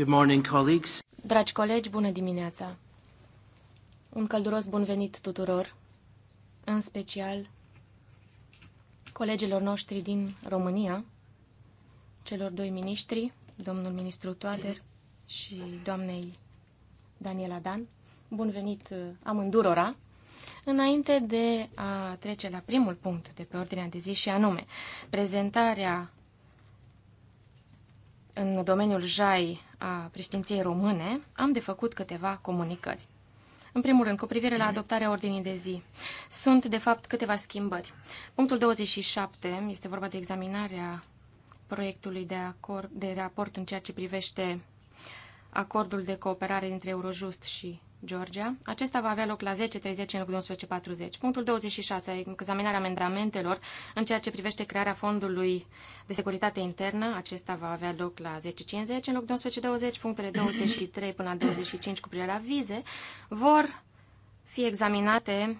Good morning, colleagues. Dragi colegi, bună dimineața! Un călduros bun venit tuturor, în special colegilor noștri din România, celor doi miniștri, domnul ministru Toader și doamnei Daniela Dan. Bun venit uh, amândurora! Înainte de a trece la primul punct de pe ordinea de zi și anume prezentarea în domeniul JAI a președinției române, am de făcut câteva comunicări. În primul rând, cu privire la adoptarea ordinii de zi, sunt, de fapt, câteva schimbări. Punctul 27 este vorba de examinarea proiectului de, acord, de raport în ceea ce privește acordul de cooperare dintre Eurojust și Georgia. Acesta va avea loc la 10.30 în loc de 11.40. Punctul 26. Examinarea amendamentelor în ceea ce privește crearea Fondului de Securitate Internă. Acesta va avea loc la 10.50 în loc de 11.20. Punctele 23 până la 25 cu privire la vize vor fi examinate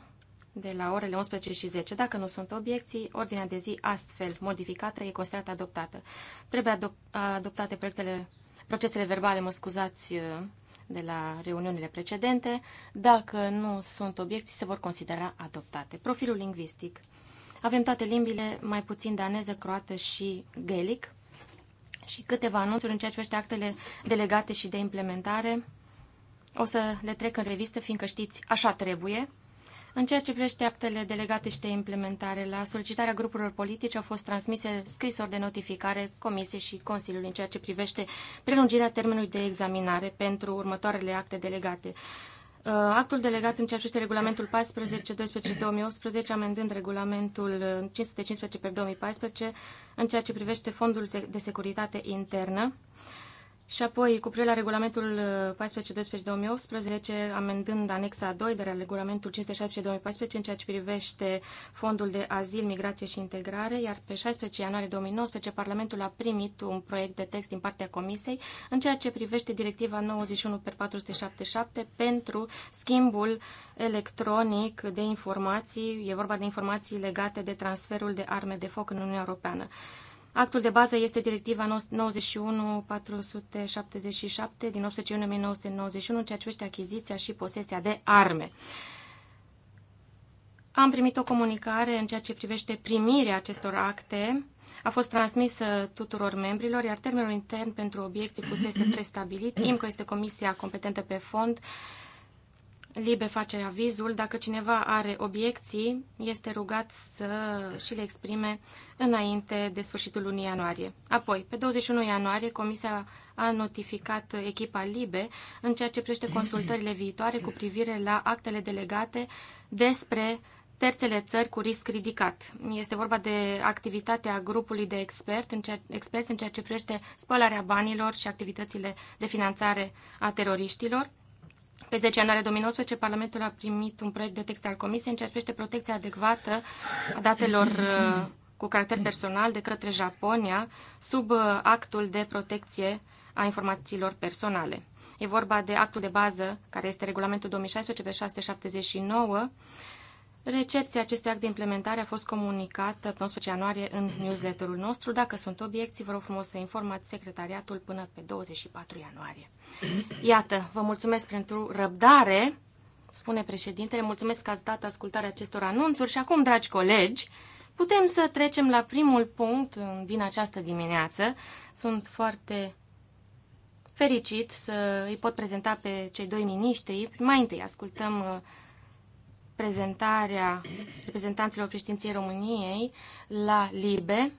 de la orele 11 și 10. Dacă nu sunt obiecții, ordinea de zi astfel modificată e considerată adoptată. Trebuie adop adoptate proiectele, procesele verbale, mă scuzați, de la reuniunile precedente. Dacă nu sunt obiecții, se vor considera adoptate. Profilul lingvistic. Avem toate limbile, mai puțin daneză, croată și gelic și câteva anunțuri în ceea ce privește actele delegate și de implementare. O să le trec în revistă, fiindcă știți, așa trebuie. În ceea ce privește actele delegate și de implementare, la solicitarea grupurilor politice au fost transmise scrisori de notificare Comisiei și Consiliului în ceea ce privește prelungirea termenului de examinare pentru următoarele acte delegate. Uh, actul delegat în ceea ce privește regulamentul 14-12-2018, amendând regulamentul 515 uh, 2014, în ceea ce privește fondul de securitate internă, și apoi, cu privire la regulamentul 12 uh, 2018 amendând anexa 2 de la regulamentul 517-2014 în ceea ce privește fondul de azil, migrație și integrare, iar pe 16 ianuarie 2019 Parlamentul a primit un proiect de text din partea Comisiei în ceea ce privește directiva 91-477 pentru schimbul electronic de informații, e vorba de informații legate de transferul de arme de foc în Uniunea Europeană. Actul de bază este directiva 91-477 din 18 iunie 1991, ceea ce privește achiziția și posesia de arme. Am primit o comunicare în ceea ce privește primirea acestor acte. A fost transmisă tuturor membrilor, iar termenul intern pentru obiecții fusese prestabilit. IMCO este comisia competentă pe fond Libe face avizul. Dacă cineva are obiecții, este rugat să și le exprime înainte de sfârșitul lunii ianuarie. Apoi, pe 21 ianuarie, Comisia a notificat echipa Libe în ceea ce privește consultările viitoare cu privire la actele delegate despre terțele țări cu risc ridicat. Este vorba de activitatea grupului de expert în ceea, experți în ceea ce privește spălarea banilor și activitățile de finanțare a teroriștilor. Pe 10 ianuarie 2019, Parlamentul a primit un proiect de text al Comisiei în ceea ce privește protecția adecvată a datelor cu caracter personal de către Japonia sub uh, actul de protecție a informațiilor personale. E vorba de actul de bază, care este regulamentul 2016 pe 679, Recepția acestui act de implementare a fost comunicată pe 11 ianuarie în newsletterul nostru. Dacă sunt obiecții, vă rog frumos să informați secretariatul până pe 24 ianuarie. Iată, vă mulțumesc pentru răbdare, spune președintele. Mulțumesc că ați dat ascultarea acestor anunțuri și acum, dragi colegi, putem să trecem la primul punct din această dimineață. Sunt foarte fericit să îi pot prezenta pe cei doi miniștri. Mai întâi ascultăm uh, prezentarea reprezentanților creștinției României la LIBE.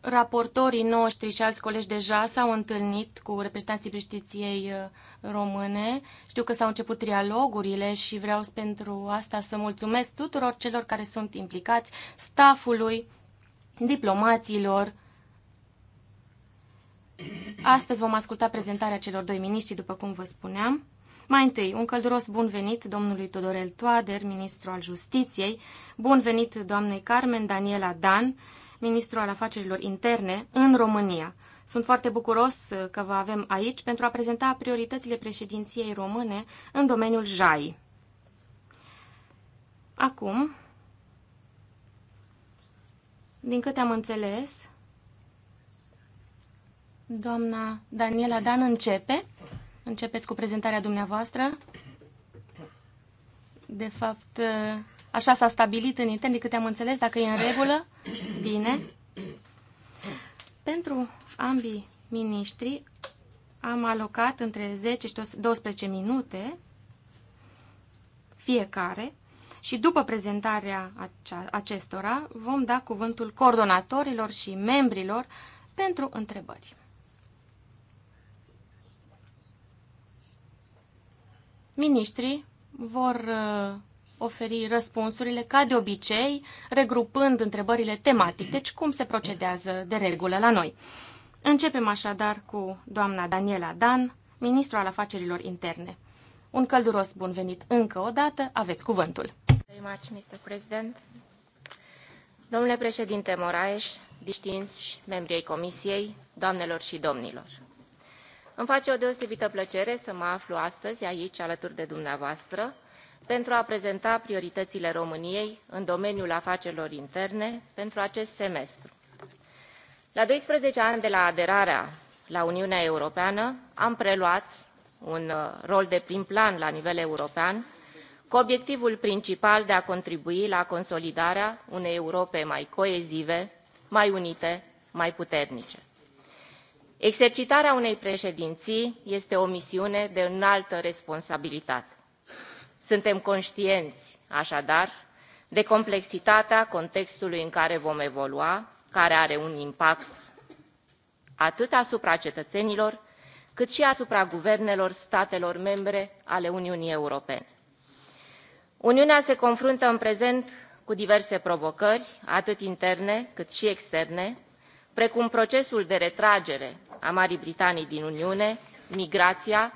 Raportorii noștri și alți colegi deja s-au întâlnit cu reprezentanții creștinției uh, române. Știu că s-au început trialogurile și vreau pentru asta să mulțumesc tuturor celor care sunt implicați, staffului, diplomaților, Astăzi vom asculta prezentarea celor doi miniștri, după cum vă spuneam. Mai întâi, un călduros bun venit domnului Todorel Toader, ministru al Justiției, bun venit doamnei Carmen Daniela Dan, ministru al afacerilor interne, în România. Sunt foarte bucuros că vă avem aici pentru a prezenta prioritățile președinției române în domeniul JAI. Acum, din câte am înțeles, doamna Daniela Dan începe Începeți cu prezentarea dumneavoastră. De fapt, așa s-a stabilit în intern, de câte am înțeles, dacă e în regulă, bine. Pentru ambii miniștri am alocat între 10 și 12 minute fiecare și după prezentarea acestora vom da cuvântul coordonatorilor și membrilor pentru întrebări. Ministrii vor uh, oferi răspunsurile, ca de obicei, regrupând întrebările tematic, deci cum se procedează de regulă la noi. Începem așadar cu doamna Daniela Dan, ministru al afacerilor interne. Un călduros bun venit încă o dată, aveți cuvântul. Domnule președinte Moraes, distinși membrii comisiei, doamnelor și domnilor. Îmi face o deosebită plăcere să mă aflu astăzi aici, alături de dumneavoastră, pentru a prezenta prioritățile României în domeniul afacerilor interne pentru acest semestru. La 12 ani de la aderarea la Uniunea Europeană, am preluat un uh, rol de prim plan la nivel european, cu obiectivul principal de a contribui la consolidarea unei Europe mai coezive, mai unite, mai puternice exercitarea unei președinții este o misiune de înaltă responsabilitate. suntem conștienți așadar de complexitatea contextului în care vom evolua care are un impact atât asupra cetățenilor cât și asupra guvernelor statelor membre ale uniunii europene. uniunea se confruntă în prezent cu diverse provocări atât interne cât și externe precum procesul de retragere a marii britanii din uniune migrația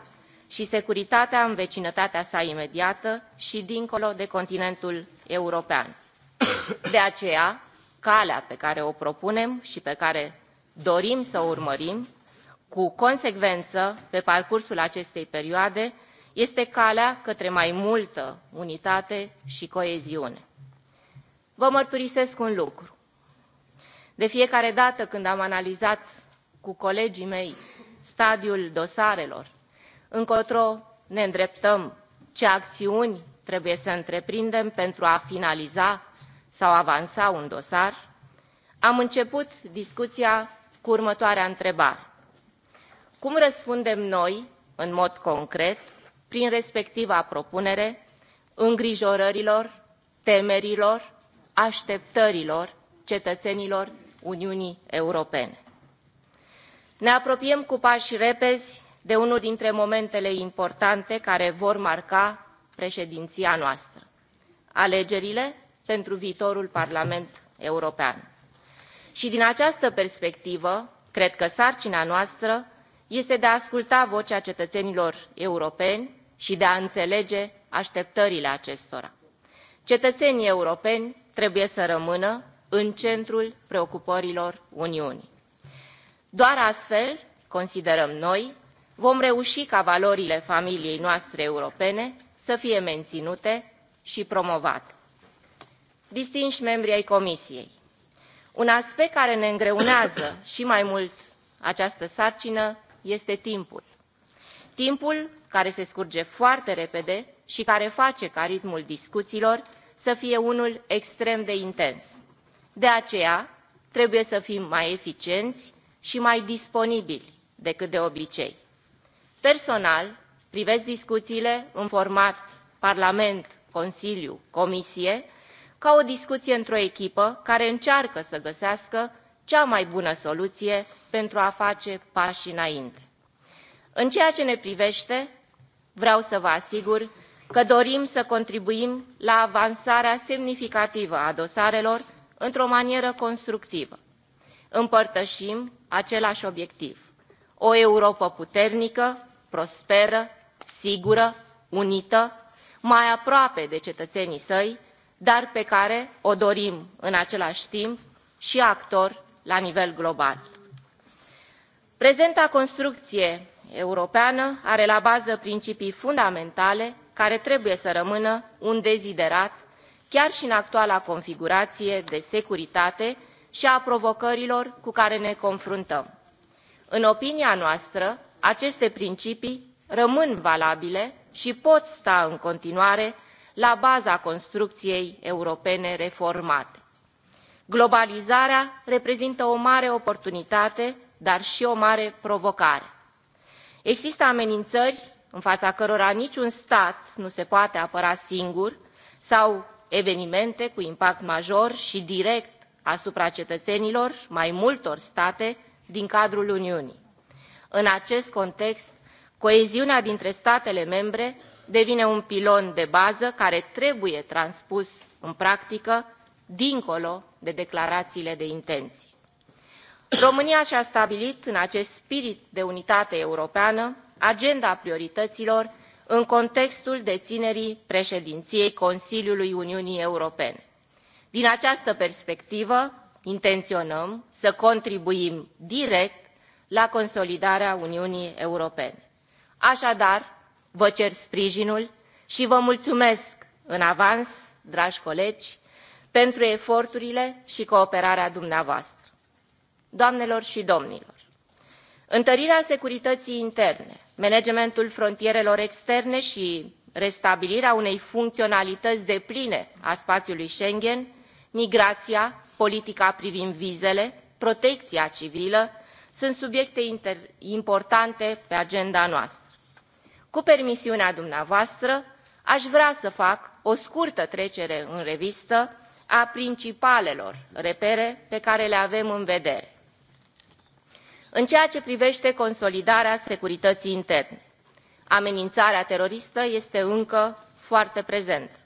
și securitatea în vecinătatea sa imediată și dincolo de continentul european. de aceea calea pe care o propunem și pe care dorim să o urmărim cu consecvență pe parcursul acestei perioade este calea către mai multă unitate și coeziune. vă mărturisesc un lucru de fiecare dată când am analizat cu colegii mei stadiul dosarelor încotro ne îndreptăm ce acțiuni trebuie să întreprindem pentru a finaliza sau avansa un dosar am început discuția cu următoarea întrebare cum răspundem noi în mod concret prin respectiva propunere îngrijorărilor temerilor așteptărilor cetățenilor Uniunii Europene. Ne apropiem cu pași repezi de unul dintre momentele importante care vor marca președinția noastră, alegerile pentru viitorul Parlament European. Și din această perspectivă, cred că sarcina noastră este de a asculta vocea cetățenilor europeni și de a înțelege așteptările acestora. Cetățenii europeni trebuie să rămână în centrul preocupărilor Uniunii. Doar astfel, considerăm noi, vom reuși ca valorile familiei noastre europene să fie menținute și promovate. Distinși membri ai Comisiei, un aspect care ne îngreunează și mai mult această sarcină este timpul. Timpul care se scurge foarte repede și care face ca ritmul discuțiilor să fie unul extrem de intens. De aceea, trebuie să fim mai eficienți și mai disponibili decât de obicei. Personal, privesc discuțiile în format Parlament, Consiliu, Comisie, ca o discuție într-o echipă care încearcă să găsească cea mai bună soluție pentru a face pași înainte. În ceea ce ne privește, vreau să vă asigur că dorim să contribuim la avansarea semnificativă a dosarelor într-o manieră constructivă. Împărtășim același obiectiv. O Europă puternică, prosperă, sigură, unită, mai aproape de cetățenii săi, dar pe care o dorim în același timp și actor la nivel global. Prezenta construcție europeană are la bază principii fundamentale care trebuie să rămână un deziderat chiar și în actuala configurație de securitate și a provocărilor cu care ne confruntăm. în opinia noastră aceste principii rămân valabile și pot sta în continuare la baza construcției europene reformate. globalizarea reprezintă o mare oportunitate dar și o mare provocare. există amenințări în fața cărora niciun stat nu se poate apăra singur sau evenimente cu impact major și direct asupra cetățenilor mai multor state din cadrul Uniunii. În acest context, coeziunea dintre statele membre devine un pilon de bază care trebuie transpus în practică dincolo de declarațiile de intenții. România și-a stabilit în acest spirit de unitate europeană agenda priorităților în contextul deținerii președinției Consiliului Uniunii Europene. Din această perspectivă, intenționăm să contribuim direct la consolidarea Uniunii Europene. Așadar, vă cer sprijinul și vă mulțumesc în avans, dragi colegi, pentru eforturile și cooperarea dumneavoastră. Doamnelor și domnilor, întărirea securității interne managementul frontierelor externe și restabilirea unei funcționalități depline a spațiului schengen migrația politica privind vizele protecția civilă sunt subiecte importante pe agenda noastră. cu permisiunea dumneavoastră aș vrea să fac o scurtă trecere în revistă a principalelor repere pe care le avem în vedere în ceea ce privește consolidarea securității interne amenințarea teroristă este încă foarte prezentă.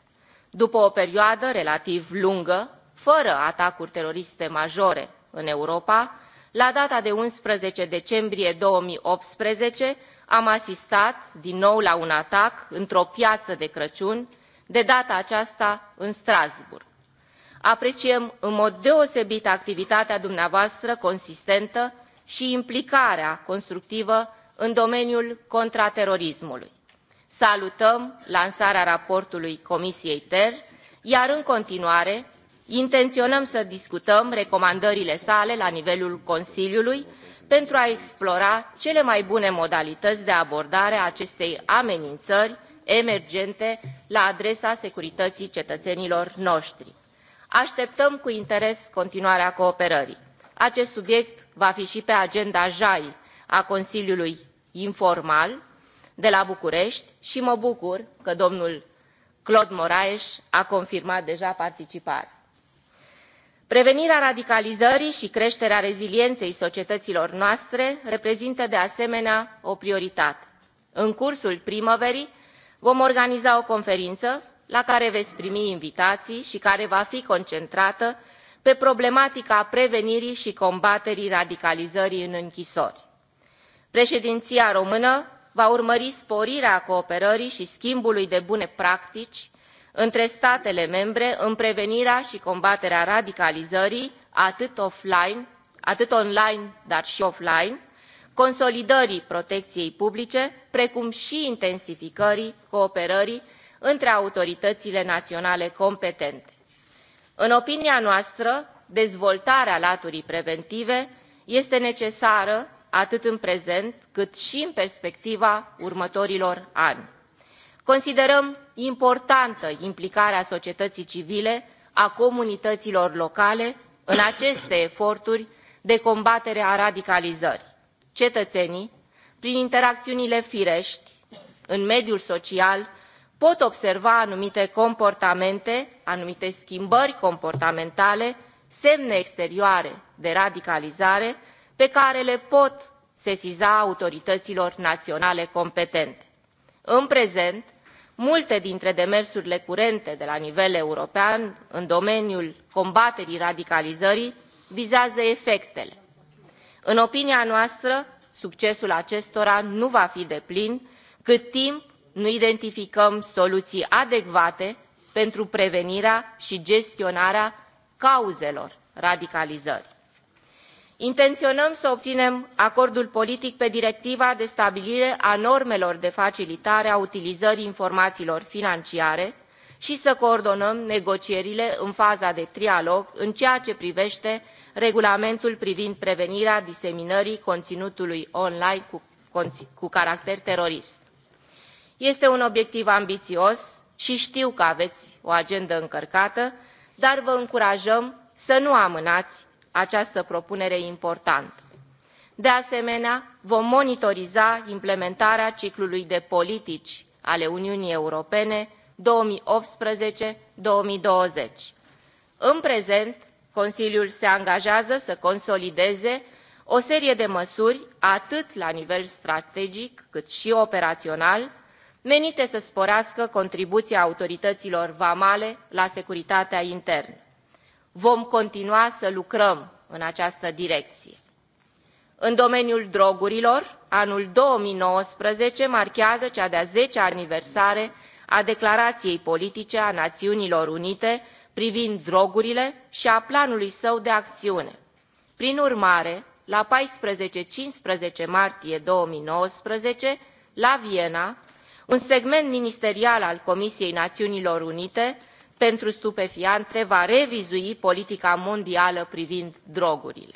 după o perioadă relativ lungă fără atacuri teroriste majore în europa la data de unsprezece decembrie două mii optsprezece am asistat din nou la un atac într o piață de crăciun de data aceasta în strasbourg. apreciem în mod deosebit activitatea dumneavoastră consistentă și implicarea constructivă în domeniul contraterorismului. Salutăm lansarea raportului Comisiei TER, iar în continuare intenționăm să discutăm recomandările sale la nivelul Consiliului pentru a explora cele mai bune modalități de abordare a acestei amenințări emergente la adresa securității cetățenilor noștri. Așteptăm cu interes continuarea cooperării acest subiect va fi și pe agenda jai a consiliului informal de la bucurești și mă bucur că domnul claude moraes a confirmat deja participarea. prevenirea radicalizării și creșterea rezilienței societăților noastre reprezintă de asemenea o prioritate. în cursul primăverii vom organiza o conferință la care veți primi invitații și care va fi concentrată pe problematica prevenirii și combaterii radicalizării în închisori. Președinția română va urmări sporirea cooperării și schimbului de bune practici între statele membre în prevenirea și combaterea radicalizării, atât offline, atât online, dar și offline, consolidării protecției publice, precum și intensificării cooperării între autoritățile naționale competente în opinia noastră dezvoltarea laturii preventive este necesară atât în prezent cât și în perspectiva următorilor ani. considerăm importantă implicarea societății civile a comunităților locale în aceste eforturi de combatere a radicalizării. cetățenii prin interacțiunile firești în mediul social pot observa anumite comportamente anumite schimbări comportamentale semne exterioare de radicalizare pe care le pot sesiza autorităților naționale competente. în prezent multe dintre demersurile curente de la nivel european în domeniul combaterii radicalizării vizează efectele. în opinia noastră succesul acestora nu va fi deplin cât timp nu identificăm soluții adecvate pentru prevenirea și gestionarea cauzelor radicalizării. Intenționăm să obținem acordul politic pe directiva de stabilire a normelor de facilitare a utilizării informațiilor financiare și să coordonăm negocierile în faza de trialog în ceea ce privește regulamentul privind prevenirea diseminării conținutului online cu, cu caracter terorist este un obiectiv ambițios și știu că aveți o agendă încărcată dar vă încurajăm să nu amânați această propunere importantă. de asemenea vom monitoriza implementarea ciclului de politici ale uniunii europene două mii optsprezece două mii douăzeci în prezent consiliul se angajează să consolideze o serie de măsuri atât la nivel strategic cât și operațional menite să sporească contribuția autorităților vamale la securitatea internă. Vom continua să lucrăm în această direcție. În domeniul drogurilor, anul 2019 marchează cea de-a 10-a aniversare a declarației politice a Națiunilor Unite privind drogurile și a planului său de acțiune. Prin urmare, la 14-15 martie 2019, la Viena, un segment ministerial al comisiei națiunilor unite pentru stupefiante va revizui politica mondială privind drogurile.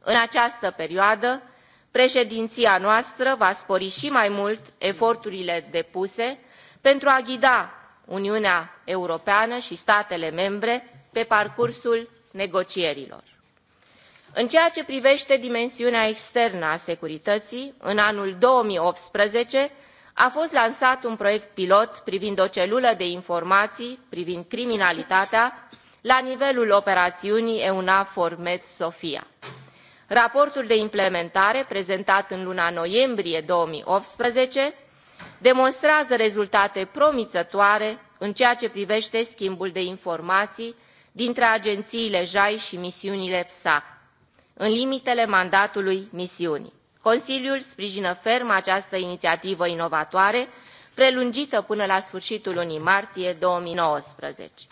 în această perioadă președinția noastră va spori și mai mult eforturile depuse pentru a ghida uniunea europeană și statele membre pe parcursul negocierilor. în ceea ce privește dimensiunea externă a securității în anul două mii optsprezece a fost lansat un proiect pilot privind o celulă de informații privind criminalitatea la nivelul operațiunii EUNAVFOR Med Sofia. Raportul de implementare, prezentat în luna noiembrie 2018, demonstrează rezultate promițătoare în ceea ce privește schimbul de informații dintre agențiile JAI și misiunile PSAC, în limitele mandatului misiunii consiliul sprijină ferm această inițiativă inovatoare prelungită până la sfârșitul lunii martie două mii nouăsprezece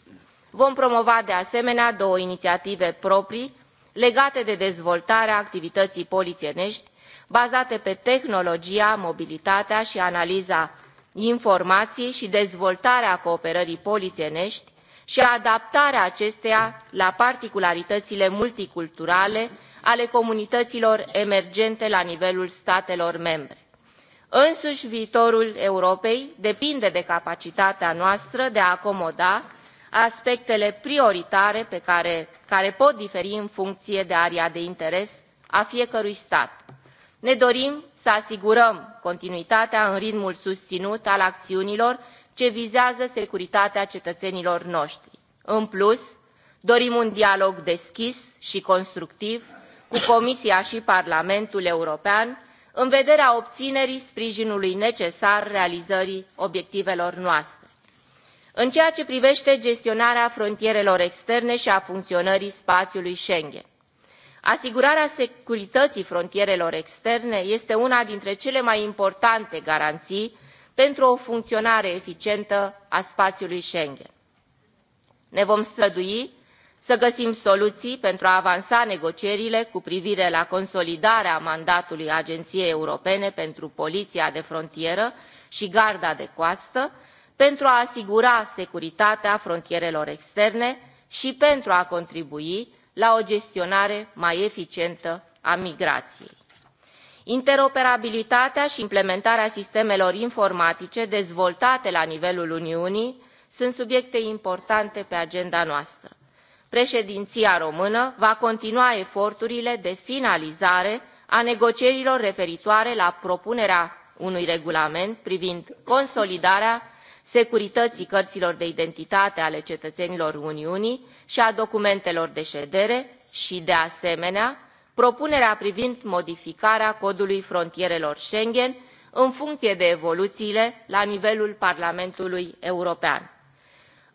vom promova de asemenea două inițiative proprii legate de dezvoltarea activității polițienești bazate pe tehnologia mobilitatea și analiza informației și dezvoltarea cooperării polițienești și adaptarea acesteia la particularitățile multiculturale ale comunităților emergente la nivelul statelor membre. însuși viitorul europei depinde de capacitatea noastră de a acomoda aspectele prioritare pe care, care pot diferi în funcție de area de interes a fiecărui stat. ne dorim să asigurăm continuitatea în ritmul susținut al acțiunilor ce vizează securitatea cetățenilor noștri. în plus dorim un dialog deschis și constructiv cu Comisia și Parlamentul European în vederea obținerii sprijinului necesar realizării obiectivelor noastre. În ceea ce privește gestionarea frontierelor externe și a funcționării spațiului Schengen, asigurarea securității frontierelor externe este una dintre cele mai importante garanții pentru o funcționare eficientă a spațiului Schengen. Ne vom strădui să găsim soluții pentru a avansa negocierile cu privire la consolidarea mandatului Agenției Europene pentru Poliția de Frontieră și Garda de Coastă, pentru a asigura securitatea frontierelor externe și pentru a contribui la o gestionare mai eficientă a migrației. Interoperabilitatea și implementarea sistemelor informatice dezvoltate la nivelul Uniunii sunt subiecte importante pe agenda noastră președinția română va continua eforturile de finalizare a negocierilor referitoare la propunerea unui regulament privind consolidarea securității cărților de identitate ale cetățenilor uniunii și a documentelor de ședere și de asemenea propunerea privind modificarea codului frontierelor schengen în funcție de evoluțiile la nivelul parlamentului european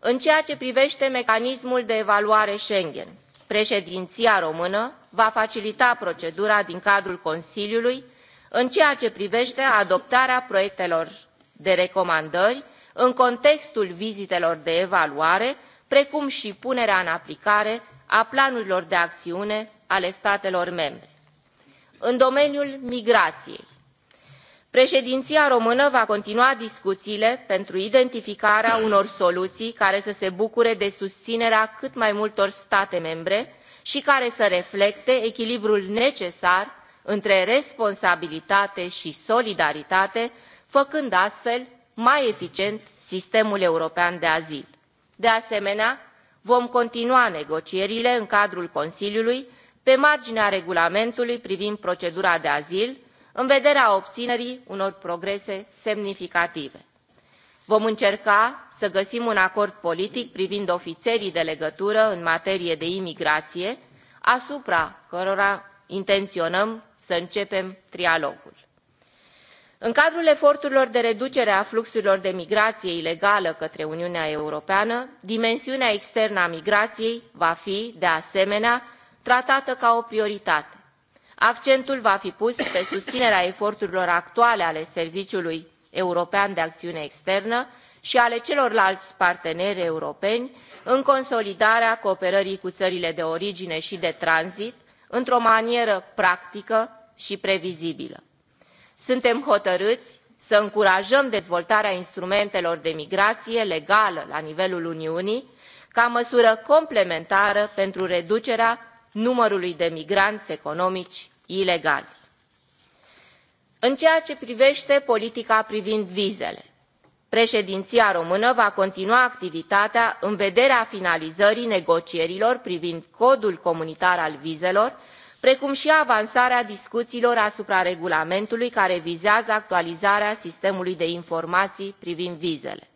în ceea ce privește mecanismul de evaluare schengen președinția română va facilita procedura din cadrul consiliului în ceea ce privește adoptarea proiectelor de recomandări în contextul vizitelor de evaluare precum și punerea în aplicare a planurilor de acțiune ale statelor membre. în domeniul migrației președinția română va continua discuțiile pentru identificarea unor soluții care să se bucure de susținerea cât mai multor state membre și care să reflecte echilibrul necesar între responsabilitate și solidaritate făcând astfel mai eficient sistemul european de azil. de asemenea vom continua negocierile în cadrul consiliului pe marginea regulamentului privind procedura de azil în vederea obținerii unor progrese semnificative. Vom încerca să găsim un acord politic privind ofițerii de legătură în materie de imigrație, asupra cărora intenționăm să începem trialogul. În cadrul eforturilor de reducere a fluxurilor de migrație ilegală către Uniunea Europeană, dimensiunea externă a migrației va fi, de asemenea, tratată ca o prioritate accentul va fi pus pe susținerea eforturilor actuale ale serviciului european de acțiune externă și ale celorlalți parteneri europeni în consolidarea cooperării cu țările de origine și de tranzit într o manieră practică și previzibilă. suntem hotărâți să încurajăm dezvoltarea instrumentelor de migrație legală la nivelul uniunii ca măsură complementară pentru reducerea numărului de migranți economici ilegali. În ceea ce privește politica privind vizele, președinția română va continua activitatea în vederea finalizării negocierilor privind codul comunitar al vizelor, precum și avansarea discuțiilor asupra regulamentului care vizează actualizarea sistemului de informații privind vizele.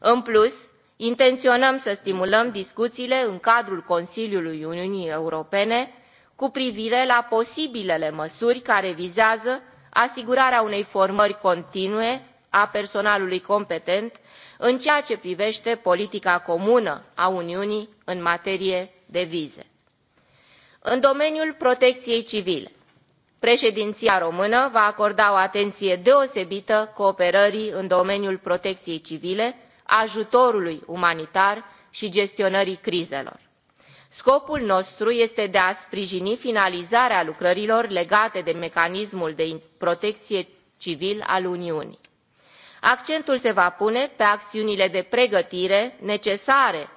În plus, intenționăm să stimulăm discuțiile în cadrul consiliului uniunii europene cu privire la posibilele măsuri care vizează asigurarea unei formări continue a personalului competent în ceea ce privește politica comună a uniunii în materie de vize. în domeniul protecției civile președinția română va acorda o atenție deosebită cooperării în domeniul protecției civile ajutorului umanitar și gestionării crizelor. Scopul nostru este de a sprijini finalizarea lucrărilor legate de mecanismul de protecție civil al Uniunii. Accentul se va pune pe acțiunile de pregătire necesare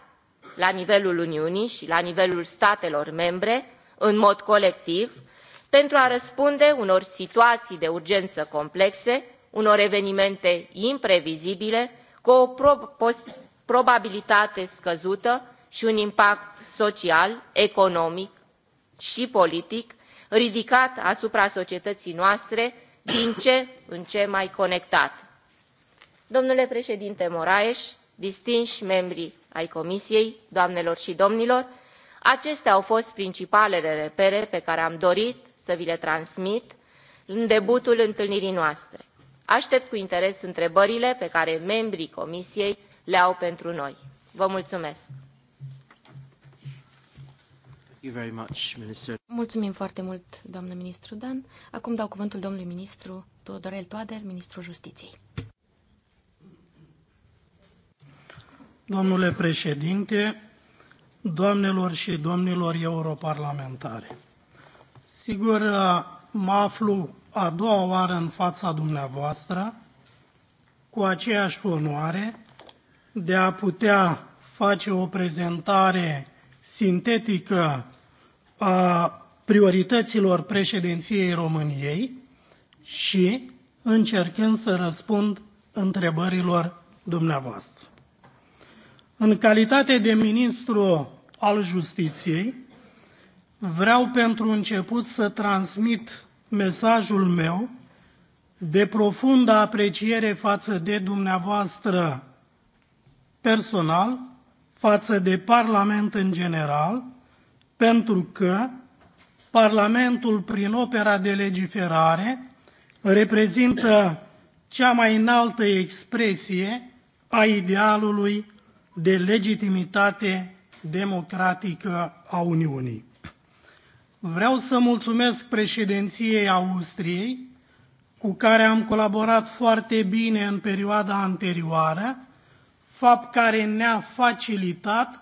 la nivelul Uniunii și la nivelul statelor membre, în mod colectiv, pentru a răspunde unor situații de urgență complexe, unor evenimente imprevizibile cu o probabilitate scăzută și un impact social economic și politic ridicat asupra societății noastre din ce în ce mai conectat. Domnule președinte Moraes, distinși membri ai Comisiei, doamnelor și domnilor, acestea au fost principalele repere pe care am dorit să vi le transmit în debutul întâlnirii noastre. Aștept cu interes întrebările pe care membrii Comisiei le au pentru noi. Vă mulțumesc! Mulțumim foarte mult, doamnă ministru Dan. Acum dau cuvântul domnului ministru Tudorel Toader, ministrul Justiției. Domnule președinte, doamnelor și domnilor europarlamentari, sigur mă aflu a doua oară în fața dumneavoastră, cu aceeași onoare, de a putea face o prezentare sintetică a priorităților președinției României și încercând să răspund întrebărilor dumneavoastră. În calitate de ministru al justiției, vreau pentru început să transmit mesajul meu de profundă apreciere față de dumneavoastră personal, față de Parlament în general, pentru că Parlamentul, prin opera de legiferare, reprezintă cea mai înaltă expresie a idealului de legitimitate democratică a Uniunii. Vreau să mulțumesc președinției Austriei, cu care am colaborat foarte bine în perioada anterioară, fapt care ne-a facilitat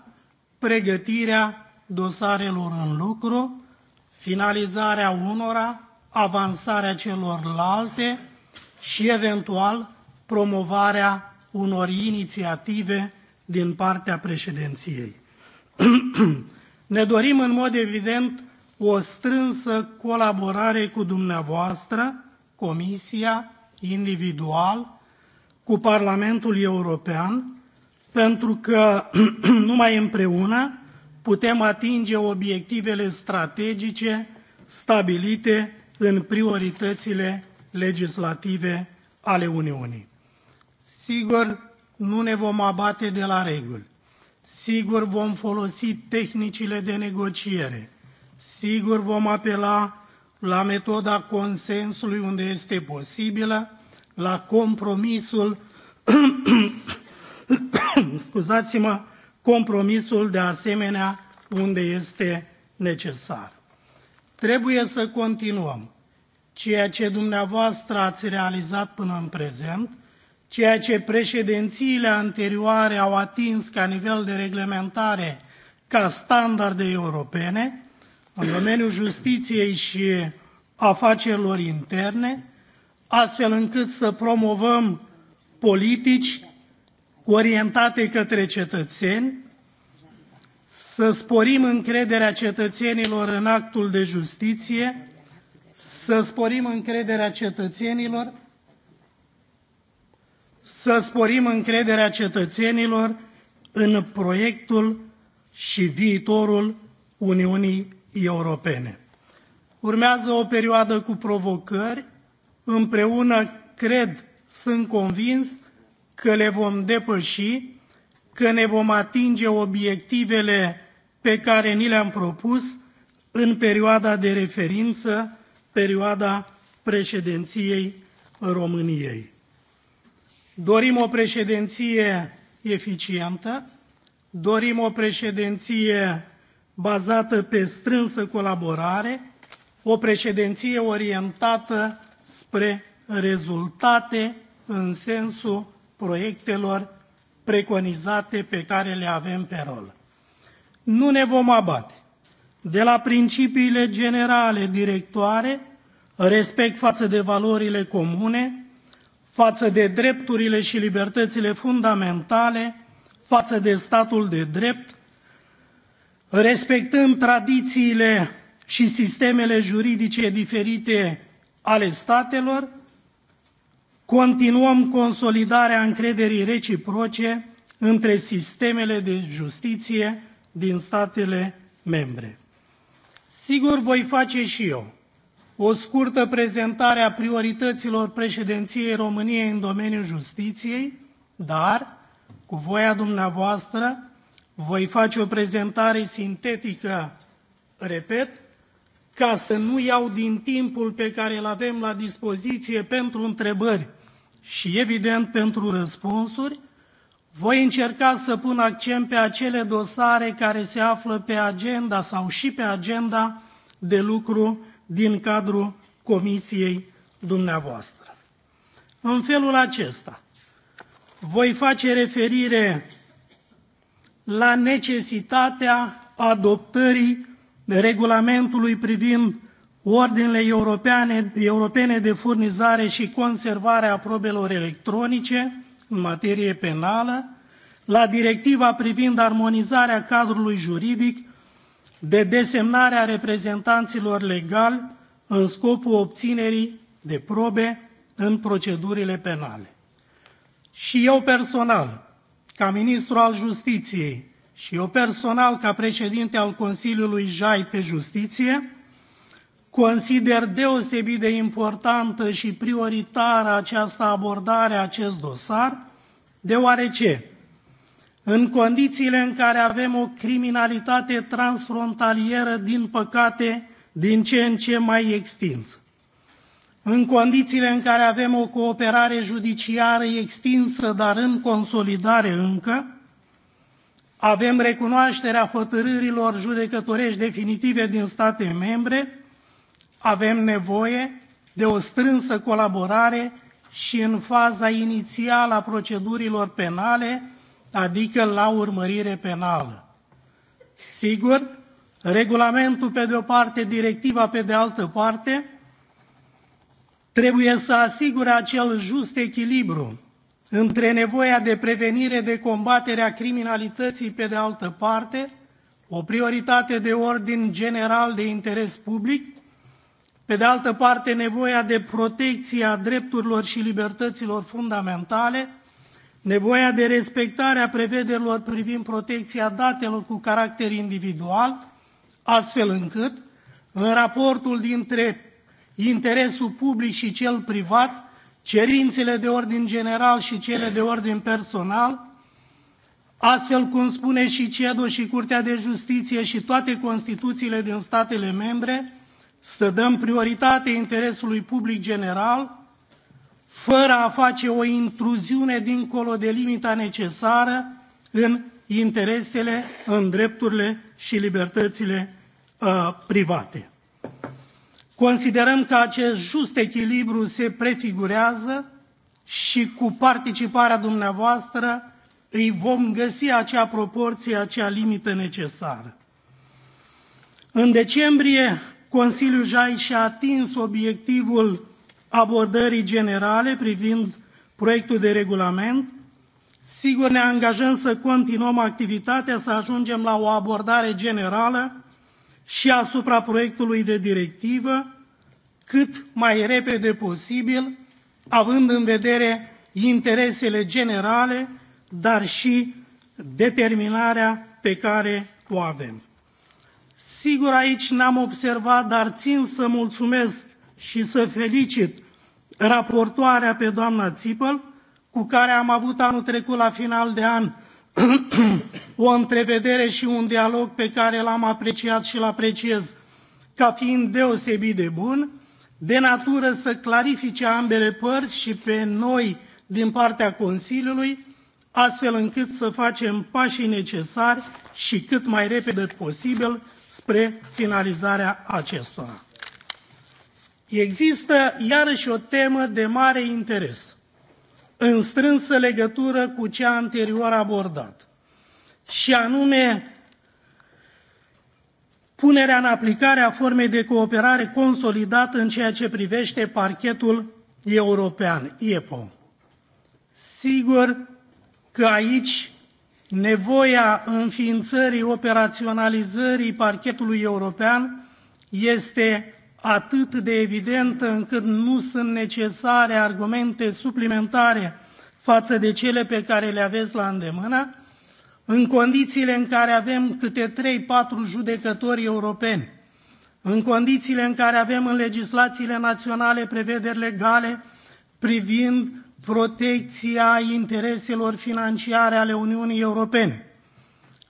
pregătirea dosarelor în lucru, finalizarea unora, avansarea celorlalte și, eventual, promovarea unor inițiative din partea președinției. ne dorim, în mod evident, o strânsă colaborare cu dumneavoastră, Comisia, individual, cu Parlamentul European, pentru că numai împreună putem atinge obiectivele strategice stabilite în prioritățile legislative ale Uniunii. Sigur, nu ne vom abate de la reguli. Sigur, vom folosi tehnicile de negociere – Sigur, vom apela la metoda consensului unde este posibilă, la compromisul, scuzați-mă, compromisul de asemenea unde este necesar. Trebuie să continuăm ceea ce dumneavoastră ați realizat până în prezent, ceea ce președințiile anterioare au atins ca nivel de reglementare ca standarde europene, în domeniul justiției și afacerilor interne, astfel încât să promovăm politici orientate către cetățeni, să sporim încrederea cetățenilor în actul de justiție, să sporim încrederea cetățenilor, să sporim încrederea cetățenilor în proiectul și viitorul Uniunii europene. Urmează o perioadă cu provocări, împreună cred, sunt convins că le vom depăși, că ne vom atinge obiectivele pe care ni le-am propus în perioada de referință, perioada președinției României. Dorim o președinție eficientă, dorim o președinție bazată pe strânsă colaborare, o președinție orientată spre rezultate în sensul proiectelor preconizate pe care le avem pe rol. Nu ne vom abate de la principiile generale directoare, respect față de valorile comune, față de drepturile și libertățile fundamentale, față de statul de drept, respectăm tradițiile și sistemele juridice diferite ale statelor, continuăm consolidarea încrederii reciproce între sistemele de justiție din statele membre. Sigur, voi face și eu o scurtă prezentare a priorităților președinției României în domeniul justiției, dar, cu voia dumneavoastră, voi face o prezentare sintetică, repet, ca să nu iau din timpul pe care îl avem la dispoziție pentru întrebări și, evident, pentru răspunsuri, voi încerca să pun accent pe acele dosare care se află pe agenda sau și pe agenda de lucru din cadrul comisiei dumneavoastră. În felul acesta, voi face referire la necesitatea adoptării regulamentului privind ordinele europeane, europene de furnizare și conservare a probelor electronice în materie penală, la directiva privind armonizarea cadrului juridic de desemnare a reprezentanților legali în scopul obținerii de probe în procedurile penale. Și eu personal ca ministru al justiției și eu personal ca președinte al Consiliului JAI pe justiție, consider deosebit de importantă și prioritară această abordare, acest dosar, deoarece în condițiile în care avem o criminalitate transfrontalieră, din păcate, din ce în ce mai extinsă în condițiile în care avem o cooperare judiciară extinsă, dar în consolidare încă, avem recunoașterea hotărârilor judecătorești definitive din state membre, avem nevoie de o strânsă colaborare și în faza inițială a procedurilor penale, adică la urmărire penală. Sigur, regulamentul pe de o parte, directiva pe de altă parte, trebuie să asigure acel just echilibru între nevoia de prevenire de combaterea criminalității pe de altă parte, o prioritate de ordin general de interes public, pe de altă parte nevoia de protecție a drepturilor și libertăților fundamentale, nevoia de respectare a prevederilor privind protecția datelor cu caracter individual, astfel încât, în raportul dintre interesul public și cel privat, cerințele de ordin general și cele de ordin personal, astfel cum spune și CEDO și Curtea de Justiție și toate Constituțiile din statele membre, să dăm prioritate interesului public general, fără a face o intruziune dincolo de limita necesară în interesele, în drepturile și libertățile uh, private. Considerăm că acest just echilibru se prefigurează și cu participarea dumneavoastră îi vom găsi acea proporție, acea limită necesară. În decembrie, Consiliul Jai și-a atins obiectivul abordării generale privind proiectul de regulament. Sigur, ne angajăm să continuăm activitatea, să ajungem la o abordare generală și asupra proiectului de directivă cât mai repede posibil, având în vedere interesele generale, dar și determinarea pe care o avem. Sigur, aici n-am observat, dar țin să mulțumesc și să felicit raportoarea pe doamna Țipăl, cu care am avut anul trecut la final de an o întrevedere și un dialog pe care l-am apreciat și l apreciez ca fiind deosebit de bun, de natură să clarifice ambele părți și pe noi din partea Consiliului, astfel încât să facem pașii necesari și cât mai repede posibil spre finalizarea acestora. Există iarăși o temă de mare interes – în strânsă legătură cu cea anterior abordat, și anume punerea în aplicare a formei de cooperare consolidată în ceea ce privește parchetul european, EPO. Sigur că aici nevoia înființării operaționalizării parchetului european este atât de evidentă încât nu sunt necesare argumente suplimentare față de cele pe care le aveți la îndemână, în condițiile în care avem câte 3-4 judecători europeni, în condițiile în care avem în legislațiile naționale prevederi legale privind protecția intereselor financiare ale Uniunii Europene.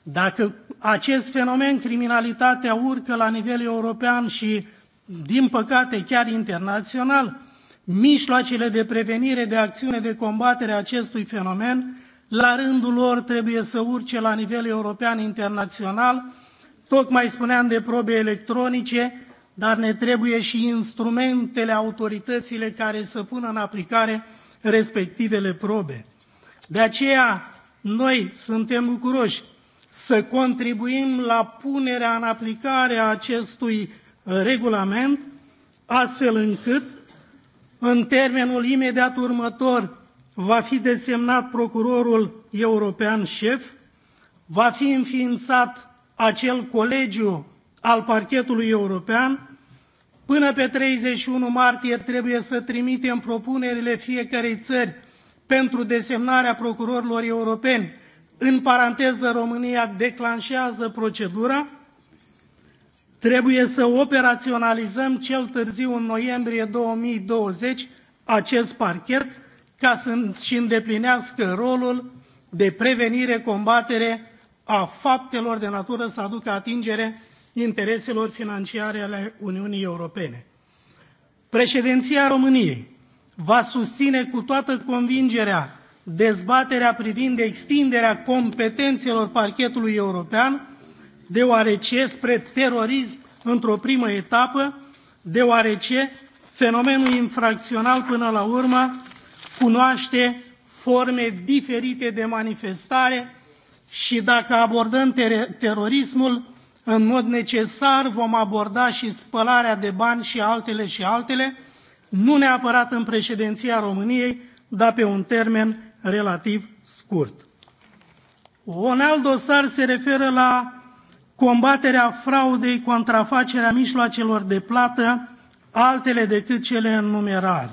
Dacă acest fenomen, criminalitatea, urcă la nivel european și din păcate chiar internațional, mijloacele de prevenire, de acțiune, de combatere a acestui fenomen, la rândul lor trebuie să urce la nivel european internațional, tocmai spuneam de probe electronice, dar ne trebuie și instrumentele, autoritățile care să pună în aplicare respectivele probe. De aceea, noi suntem bucuroși să contribuim la punerea în aplicare a acestui regulament, astfel încât în termenul imediat următor va fi desemnat procurorul european șef, va fi înființat acel colegiu al parchetului european, până pe 31 martie trebuie să trimitem propunerile fiecarei țări pentru desemnarea procurorilor europeni. În paranteză, România declanșează procedura Trebuie să operaționalizăm cel târziu în noiembrie 2020 acest parchet ca să și îndeplinească rolul de prevenire, combatere a faptelor de natură să aducă atingere intereselor financiare ale Uniunii Europene. Președinția României va susține cu toată convingerea dezbaterea privind extinderea competențelor parchetului european deoarece spre terorism într-o primă etapă, deoarece fenomenul infracțional până la urmă cunoaște forme diferite de manifestare și dacă abordăm ter terorismul, în mod necesar vom aborda și spălarea de bani și altele și altele, nu neapărat în președinția României, dar pe un termen relativ scurt. Un alt dosar se referă la combaterea fraudei, contrafacerea mijloacelor de plată, altele decât cele în numerar.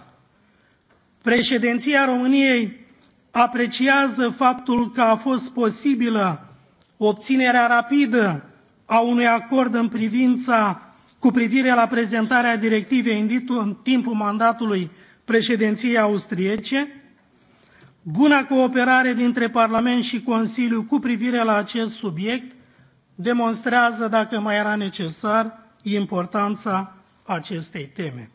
Președinția României apreciază faptul că a fost posibilă obținerea rapidă a unui acord în privința cu privire la prezentarea directivei în timpul mandatului președinției austriece, buna cooperare dintre Parlament și Consiliu cu privire la acest subiect, demonstrează, dacă mai era necesar, importanța acestei teme.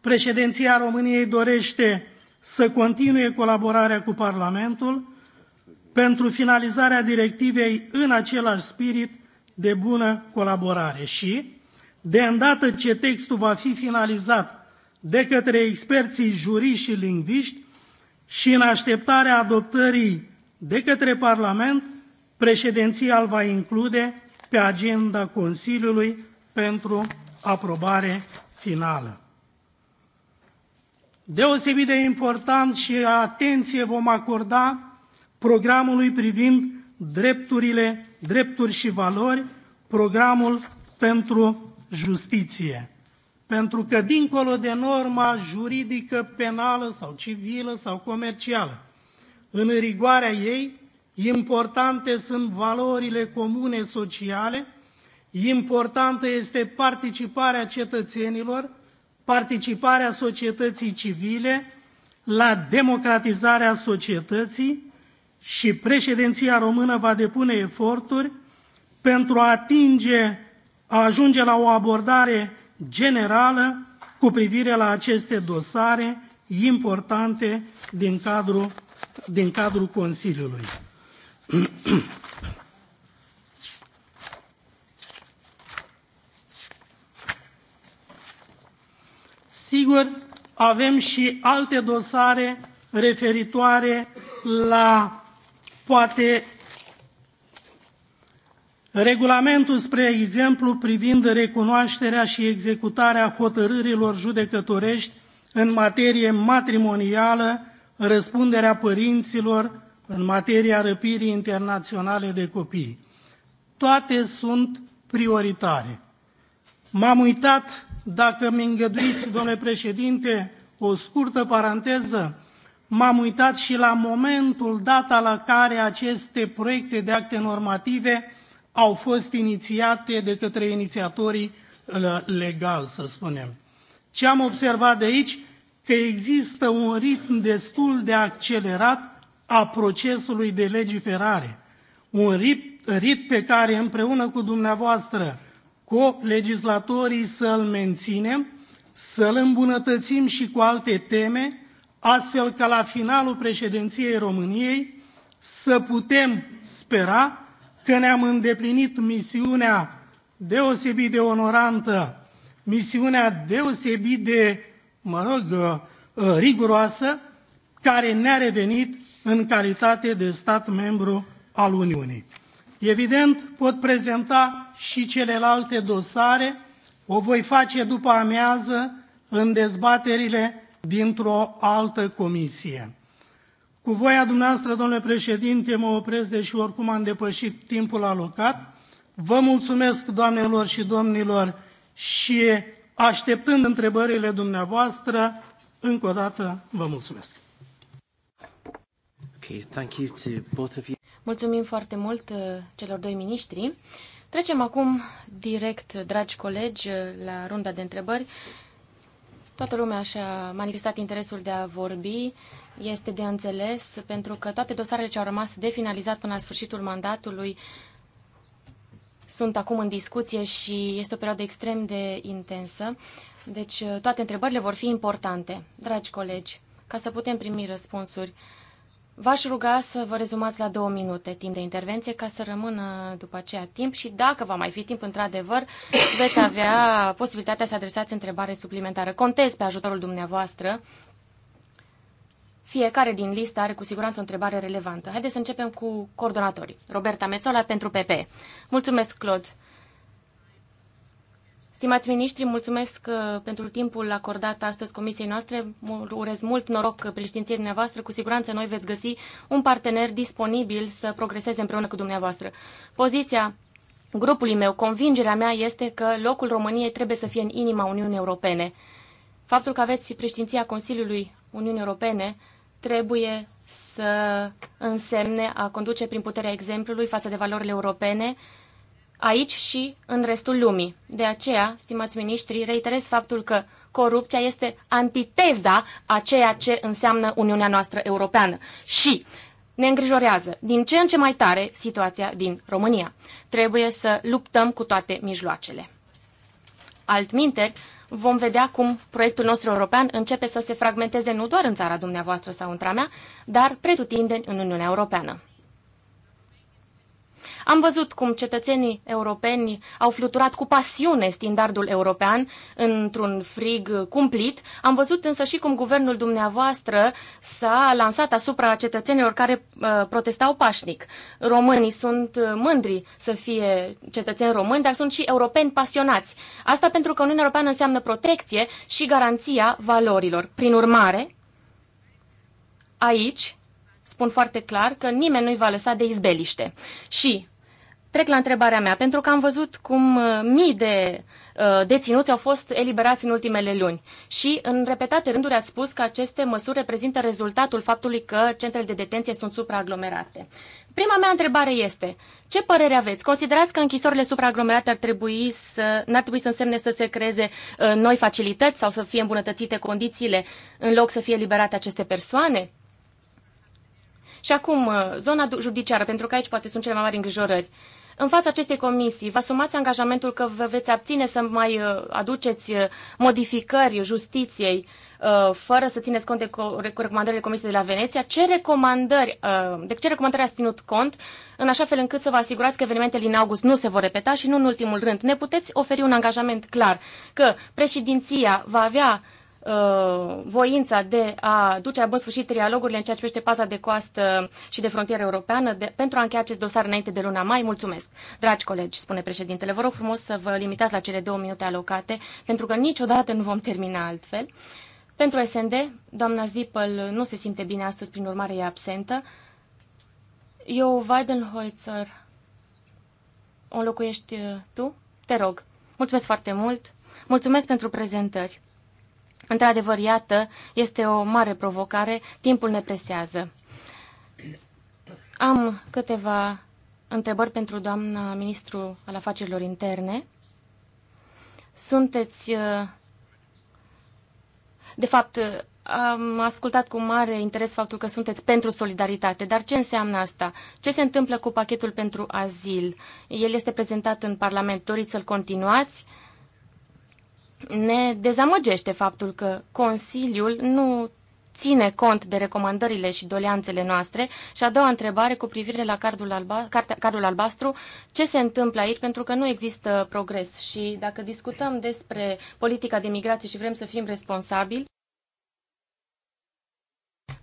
Președinția României dorește să continue colaborarea cu Parlamentul pentru finalizarea directivei în același spirit de bună colaborare și, de îndată ce textul va fi finalizat de către experții juriști și lingviști și în așteptarea adoptării de către Parlament, Președinția îl va include pe agenda Consiliului pentru aprobare finală. Deosebit de important și atenție vom acorda programului privind drepturile, drepturi și valori, programul pentru justiție. Pentru că dincolo de norma juridică, penală sau civilă sau comercială, în rigoarea ei, Importante sunt valorile comune sociale, importantă este participarea cetățenilor, participarea societății civile la democratizarea societății și președinția română va depune eforturi pentru a atinge, a ajunge la o abordare generală cu privire la aceste dosare importante din cadrul, din cadrul Consiliului. Sigur, avem și alte dosare referitoare la, poate, regulamentul, spre exemplu, privind recunoașterea și executarea hotărârilor judecătorești în materie matrimonială, răspunderea părinților, în materia răpirii internaționale de copii. Toate sunt prioritare. M-am uitat, dacă mi îngăduiți, domnule președinte, o scurtă paranteză, m-am uitat și la momentul, data la care aceste proiecte de acte normative au fost inițiate de către inițiatorii legal, să spunem. Ce am observat de aici? Că există un ritm destul de accelerat a procesului de legiferare, un rit pe care împreună cu dumneavoastră, cu legislatorii să-l menținem, să-l îmbunătățim și cu alte teme, astfel ca la finalul președinției României să putem spera că ne-am îndeplinit misiunea deosebit de onorantă, misiunea deosebit de, mă rog, uh, riguroasă, care ne-a revenit în calitate de stat membru al Uniunii. Evident, pot prezenta și celelalte dosare, o voi face după amiază în dezbaterile dintr-o altă comisie. Cu voia dumneavoastră, domnule președinte, mă opresc, deși oricum am depășit timpul alocat. Vă mulțumesc, doamnelor și domnilor, și așteptând întrebările dumneavoastră, încă o dată vă mulțumesc. Okay, thank you to both of you. Mulțumim foarte mult uh, celor doi miniștri. Trecem acum direct, dragi colegi, uh, la runda de întrebări. Toată lumea și-a manifestat interesul de a vorbi. Este de înțeles pentru că toate dosarele ce au rămas de finalizat până la sfârșitul mandatului sunt acum în discuție și este o perioadă extrem de intensă. Deci uh, toate întrebările vor fi importante, dragi colegi, ca să putem primi răspunsuri. V-aș ruga să vă rezumați la două minute timp de intervenție ca să rămână după aceea timp și dacă va mai fi timp într-adevăr, veți avea posibilitatea să adresați întrebare suplimentară. Contez pe ajutorul dumneavoastră. Fiecare din listă are cu siguranță o întrebare relevantă. Haideți să începem cu coordonatorii. Roberta Mețola pentru PP. Mulțumesc, Claude. Stimați miniștri, mulțumesc uh, pentru timpul acordat astăzi comisiei noastre. Urez mult noroc președinției dumneavoastră. Cu siguranță noi veți găsi un partener disponibil să progreseze împreună cu dumneavoastră. Poziția grupului meu, convingerea mea este că locul României trebuie să fie în inima Uniunii Europene. Faptul că aveți președinția Consiliului Uniunii Europene trebuie să însemne a conduce prin puterea exemplului față de valorile europene, aici și în restul lumii. De aceea, stimați miniștri, reiterez faptul că corupția este antiteza a ceea ce înseamnă Uniunea noastră europeană. Și ne îngrijorează din ce în ce mai tare situația din România. Trebuie să luptăm cu toate mijloacele. Altminteri, vom vedea cum proiectul nostru european începe să se fragmenteze nu doar în țara dumneavoastră sau în mea, dar pretutindeni în Uniunea Europeană. Am văzut cum cetățenii europeni au fluturat cu pasiune standardul european într-un frig cumplit. Am văzut însă și cum guvernul dumneavoastră s-a lansat asupra cetățenilor care uh, protestau pașnic. Românii sunt uh, mândri să fie cetățeni români, dar sunt și europeni pasionați. Asta pentru că Uniunea Europeană înseamnă protecție și garanția valorilor. Prin urmare, aici spun foarte clar că nimeni nu-i va lăsa de izbeliște. Și Trec la întrebarea mea, pentru că am văzut cum uh, mii de uh, deținuți au fost eliberați în ultimele luni și în repetate rânduri ați spus că aceste măsuri reprezintă rezultatul faptului că centrele de detenție sunt supraaglomerate. Prima mea întrebare este, ce părere aveți? Considerați că închisorile supraaglomerate ar trebui să, n-ar trebui să însemne să se creeze uh, noi facilități sau să fie îmbunătățite condițiile în loc să fie liberate aceste persoane? Și acum, zona judiciară, pentru că aici poate sunt cele mai mari îngrijorări. Uh, în fața acestei comisii, vă asumați angajamentul că vă veți abține să mai uh, aduceți uh, modificări justiției uh, fără să țineți cont de recomandările Comisiei de la Veneția, ce recomandări, de ce recomandări ați ținut cont în așa fel încât să vă asigurați că evenimentele din august nu se vor repeta și nu în ultimul rând. Ne puteți oferi un angajament clar că președinția va avea Uh, voința de a duce la bun sfârșit trialogurile în ceea ce privește paza de coastă și de frontieră europeană de, pentru a încheia acest dosar înainte de luna mai. Mulțumesc! Dragi colegi, spune președintele, vă rog frumos să vă limitați la cele două minute alocate, pentru că niciodată nu vom termina altfel. Pentru SND, doamna Zipăl nu se simte bine astăzi, prin urmare e absentă. Eu, Weidenholzer, o locuiești uh, tu? Te rog. Mulțumesc foarte mult. Mulțumesc pentru prezentări. Într-adevăr, iată, este o mare provocare, timpul ne presează. Am câteva întrebări pentru doamna ministru al afacerilor interne. Sunteți... Uh, de fapt, uh, am ascultat cu mare interes faptul că sunteți pentru solidaritate, dar ce înseamnă asta? Ce se întâmplă cu pachetul pentru azil? El este prezentat în Parlament. Doriți să-l continuați? Uh, ne dezamăgește faptul că Consiliul nu ține cont de recomandările și doleanțele noastre? Și a doua întrebare cu privire la cardul, alba, carte, cardul albastru, ce se întâmplă aici? Pentru că nu există progres și dacă discutăm despre politica de migrație și vrem să fim responsabili,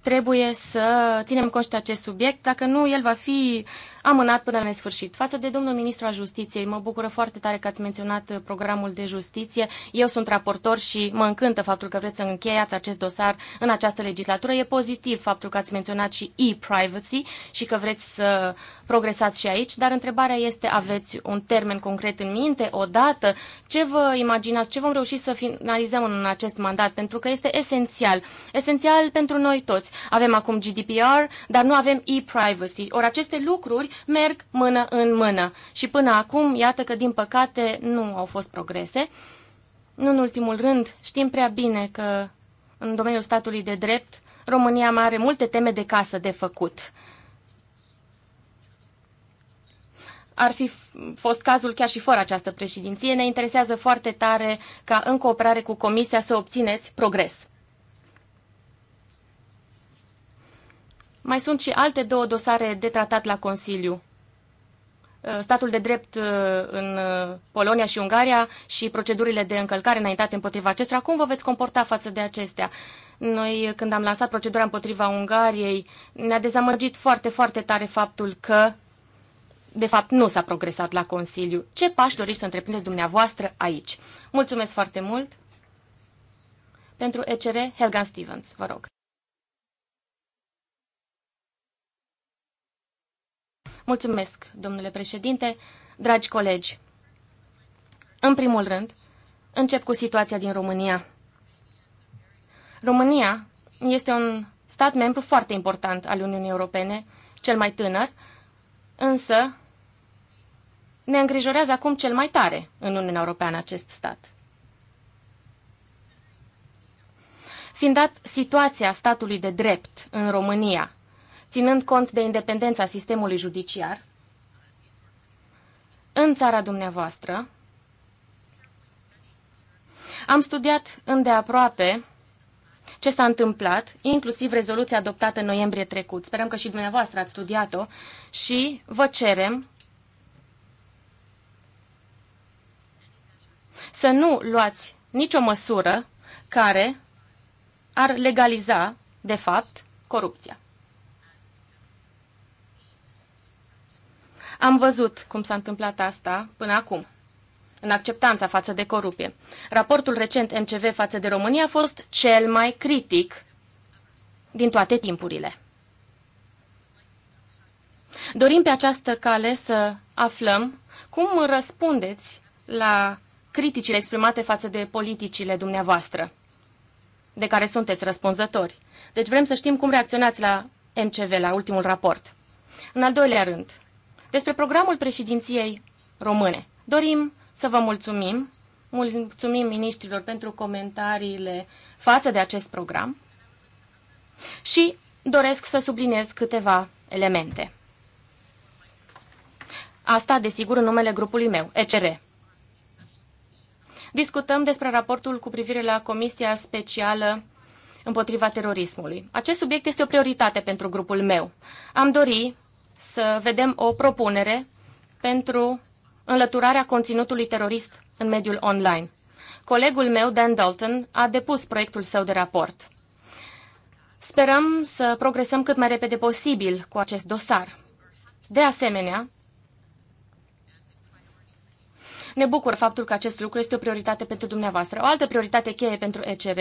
trebuie să ținem conștient acest subiect, dacă nu, el va fi amânat până la nesfârșit. Față de domnul ministru al justiției, mă bucură foarte tare că ați menționat uh, programul de justiție. Eu sunt raportor și mă încântă faptul că vreți să încheiați acest dosar în această legislatură. E pozitiv faptul că ați menționat și e-privacy și că vreți să progresați și aici, dar întrebarea este, aveți un termen concret în minte, o dată? Ce vă imaginați, ce vom reuși să finalizăm în acest mandat? Pentru că este esențial, esențial pentru noi toți. Avem acum GDPR, dar nu avem e-privacy. Ori aceste lucruri lucruri merg mână în mână. Și până acum, iată că, din păcate, nu au fost progrese. Nu în ultimul rând, știm prea bine că în domeniul statului de drept, România mai are multe teme de casă de făcut. ar fi fost cazul chiar și fără această președinție. Ne interesează foarte tare ca în cooperare cu Comisia să obțineți progres. Mai sunt și alte două dosare de tratat la Consiliu. Uh, statul de drept uh, în uh, Polonia și Ungaria și procedurile de încălcare înaintate împotriva acestora. Cum vă veți comporta față de acestea? Noi, când am lansat procedura împotriva Ungariei, ne-a dezamăgit foarte, foarte tare faptul că, de fapt, nu s-a progresat la Consiliu. Ce pași doriți să întreprindeți dumneavoastră aici? Mulțumesc foarte mult! Pentru ECR, Helgan Stevens, vă rog. Mulțumesc, domnule președinte, dragi colegi. În primul rând, încep cu situația din România. România este un stat membru foarte important al Uniunii Europene, cel mai tânăr, însă ne îngrijorează acum cel mai tare în Uniunea Europeană acest stat. Fiind dat situația statului de drept în România, ținând cont de independența sistemului judiciar, în țara dumneavoastră, am studiat îndeaproape ce s-a întâmplat, inclusiv rezoluția adoptată în noiembrie trecut. Sperăm că și dumneavoastră ați studiat-o și vă cerem să nu luați nicio măsură care ar legaliza, de fapt, corupția. Am văzut cum s-a întâmplat asta până acum, în acceptanța față de corupie. Raportul recent MCV față de România a fost cel mai critic din toate timpurile. Dorim pe această cale să aflăm cum răspundeți la criticile exprimate față de politicile dumneavoastră, de care sunteți răspunzători. Deci vrem să știm cum reacționați la MCV, la ultimul raport. În al doilea rând, despre programul președinției române. Dorim să vă mulțumim, mulțumim ministrilor pentru comentariile față de acest program și doresc să subliniez câteva elemente. Asta, desigur, în numele grupului meu, ECR. Discutăm despre raportul cu privire la Comisia Specială împotriva terorismului. Acest subiect este o prioritate pentru grupul meu. Am dori să vedem o propunere pentru înlăturarea conținutului terorist în mediul online. Colegul meu, Dan Dalton, a depus proiectul său de raport. Sperăm să progresăm cât mai repede posibil cu acest dosar. De asemenea, ne bucur faptul că acest lucru este o prioritate pentru dumneavoastră. O altă prioritate cheie pentru ECR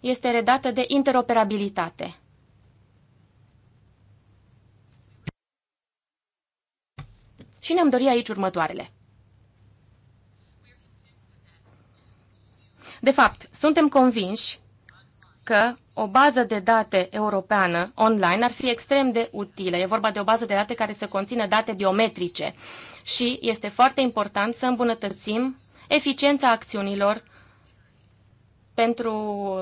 este redată de interoperabilitate. Și ne-am dorit aici următoarele. De fapt, suntem convinși că o bază de date europeană online ar fi extrem de utilă. E vorba de o bază de date care să conțină date biometrice și este foarte important să îmbunătățim eficiența acțiunilor pentru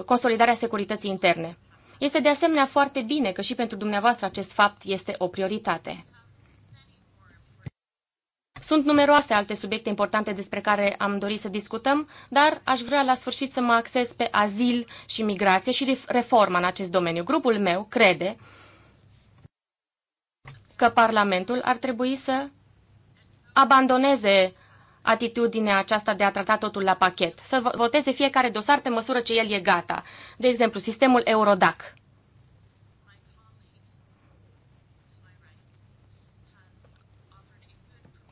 consolidarea securității interne. Este de asemenea foarte bine că și pentru dumneavoastră acest fapt este o prioritate. Sunt numeroase alte subiecte importante despre care am dorit să discutăm, dar aș vrea la sfârșit să mă acces pe azil și migrație și reforma în acest domeniu. Grupul meu crede că Parlamentul ar trebui să abandoneze atitudinea aceasta de a trata totul la pachet, să voteze fiecare dosar pe măsură ce el e gata. De exemplu, sistemul Eurodac.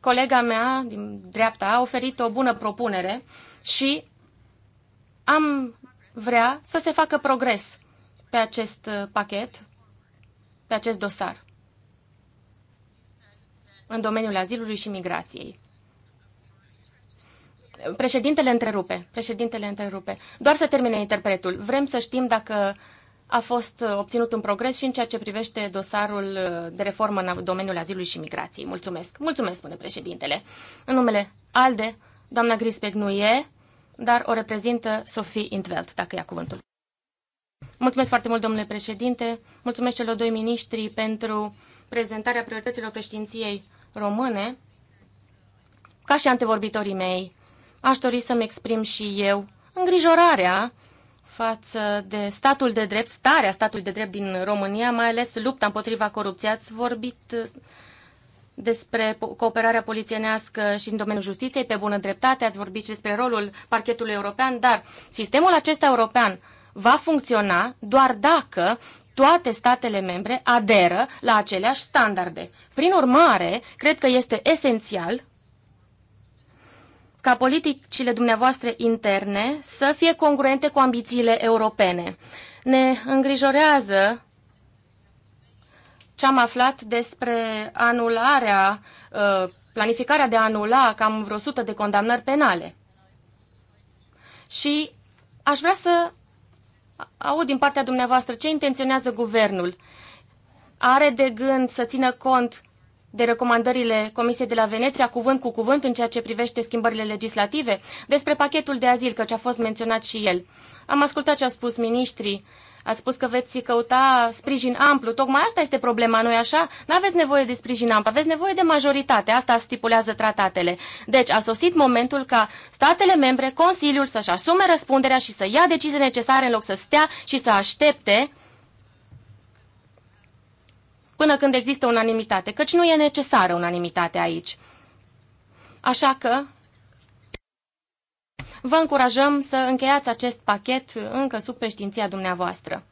colega mea din dreapta a oferit o bună propunere și am vrea să se facă progres pe acest uh, pachet, pe acest dosar, în domeniul azilului și migrației. Președintele întrerupe, președintele întrerupe. Doar să termine interpretul. Vrem să știm dacă a fost uh, obținut un progres și în ceea ce privește dosarul uh, de reformă în domeniul azilului și migrației. Mulțumesc. Mulțumesc, spune președintele. În numele ALDE, doamna Grispec nu e, dar o reprezintă Sophie Intveld, dacă ia cuvântul. Mulțumesc foarte mult, domnule președinte. Mulțumesc celor doi miniștri pentru prezentarea priorităților președinției române. Ca și antevorbitorii mei, aș dori să-mi exprim și eu îngrijorarea față de statul de drept, starea statului de drept din România, mai ales lupta împotriva corupției. Ați vorbit uh, despre cooperarea polițienească și în domeniul justiției, pe bună dreptate, ați vorbit și despre rolul parchetului european, dar sistemul acesta european va funcționa doar dacă toate statele membre aderă la aceleași standarde. Prin urmare, cred că este esențial ca politicile dumneavoastră interne să fie congruente cu ambițiile europene. Ne îngrijorează ce am aflat despre anularea, uh, planificarea de a anula cam vreo 100 de condamnări penale. Și aș vrea să aud din partea dumneavoastră ce intenționează guvernul. Are de gând să țină cont de recomandările Comisiei de la Veneția, cuvânt cu cuvânt, în ceea ce privește schimbările legislative, despre pachetul de azil, căci a fost menționat și el. Am ascultat ce au spus ministrii. Ați spus că veți căuta sprijin amplu. Tocmai asta este problema, nu-i așa? Nu aveți nevoie de sprijin amplu, aveți nevoie de majoritate. Asta stipulează tratatele. Deci a sosit momentul ca statele membre, Consiliul, să-și asume răspunderea și să ia decizii necesare în loc să stea și să aștepte până când există unanimitate, căci nu e necesară unanimitate aici. Așa că vă încurajăm să încheiați acest pachet încă sub preștinția dumneavoastră.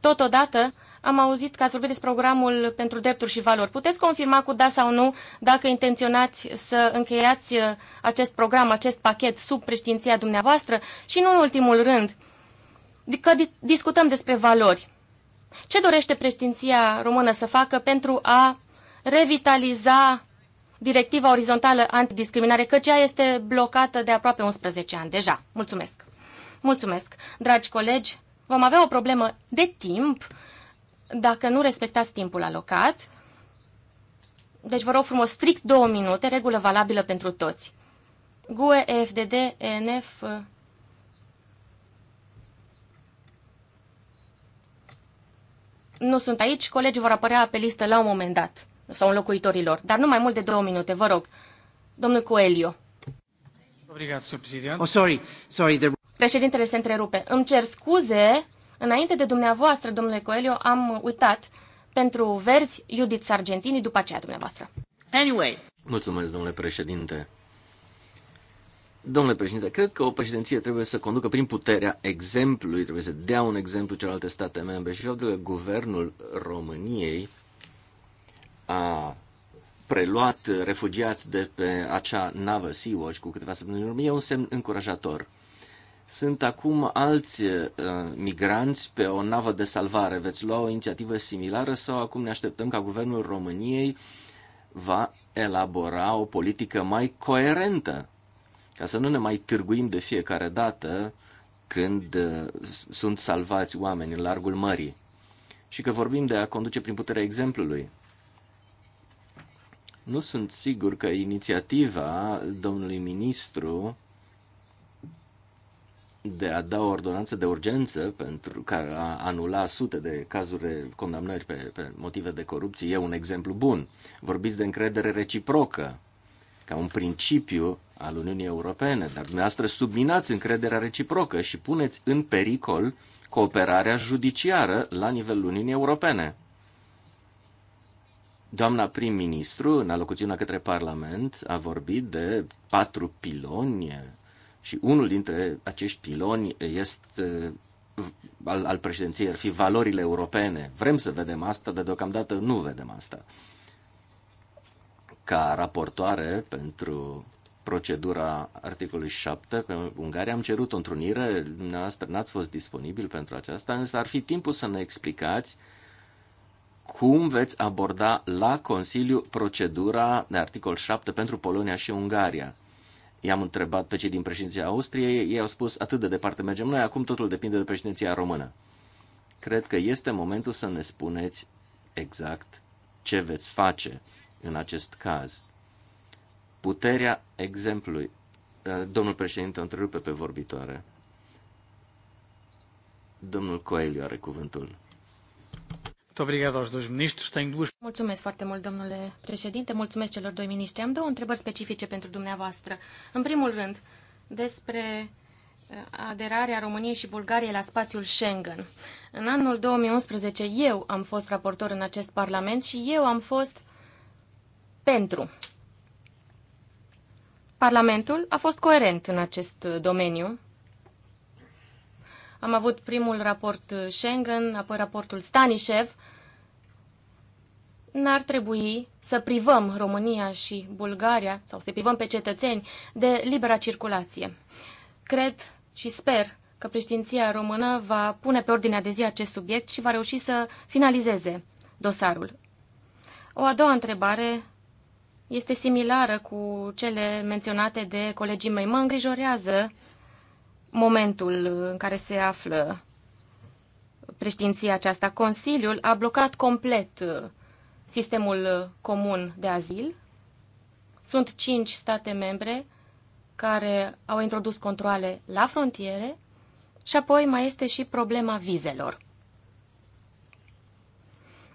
Totodată, am auzit că ați vorbit despre programul pentru drepturi și valori. Puteți confirma cu da sau nu dacă intenționați să încheiați uh, acest program, acest pachet sub preștinția dumneavoastră și nu în ultimul rând, că discutăm despre valori. Ce dorește preștinția română să facă pentru a revitaliza directiva orizontală antidiscriminare, căci ea este blocată de aproape 11 ani deja. Mulțumesc! Mulțumesc! Dragi colegi, vom avea o problemă de timp dacă nu respectați timpul alocat. Deci vă rog frumos, strict două minute, regulă valabilă pentru toți. GUE, EFDD, ENF, nu sunt aici, colegii vor apărea pe listă la un moment dat, sau locuitorilor, Dar nu mai mult de două minute, vă rog. Domnul Coelio. Obrigat, oh, sorry. Sorry, the... Președintele se întrerupe. Îmi cer scuze, înainte de dumneavoastră, domnule Coelio, am uitat pentru verzi Judith Sargentini, după aceea dumneavoastră. Anyway. Mulțumesc, domnule președinte. Domnule președinte, cred că o președinție trebuie să conducă prin puterea exemplului, trebuie să dea un exemplu celelalte state membre și faptul că guvernul României a preluat refugiați de pe acea navă Sea-Watch cu câteva săptămâni în urmă e un semn încurajator. Sunt acum alți uh, migranți pe o navă de salvare. Veți lua o inițiativă similară sau acum ne așteptăm ca guvernul României va elabora o politică mai coerentă ca să nu ne mai târguim de fiecare dată când uh, sunt salvați oameni în largul mării. Și că vorbim de a conduce prin puterea exemplului. Nu sunt sigur că inițiativa domnului ministru de a da o ordonanță de urgență pentru că a anula sute de cazuri de condamnări pe, pe motive de corupție e un exemplu bun. Vorbiți de încredere reciprocă ca un principiu al Uniunii Europene, dar dumneavoastră subminați încrederea reciprocă și puneți în pericol cooperarea judiciară la nivelul Uniunii Europene. Doamna prim-ministru, în alocuțiunea către Parlament, a vorbit de patru piloni și unul dintre acești piloni este al, al președinției, ar fi valorile europene. Vrem să vedem asta, dar deocamdată nu vedem asta. Ca raportoare pentru procedura articolului 7 pe Ungaria. Am cerut o întrunire, dumneavoastră n-ați fost disponibil pentru aceasta, însă ar fi timpul să ne explicați cum veți aborda la Consiliu procedura de articol 7 pentru Polonia și Ungaria. I-am întrebat pe cei din președinția Austriei, ei au spus atât de departe mergem noi, acum totul depinde de președinția română. Cred că este momentul să ne spuneți exact ce veți face în acest caz. Puterea exemplului. Domnul președinte, întrerupe pe vorbitoare. Domnul Coelho are cuvântul. Mulțumesc foarte mult, domnule președinte. Mulțumesc celor doi miniștri. Am două întrebări specifice pentru dumneavoastră. În primul rând, despre uh, aderarea României și Bulgariei la spațiul Schengen. În anul 2011 eu am fost raportor în acest parlament și eu am fost pentru Parlamentul a fost coerent în acest domeniu. Am avut primul raport Schengen, apoi raportul Stanishev. N-ar trebui să privăm România și Bulgaria, sau să privăm pe cetățeni, de libera circulație. Cred și sper că președinția română va pune pe ordinea de zi acest subiect și va reuși să finalizeze dosarul. O a doua întrebare este similară cu cele menționate de colegii mei. Mă îngrijorează momentul în care se află președinția aceasta. Consiliul a blocat complet sistemul comun de azil. Sunt cinci state membre care au introdus controle la frontiere și apoi mai este și problema vizelor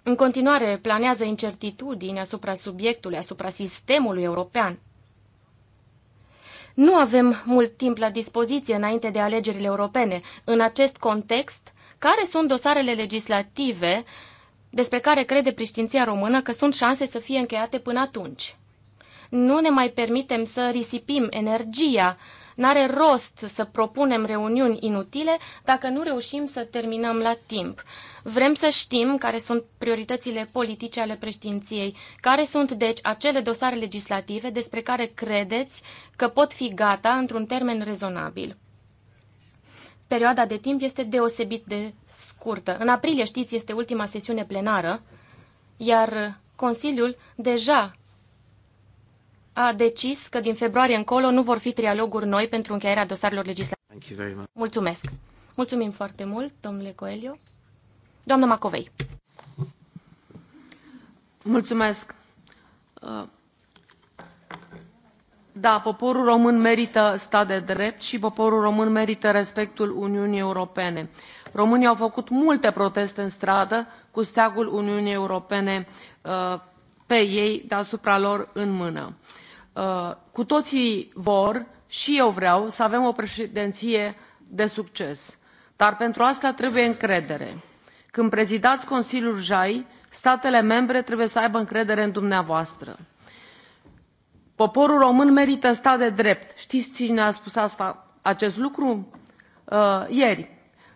în continuare planează incertitudini asupra subiectului, asupra sistemului european. Nu avem mult timp la dispoziție înainte de alegerile europene. În acest context, care sunt dosarele legislative despre care crede priștinția română că sunt șanse să fie încheiate până atunci? Nu ne mai permitem să risipim energia N-are rost să propunem reuniuni inutile dacă nu reușim să terminăm la timp. Vrem să știm care sunt prioritățile politice ale preștinției, care sunt, deci, acele dosare legislative despre care credeți că pot fi gata într-un termen rezonabil. Perioada de timp este deosebit de scurtă. În aprilie, știți, este ultima sesiune plenară, iar Consiliul deja a decis că din februarie încolo nu vor fi trialoguri noi pentru încheierea dosarelor legislative. Mulțumesc! Mulțumim foarte mult, domnule Coelio. Doamna Macovei. Mulțumesc. Da, poporul român merită stat de drept și poporul român merită respectul Uniunii Europene. Românii au făcut multe proteste în stradă cu steagul Uniunii Europene uh, pe ei, deasupra lor, în mână Uh, cu toții vor și eu vreau să avem o președinție de succes dar pentru asta trebuie încredere. când prezidați consiliul jai statele membre trebuie să aibă încredere în dumneavoastră. poporul român merită stat de drept știți cine a spus asta, acest lucru? Uh, ieri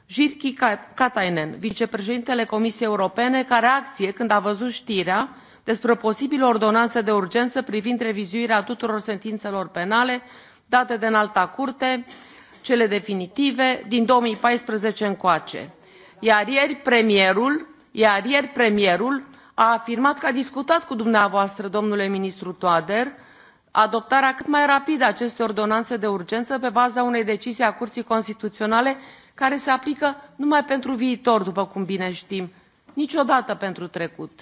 jyrki katainen vicepreședintele comisiei europene a reacție când a văzut știrea despre o posibilă ordonanță de urgență privind revizuirea tuturor sentințelor penale date de înalta curte cele definitive din două mii paisprezece încoace iar ieri premierul iar ieri premierul a afirmat că a discutat cu dumneavoastră domnule ministru toader adoptarea cât mai rapidă a acestei ordonanțe de urgență pe baza unei decizii a curții constituționale care se aplică numai pentru viitor după cum bine știm niciodată pentru trecut.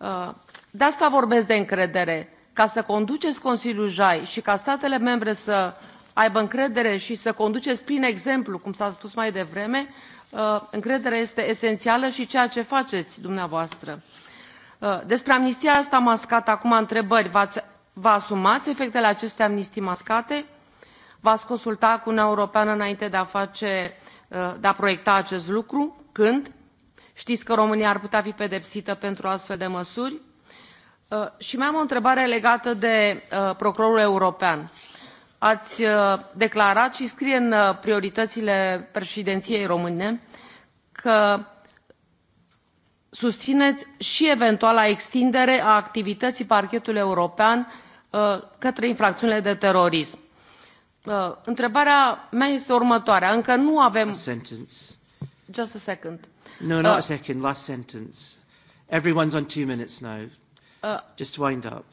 Uh, de asta vorbesc de încredere. Ca să conduceți Consiliul JAI și ca statele membre să aibă încredere și să conduceți prin exemplu, cum s-a spus mai devreme, uh, încrederea este esențială și ceea ce faceți dumneavoastră. Uh, despre amnistia asta mascată, acum întrebări. Vă asumați efectele acestei amnistii mascate? V-ați consulta cu Uniunea Europeană înainte de a face, de a proiecta acest lucru? Când? Știți că România ar putea fi pedepsită pentru astfel de măsuri? Uh, și mai am o întrebare legată de uh, procurorul european. Ați uh, declarat și scrie în prioritățile președinției române că susțineți și eventuala extindere a activității parchetului european către infracțiunile de terorism. Întrebarea mea este următoarea. Încă nu avem... Just a second No, not uh, a second. Last sentence. Everyone's on two minutes now. Uh, Just wind up.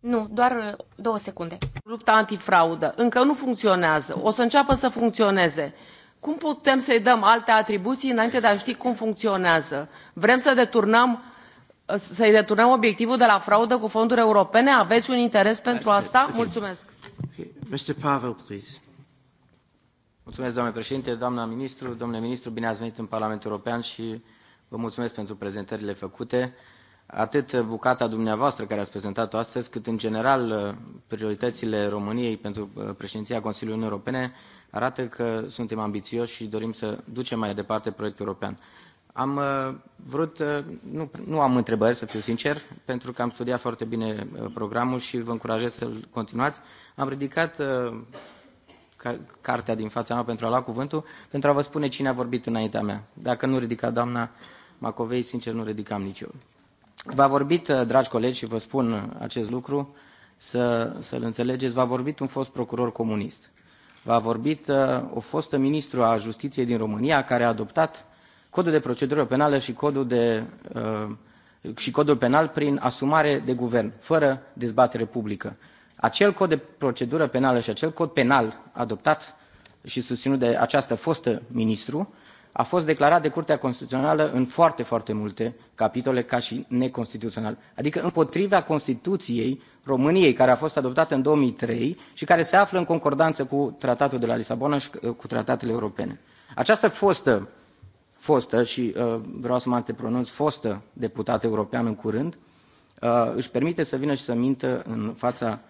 Nu, doar uh, două secunde. Lupta antifraudă încă nu funcționează. O să înceapă să funcționeze. Cum putem să-i dăm alte atribuții înainte de a ști cum funcționează? Vrem să deturnăm uh, să-i deturnăm obiectivul de la fraudă cu fonduri europene? Aveți un interes pentru That's asta? It. Okay. Mulțumesc. Okay. Mr. Pavel, please. Mulțumesc, doamne președinte, doamna ministru, domnule ministru, bine ați venit în Parlamentul European și vă mulțumesc pentru prezentările făcute. Atât bucata dumneavoastră care ați prezentat-o astăzi, cât în general uh, prioritățile României pentru uh, președinția Consiliului Uniunii Europene arată că suntem ambițioși și dorim să ducem mai departe proiectul european. Am uh, vrut, nu, nu am întrebări, să fiu sincer, pentru că am studiat foarte bine programul și vă încurajez să-l continuați. Am ridicat cartea din fața mea pentru a lua cuvântul, pentru a vă spune cine a vorbit înaintea mea. Dacă nu ridica doamna Macovei, sincer nu ridicam nici eu. V-a vorbit, uh, dragi colegi, și vă spun uh, acest lucru, să, să-l înțelegeți, v-a vorbit un fost procuror comunist. V-a vorbit uh, o fostă ministru a justiției din România care a adoptat codul de procedură penală și codul, de, uh, și codul penal prin asumare de guvern, fără dezbatere publică acel cod de procedură penală și acel cod penal adoptat și susținut de această fostă ministru a fost declarat de Curtea Constituțională în foarte, foarte multe capitole ca și neconstituțional, adică împotriva Constituției României, care a fost adoptată în 2003 și care se află în concordanță cu Tratatul de la Lisabona și uh, cu tratatele europene. Această fostă, fostă și uh, vreau să mă antepronunț, fostă deputată europeană în curând, uh, își permite să vină și să mintă în fața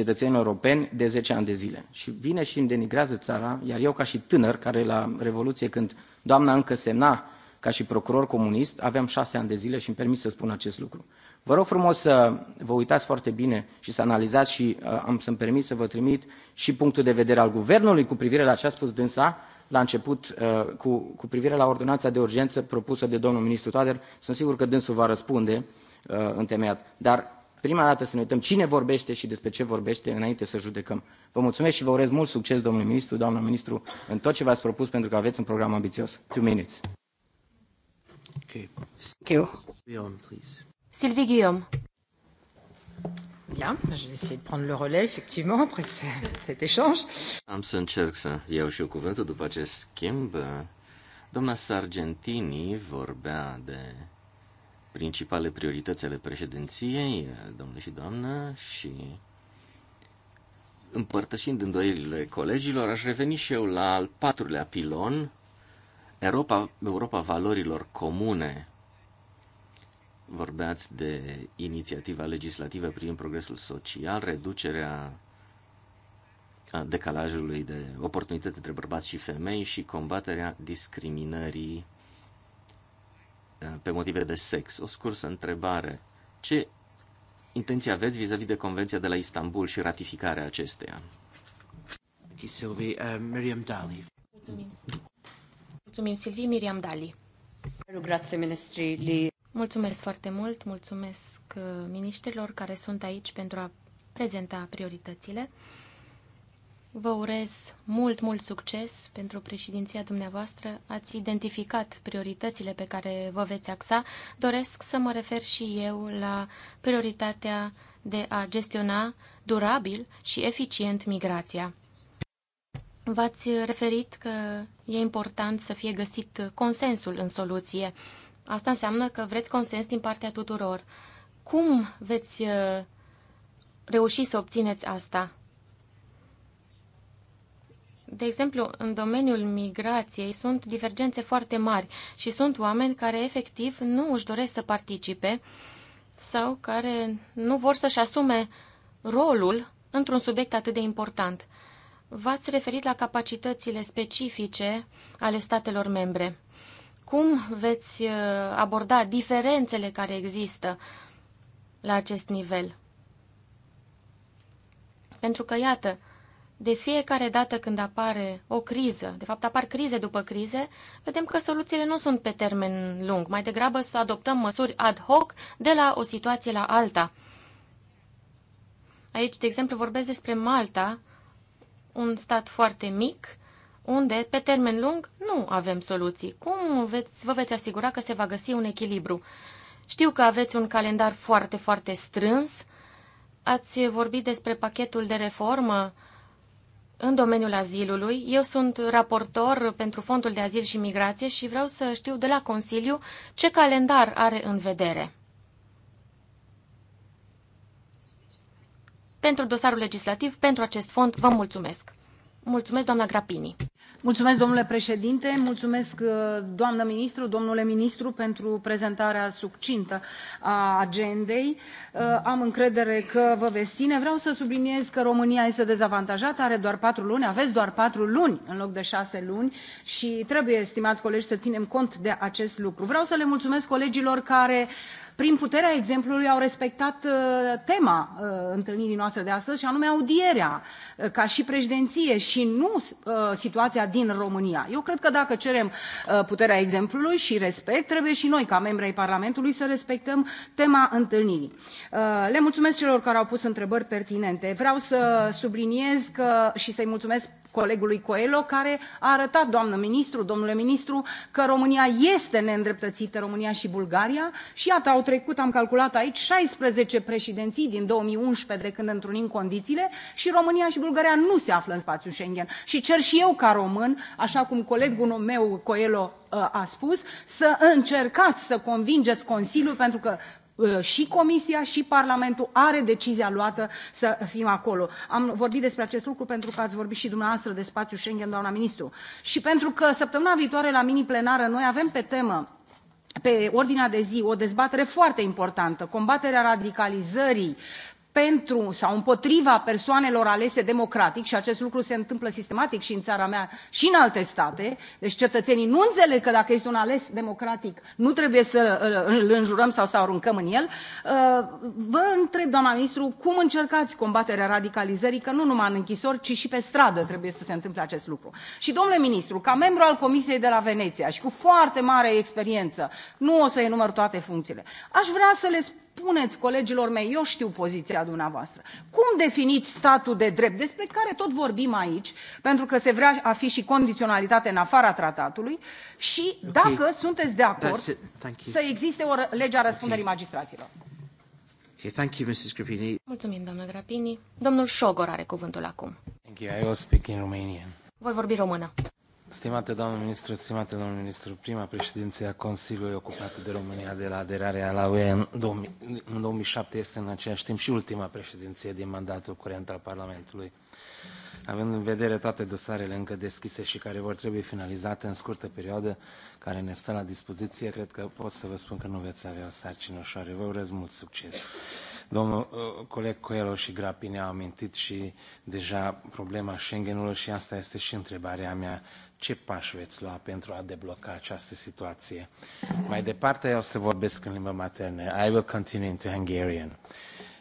cetățenilor europeni de 10 ani de zile. Și vine și îmi denigrează țara, iar eu ca și tânăr, care la Revoluție, când doamna încă semna ca și procuror comunist, aveam șase ani de zile și îmi permit să spun acest lucru. Vă rog frumos să vă uitați foarte bine și să analizați și uh, am să-mi permit să vă trimit și punctul de vedere al Guvernului cu privire la ce a spus dânsa la început uh, cu, cu privire la ordonanța de urgență propusă de domnul ministru Toader. Sunt sigur că dânsul va răspunde uh, întemeiat. Dar prima dată să ne uităm cine vorbește și despre ce vorbește înainte să judecăm. Vă mulțumesc și vă urez mult succes, domnule ministru, doamnă ministru, în tot ce v-ați propus, pentru că aveți un program ambițios. Two minutes. Okay. Thank you. Guillaume, please. Sylvie Guillaume. Bien, je vais essayer de prendre le relais, effectivement, après ce, cet échange. Am să încerc să iau și eu cuvântul după acest schimb. Doamna Sargentini vorbea de principale priorități ale președinției, domnule și doamnă, și împărtășind îndoielile colegilor, aș reveni și eu la al patrulea pilon, Europa, Europa valorilor comune. Vorbeați de inițiativa legislativă prin progresul social, reducerea decalajului de oportunități între bărbați și femei și combaterea discriminării Eh, pe motive de sex. O scursă întrebare. Ce intenții aveți vis-a-vis -vis de Convenția de la Istanbul și ratificarea acesteia? Okay, Sylvie, uh, Miriam Dali. Mulțumim. Mulțumim, Silvii Miriam Dali. Grazie, ministrii. Mulțumesc foarte mult, mulțumesc uh, ministrilor care sunt aici pentru a prezenta prioritățile. Vă urez mult, mult succes pentru președinția dumneavoastră. Ați identificat prioritățile pe care vă veți axa. Doresc să mă refer și eu la prioritatea de a gestiona durabil și eficient migrația. V-ați referit că e important să fie găsit consensul în soluție. Asta înseamnă că vreți consens din partea tuturor. Cum veți uh, reuși să obțineți asta? De exemplu, în domeniul migrației sunt divergențe foarte mari și sunt oameni care efectiv nu își doresc să participe sau care nu vor să-și asume rolul într-un subiect atât de important. V-ați referit la capacitățile specifice ale statelor membre. Cum veți uh, aborda diferențele care există la acest nivel? Pentru că, iată, de fiecare dată când apare o criză, de fapt apar crize după crize, vedem că soluțiile nu sunt pe termen lung. Mai degrabă să adoptăm măsuri ad hoc de la o situație la alta. Aici, de exemplu, vorbesc despre Malta, un stat foarte mic, unde, pe termen lung, nu avem soluții. Cum veți, vă veți asigura că se va găsi un echilibru? Știu că aveți un calendar foarte, foarte strâns. Ați vorbit despre pachetul de reformă în domeniul azilului. Eu sunt raportor pentru Fondul de Azil și Migrație și vreau să știu de la Consiliu ce calendar are în vedere. Pentru dosarul legislativ, pentru acest fond, vă mulțumesc! Mulțumesc, doamna Grapini. Mulțumesc, domnule președinte, mulțumesc, uh, doamnă ministru, domnule ministru, pentru prezentarea succintă a agendei. Uh, am încredere că vă veți ține. Vreau să subliniez că România este dezavantajată, are doar patru luni, aveți doar patru luni în loc de șase luni și trebuie, stimați colegi, să ținem cont de acest lucru. Vreau să le mulțumesc colegilor care prin puterea exemplului au respectat uh, tema uh, întâlnirii noastre de astăzi și anume audierea uh, ca și președinție și nu situația din România. Eu cred că dacă cerem puterea exemplului și respect, trebuie și noi ca membri ai Parlamentului să respectăm tema întâlnirii. Le mulțumesc celor care au pus întrebări pertinente. Vreau să subliniez că, și să-i mulțumesc colegului Coelho, care a arătat, doamnă ministru, domnule ministru, că România este neîndreptățită, România și Bulgaria. Și iată, au trecut, am calculat aici, 16 președinții din unsprezece de când întrunim condițiile și România și Bulgaria nu se află în spațiul Schengen. Și cer și eu ca român, așa cum colegul meu Coelho uh, a spus, să încercați să convingeți Consiliul, pentru că Ă, și Comisia și Parlamentul are decizia luată să fim acolo. Am vorbit despre acest lucru pentru că ați vorbit și dumneavoastră de spațiul Schengen, doamna ministru. Și pentru că săptămâna viitoare la mini-plenară noi avem pe temă pe ordinea de zi o dezbatere foarte importantă combaterea radicalizării pentru sau împotriva persoanelor alese democratic și acest lucru se întâmplă sistematic și în țara mea și în alte state deci cetățenii nu înțeleg că dacă este un ales democratic nu trebuie să uh, îl înjurăm sau să aruncăm în el uh, vă întreb doamna ministru cum încercați combaterea radicalizării că nu numai în închisori ci și pe stradă trebuie să se întâmple acest lucru și domnule ministru ca membru al comisiei de la Veneția și cu foarte mare experiență nu o să enumăr toate funcțiile aș vrea să le spuneți colegilor mei, eu știu poziția dumneavoastră. Cum definiți statul de drept, despre care tot vorbim aici, pentru că se vrea a fi și condiționalitate în afara tratatului, și okay. dacă sunteți de acord să existe o lege a răspunderii okay. magistraților. Okay, thank you, Mrs. Mulțumim, doamnă Grapini. Domnul Șogor are cuvântul acum. Thank you. I will speak in Romanian. Voi vorbi română. Stimate doamnă ministru, stimate domnul ministru, prima președinție a Consiliului ocupată de România de la aderarea la UE în, 2000, în 2007 este în același timp și ultima președinție din mandatul curent al Parlamentului. Având în vedere toate dosarele încă deschise și care vor trebui finalizate în scurtă perioadă care ne stă la dispoziție, cred că pot să vă spun că nu veți avea o sarcină ușoară. Vă urez mult succes! Domnul uh, coleg Coelho și Grapini au amintit și deja problema Schengenului și asta este și întrebarea mea ce pași veți lua pentru a debloca această situație? Mai departe, o să vorbesc în limba maternă. I will continue into Hungarian.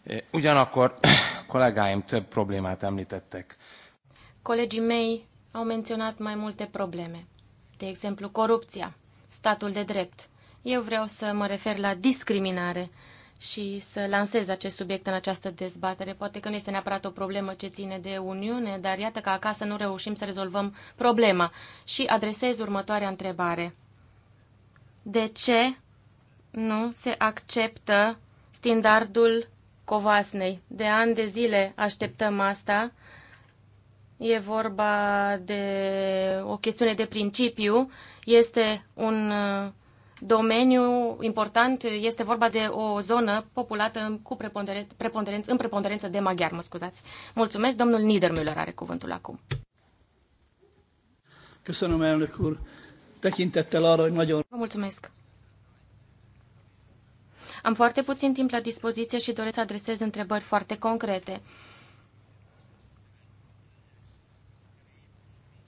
Eh, ugyanakkor kollégáim több problémát említettek. Colegii mei au menționat mai multe probleme, de exemplu corupția, statul de drept. Eu vreau să mă refer la discriminare, și să lansez acest subiect în această dezbatere. Poate că nu este neapărat o problemă ce ține de Uniune, dar iată că acasă nu reușim să rezolvăm problema. Și adresez următoarea întrebare. De ce nu se acceptă standardul covasnei? De ani de zile așteptăm asta. E vorba de o chestiune de principiu. Este un uh, domeniu important este vorba de o zonă populată cu preponderen- preponderență, în preponderență de maghiar, mă scuzați. Mulțumesc, domnul Niedermüller are cuvântul acum. Köszönöm, elnök úr. Tekintettel arra, hogy nagyon... Vă mulțumesc. Am foarte puțin timp la dispoziție și doresc să adresez întrebări foarte concrete.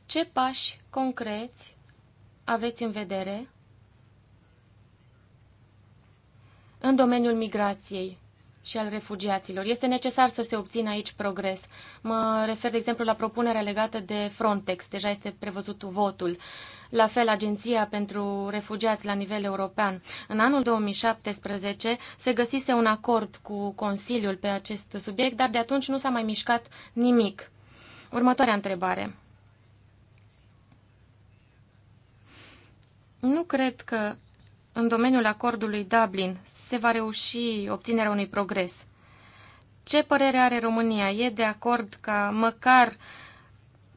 Ce pași concreți aveți în vedere în domeniul migrației și al refugiaților. Este necesar să se obțină aici progres. Mă refer, de exemplu, la propunerea legată de Frontex. Deja este prevăzut votul. La fel, Agenția pentru Refugiați la nivel european. În anul 2017 se găsise un acord cu Consiliul pe acest subiect, dar de atunci nu s-a mai mișcat nimic. Următoarea întrebare. Nu cred că în domeniul acordului Dublin se va reuși obținerea unui progres. Ce părere are România? E de acord ca măcar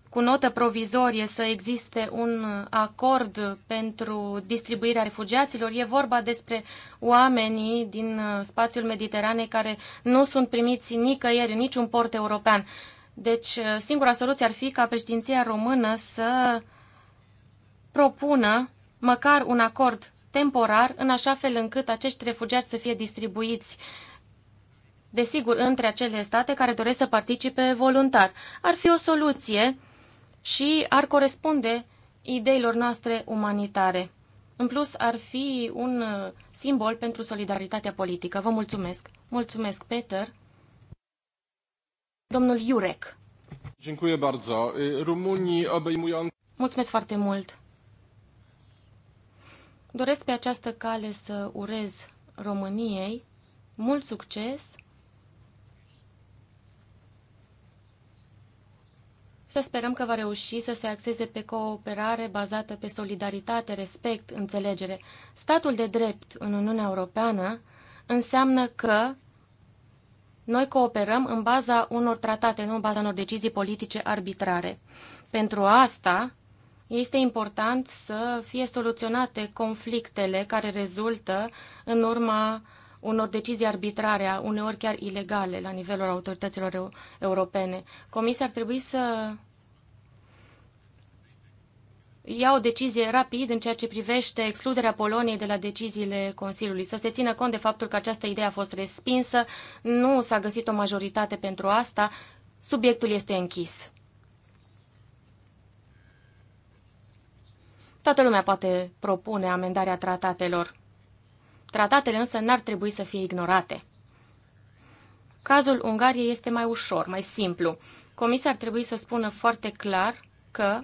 cu notă provizorie să existe un acord pentru distribuirea refugiaților. E vorba despre oamenii din uh, spațiul Mediteranei care nu sunt primiți nicăieri, în niciun port european. Deci uh, singura soluție ar fi ca președinția română să propună măcar un acord temporar, în așa fel încât acești refugiați să fie distribuiți desigur, între acele state care doresc să participe voluntar. Ar fi o soluție și ar corespunde ideilor noastre umanitare. În plus, ar fi un simbol pentru solidaritatea politică. Vă mulțumesc! Mulțumesc, Peter! Domnul Iurec. Mulțumesc foarte mult! Doresc pe această cale să urez României mult succes Să sperăm că va reuși să se axeze pe cooperare bazată pe solidaritate, respect, înțelegere. Statul de drept în Uniunea Europeană înseamnă că noi cooperăm în baza unor tratate, nu în baza unor decizii politice arbitrare. Pentru asta este important să fie soluționate conflictele care rezultă în urma unor decizii arbitrare, uneori chiar ilegale, la nivelul autorităților europene. Comisia ar trebui să ia o decizie rapid în ceea ce privește excluderea Poloniei de la deciziile Consiliului. Să se țină cont de faptul că această idee a fost respinsă, nu s-a găsit o majoritate pentru asta, subiectul este închis. Toată lumea poate propune amendarea tratatelor. Tratatele însă n-ar trebui să fie ignorate. Cazul Ungariei este mai ușor, mai simplu. Comisia ar trebui să spună foarte clar că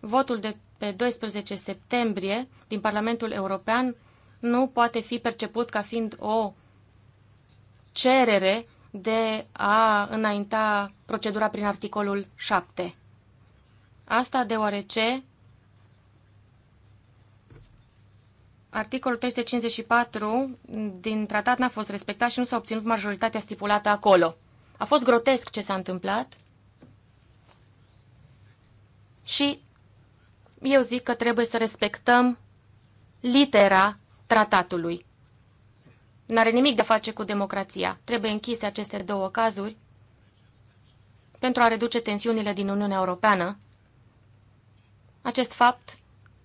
votul de pe 12 septembrie din Parlamentul European nu poate fi perceput ca fiind o cerere de a înainta procedura prin articolul 7. Asta deoarece articolul 354 din tratat n-a fost respectat și nu s-a obținut majoritatea stipulată acolo. A fost grotesc ce s-a întâmplat și eu zic că trebuie să respectăm litera tratatului. N-are nimic de a face cu democrația. Trebuie închise aceste două cazuri pentru a reduce tensiunile din Uniunea Europeană acest fapt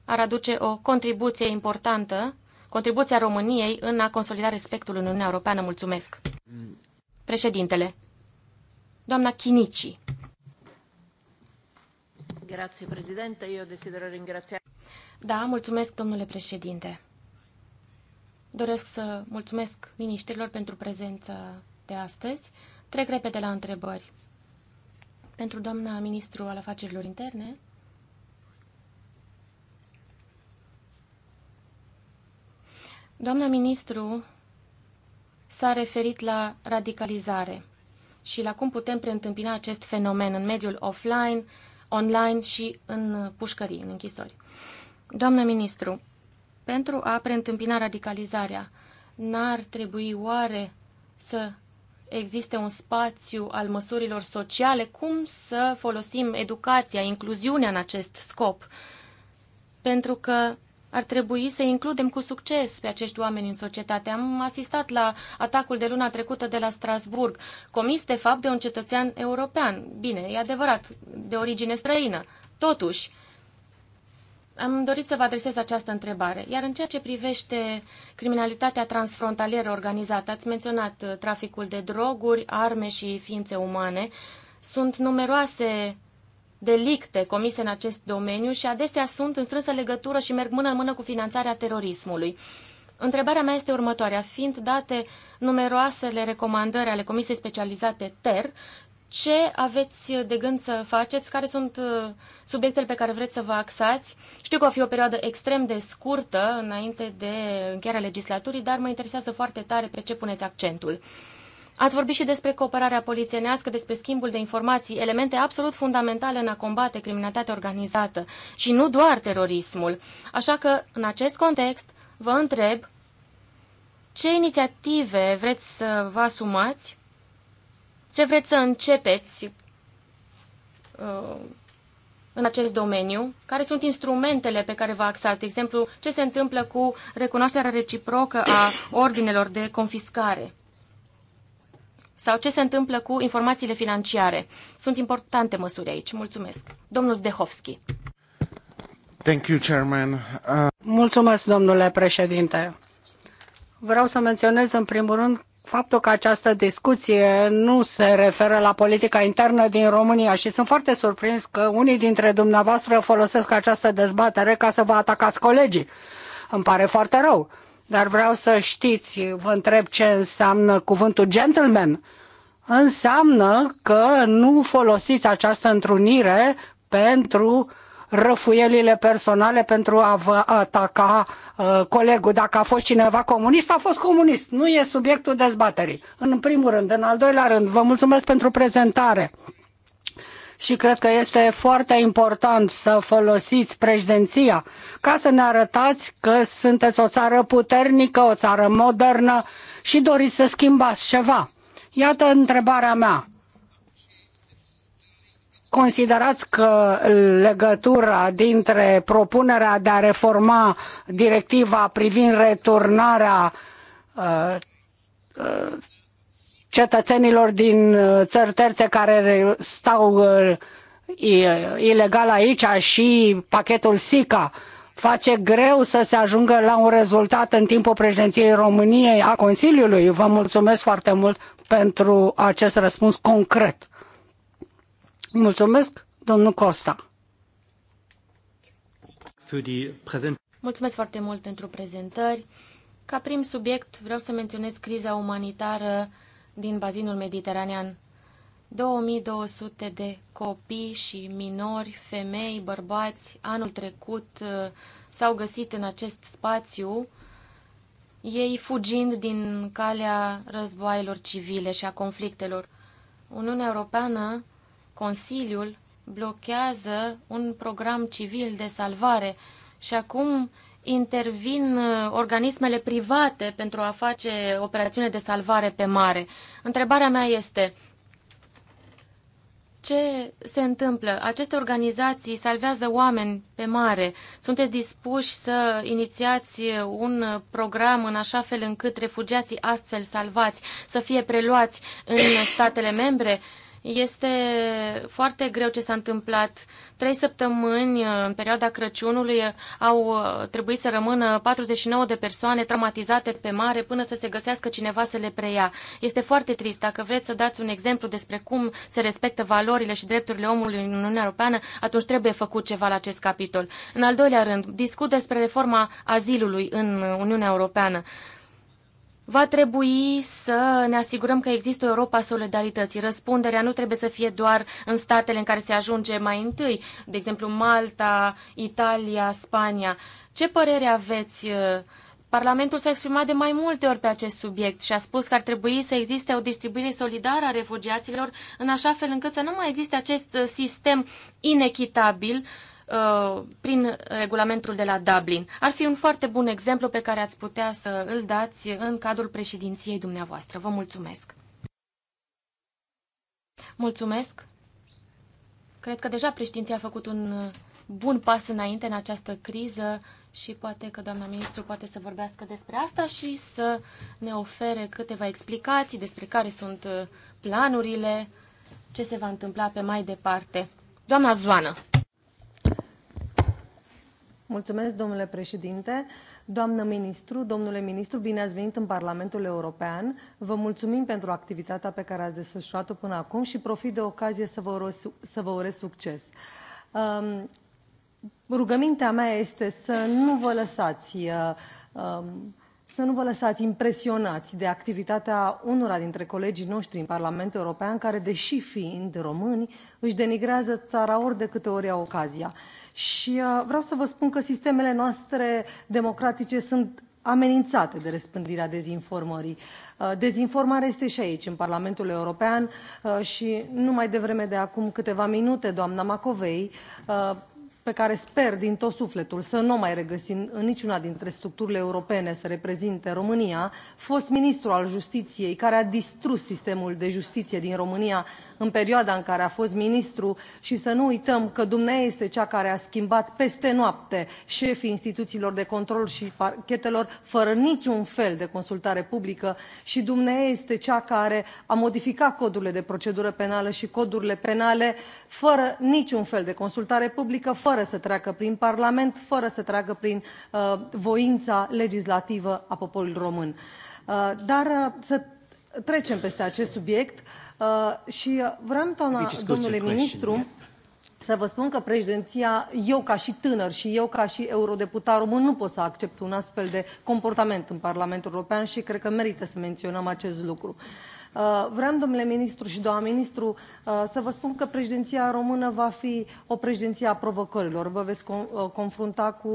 ar aduce o contribuție importantă, contribuția României în a consolida respectul în Uniunea Europeană. Mulțumesc! Președintele, doamna Chinici. Grazie, președinte. Eu desidero ringraziare. Da, mulțumesc, domnule președinte. Doresc să mulțumesc ministrilor pentru prezența de astăzi. Trec repede la întrebări. Pentru doamna ministru al afacerilor interne, Doamna ministru s-a referit la radicalizare și la cum putem preîntâmpina acest fenomen în mediul offline, online și în pușcării, în închisori. Doamna ministru, pentru a preîntâmpina radicalizarea, n-ar trebui oare să existe un spațiu al măsurilor sociale? Cum să folosim educația, incluziunea în acest scop? Pentru că ar trebui să includem cu succes pe acești oameni în societate. Am asistat la atacul de luna trecută de la Strasburg, comis de fapt de un cetățean european. Bine, e adevărat, de origine străină. Totuși, am dorit să vă adresez această întrebare. Iar în ceea ce privește criminalitatea transfrontalieră organizată, ați menționat uh, traficul de droguri, arme și ființe umane. Sunt numeroase delicte comise în acest domeniu și adesea sunt în strânsă legătură și merg mână în mână cu finanțarea terorismului. Întrebarea mea este următoarea. Fiind date numeroasele recomandări ale Comisiei Specializate TER, ce aveți de gând să faceți, care sunt uh, subiectele pe care vreți să vă axați. Știu că va fi o perioadă extrem de scurtă înainte de încheierea legislaturii, dar mă interesează foarte tare pe ce puneți accentul. Ați vorbit și despre cooperarea polițienească, despre schimbul de informații, elemente absolut fundamentale în a combate criminalitatea organizată și nu doar terorismul. Așa că, în acest context, vă întreb ce inițiative vreți să vă asumați, ce vreți să începeți uh, în acest domeniu, care sunt instrumentele pe care vă axați, de exemplu, ce se întâmplă cu recunoașterea reciprocă a ordinelor de confiscare. Sau ce se întâmplă cu informațiile financiare? Sunt importante măsuri aici. Mulțumesc. Domnul Zdehovski. Thank you, Chairman. Uh... Mulțumesc, domnule președinte. Vreau să menționez în primul rând faptul că această discuție nu se referă la politica internă din România și sunt foarte surprins că unii dintre dumneavoastră folosesc această dezbatere ca să vă atacați colegii. Îmi pare foarte rău. Uh, dar vreau să știți, vă întreb ce înseamnă cuvântul gentleman. Înseamnă că nu folosiți această întrunire pentru răfuielile personale pentru a vă ataca uh, colegul. Dacă a fost cineva comunist, a fost comunist. Nu e subiectul dezbaterii. În primul rând. În al doilea rând, vă mulțumesc pentru prezentare și cred că este foarte important să folosiți președinția ca să ne arătați că sunteți o țară puternică, o țară modernă și doriți să schimbați ceva. Iată întrebarea mea. Considerați că legătura dintre propunerea de a reforma directiva privind returnarea uh, uh, cetățenilor din uh, țări terțe care stau uh, uh, ilegal aici și pachetul SICA face greu să se ajungă la un rezultat în timpul președinției României a Consiliului. Vă mulțumesc foarte mult pentru acest răspuns concret. Mulțumesc, domnul Costa. Mulțumesc foarte mult pentru prezentări. Ca prim subiect vreau să menționez criza umanitară din bazinul mediteranean. 2200 de copii și minori, femei, bărbați, anul trecut uh, s-au găsit în acest spațiu, ei fugind din calea războaielor civile și a conflictelor. Uniunea Europeană, Consiliul, blochează un program civil de salvare și acum intervin uh, organismele private pentru a face operațiune de salvare pe mare. Întrebarea mea este, ce se întâmplă? Aceste organizații salvează oameni pe mare. Sunteți dispuși să inițiați un program în așa fel încât refugiații astfel salvați să fie preluați în statele membre? Este foarte greu ce s-a întâmplat. Trei săptămâni, uh, în perioada Crăciunului, uh, au uh, trebuit să rămână 49 de persoane traumatizate pe mare până să se găsească cineva să le preia. Este foarte trist. Dacă vreți să dați un exemplu despre cum se respectă valorile și drepturile omului în Uniunea Europeană, atunci trebuie făcut ceva la acest capitol. În al doilea rând, discut despre reforma azilului în Uniunea Europeană. Va trebui să ne asigurăm că există o Europa solidarității. Răspunderea nu trebuie să fie doar în statele în care se ajunge mai întâi, de exemplu Malta, Italia, Spania. Ce părere aveți? Parlamentul s-a exprimat de mai multe ori pe acest subiect și a spus că ar trebui să existe o distribuire solidară a refugiaților în așa fel încât să nu mai existe acest sistem inechitabil Uh, prin regulamentul de la Dublin. Ar fi un foarte bun exemplu pe care ați putea să îl dați în cadrul președinției dumneavoastră. Vă mulțumesc! Mulțumesc! Cred că deja președinția a făcut un uh, bun pas înainte în această criză și poate că doamna ministru poate să vorbească despre asta și să ne ofere câteva explicații despre care sunt uh, planurile, ce se va întâmpla pe mai departe. Doamna Zoană! Mulțumesc, domnule președinte, doamnă ministru, domnule ministru, bine ați venit în Parlamentul European. Vă mulțumim pentru activitatea pe care ați desfășurat-o până acum și profit de ocazie să vă urez, să vă urez succes. Um, rugămintea mea este să nu vă lăsați uh, um, să nu vă lăsați impresionați de activitatea unora dintre colegii noștri în Parlamentul European, care, deși fiind români, își denigrează țara ori de câte ori au ocazia. Și uh, vreau să vă spun că sistemele noastre democratice sunt amenințate de răspândirea dezinformării. Uh, dezinformarea este și aici, în Parlamentul European uh, și nu mai devreme de acum câteva minute, doamna Macovei uh, pe care sper din tot sufletul să nu o mai regăsim în niciuna dintre structurile europene să reprezinte România, fost ministru al justiției care a distrus sistemul de justiție din România în perioada în care a fost ministru și să nu uităm că dumneavoastră este cea care a schimbat peste noapte șefii instituțiilor de control și parchetelor fără niciun fel de consultare publică și dumneavoastră este cea care a modificat codurile de procedură penală și codurile penale fără niciun fel de consultare publică, fără să treacă prin Parlament, fără să treacă prin uh, voința legislativă a poporului român. Uh, dar uh, să trecem peste acest subiect. Uh, Uh, și uh, vreau, doamna, domnule ministru, să vă spun că președinția, eu ca și tânăr și eu ca și eurodeputat român, nu pot să accept un astfel de comportament în Parlamentul European și cred că merită să menționăm acest lucru. Uh, vreau, domnule ministru și doamna ministru, uh, să vă spun că președinția română va fi o președinție a provocărilor. Vă veți uh, confrunta cu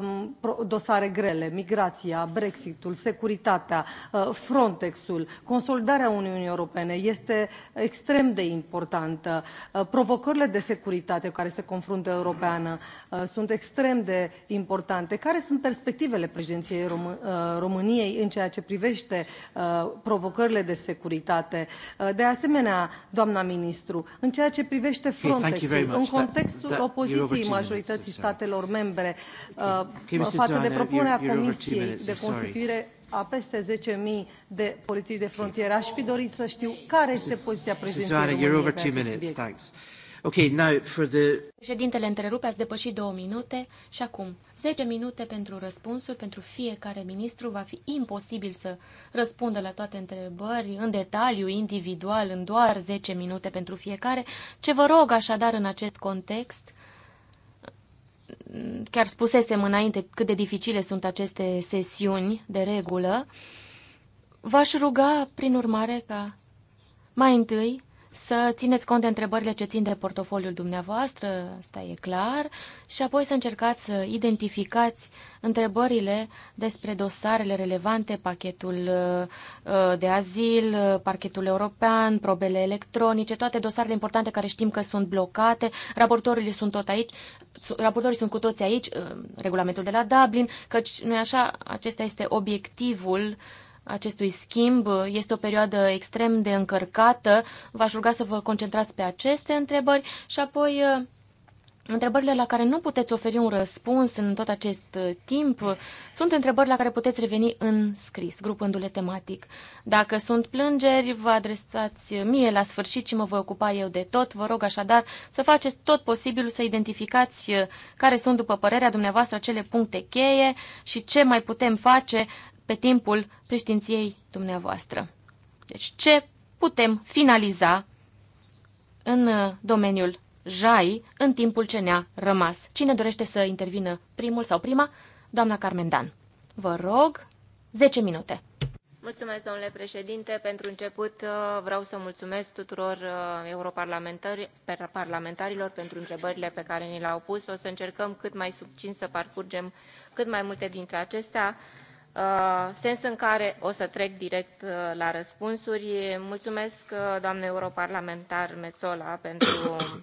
um, dosare grele, migrația, Brexitul, securitatea, Frontexul, Consolidarea Uniunii Europene este extrem de importantă. Provocările de securitate cu care se confruntă europeană sunt extrem de importante. Care sunt perspectivele președinției României în ceea ce privește provocările de securitate? securitate. Uh, de asemenea, doamna ministru, în ceea ce privește Frontex, în da, contextul da, opoziției majorității statelor membre uh, față de propunerea Comisiei de constituire a peste 10.000 de polițiști de frontieră, aș fi dorit să știu care este poziția președintelui României Okay, now for the... Președintele întrerupe, ați depășit două minute și acum 10 minute pentru răspunsuri pentru fiecare ministru. Va fi imposibil să răspundă la toate întrebări în detaliu, individual, în doar 10 minute pentru fiecare. Ce vă rog așadar în acest context, chiar spusesem înainte cât de dificile sunt aceste sesiuni de regulă, v-aș ruga prin urmare ca mai întâi să țineți cont de întrebările ce țin de portofoliul dumneavoastră, asta e clar, și apoi să încercați să identificați întrebările despre dosarele relevante, pachetul uh, uh, de azil, parchetul european, probele electronice, toate dosarele importante care știm că sunt blocate, raportorii sunt tot aici, raportorii sunt cu toți aici, uh, regulamentul de la Dublin, căci, nu așa, acesta este obiectivul uh, acestui schimb. Este o perioadă extrem de încărcată. V-aș ruga să vă concentrați pe aceste întrebări și apoi uh, Întrebările la care nu puteți oferi un răspuns în tot acest uh, timp sunt întrebări la care puteți reveni în scris, grupându-le tematic. Dacă sunt plângeri, vă adresați mie la sfârșit și mă voi ocupa eu de tot. Vă rog așadar să faceți tot posibilul să identificați uh, care sunt, după părerea dumneavoastră, cele puncte cheie și ce mai putem face pe timpul preștinției dumneavoastră. Deci ce putem finaliza în uh, domeniul JAI în timpul ce ne-a rămas? Cine dorește să intervină primul sau prima? Doamna Carmen Dan. Vă rog, 10 minute. Mulțumesc, domnule președinte. Pentru început uh, vreau să mulțumesc tuturor uh, europarlamentarilor pentru întrebările pe care ni le-au pus. O să încercăm cât mai subțin să parcurgem cât mai multe dintre acestea. Uh, sens în care o să trec direct uh, la răspunsuri. Mulțumesc, uh, doamnă europarlamentar Metzola, pentru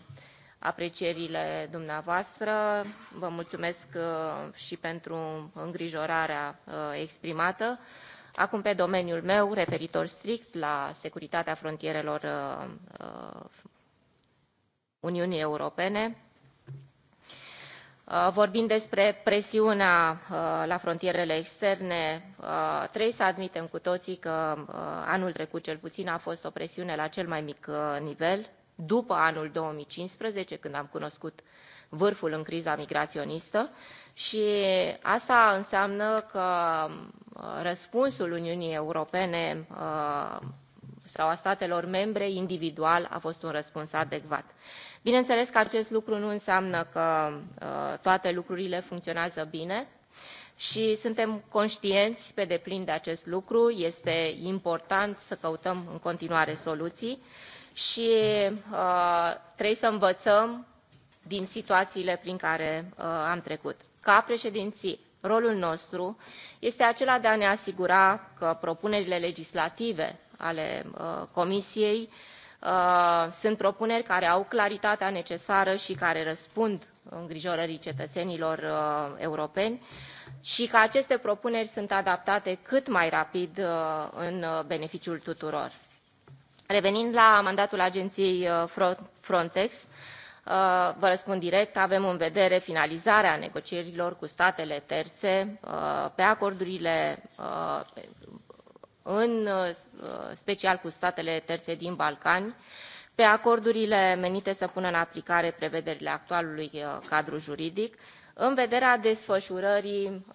aprecierile dumneavoastră. Vă mulțumesc și pentru îngrijorarea exprimată. Acum pe domeniul meu, referitor strict la securitatea frontierelor Uniunii Europene, Uh, vorbim despre presiunea uh, la frontierele externe uh, trebuie să admitem cu toții că anul trecut cel puțin a fost o presiune la cel mai mic nivel după anul 2015 când am cunoscut vârful în criza migraționistă și asta înseamnă că răspunsul Uniunii Europene sau a statelor membre individual a fost un răspuns adecvat bineînțeles că acest lucru nu înseamnă că uh, toate lucrurile funcționează bine și suntem conștienți pe deplin de acest lucru este important să căutăm în continuare soluții și uh, trebuie să învățăm din situațiile prin care uh, am trecut. Ca președinții, rolul nostru este acela de a ne asigura că propunerile legislative ale uh, Comisiei uh, Uh, sunt propuneri care au claritatea necesară și care răspund îngrijorării cetățenilor uh, europeni și că aceste propuneri sunt adaptate cât mai rapid uh, în beneficiul tuturor. Revenind la mandatul agenției Frontex, vă răspund direct, avem în vedere finalizarea negocierilor cu statele terțe pe acordurile în uh, uh, special cu statele terțe din Balcani, pe acordurile menite să pună în aplicare prevederile actualului uh, cadru juridic, în vederea desfășurării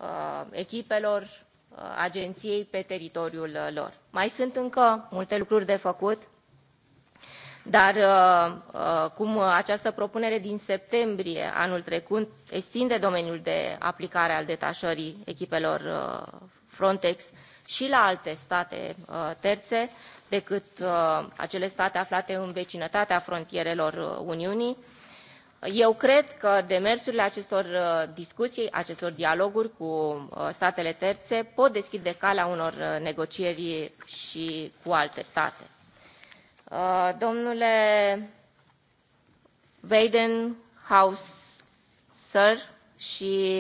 echipelor agenției pe teritoriul lor. Mai sunt încă multe lucruri de făcut, dar cum această propunere din septembrie anul trecut extinde domeniul de aplicare al detașării echipelor Frontex și la alte state uh, terțe decât uh, acele state aflate în vecinătatea frontierelor uh, Uniunii. Eu cred că demersurile acestor discuții, acestor dialoguri cu statele terțe pot deschide calea unor negocieri și cu alte state. Domnule Weidenhaus, sir, și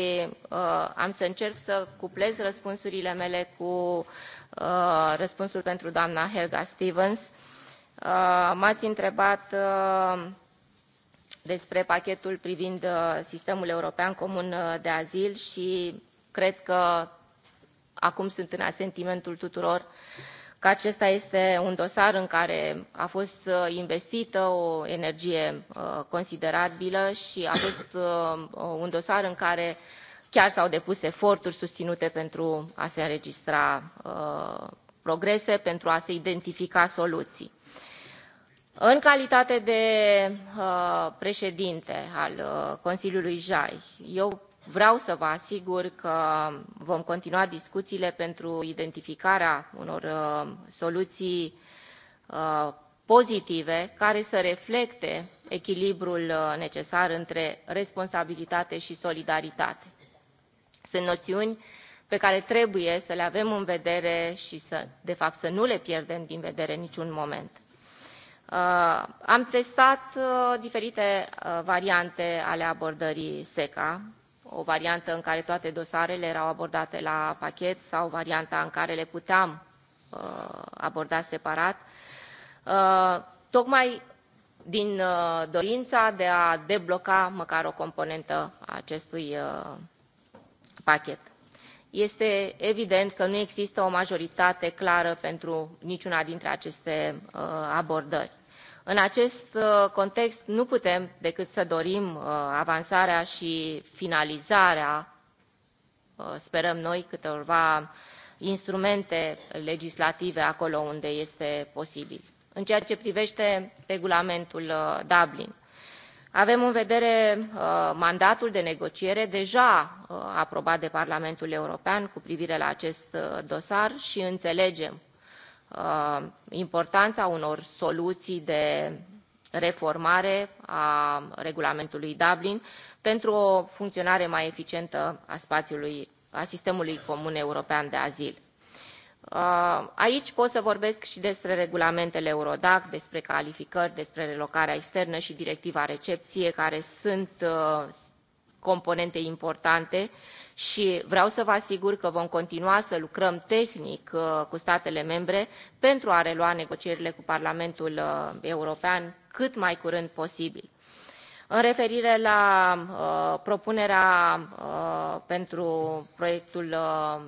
uh, am să încerc să cuplez răspunsurile mele cu uh, răspunsul pentru doamna Helga Stevens. Uh, M-ați întrebat uh, despre pachetul privind uh, sistemul european comun uh, de azil și cred că acum sunt în asentimentul tuturor uh, că acesta este un dosar în care a fost uh, investită o energie uh, considerabilă și a fost uh, un dosar în care chiar s-au depus eforturi susținute pentru a se înregistra progrese, pentru a se identifica soluții. În calitate de președinte al Consiliului JAI, eu Vreau să vă asigur că vom continua discuțiile pentru identificarea unor uh, soluții uh, pozitive care să reflecte echilibrul uh, necesar între responsabilitate și solidaritate. Sunt noțiuni pe care trebuie să le avem în vedere și să, de fapt, să nu le pierdem din vedere în niciun moment. Am testat diferite variante ale abordării SECA o variantă în care toate dosarele erau abordate la pachet sau varianta în care le puteam uh, aborda separat, uh, tocmai din uh, dorința de a debloca măcar o componentă a acestui pachet. Este evident că nu există o majoritate clară pentru niciuna dintre aceste abordări. În acest uh, context nu putem decât să dorim uh, avansarea și finalizarea, uh, sperăm noi, câteva instrumente legislative acolo unde este posibil. În ceea ce privește regulamentul Dublin, avem în vedere uh, mandatul de negociere deja uh, aprobat de Parlamentul European cu privire la acest uh, dosar și înțelegem Uh, importanța unor soluții de reformare a regulamentului Dublin pentru o funcționare mai eficientă a spațiului, a sistemului comun european de azil. Uh, aici pot să vorbesc și despre regulamentele Eurodac, despre calificări, despre relocarea externă și directiva recepție, care sunt uh, componente importante uh, și vreau să vă asigur că vom continua să lucrăm tehnic uh, cu statele membre pentru a relua negocierile cu Parlamentul uh, European cât mai curând posibil. În referire la uh, propunerea uh, pentru proiectul uh,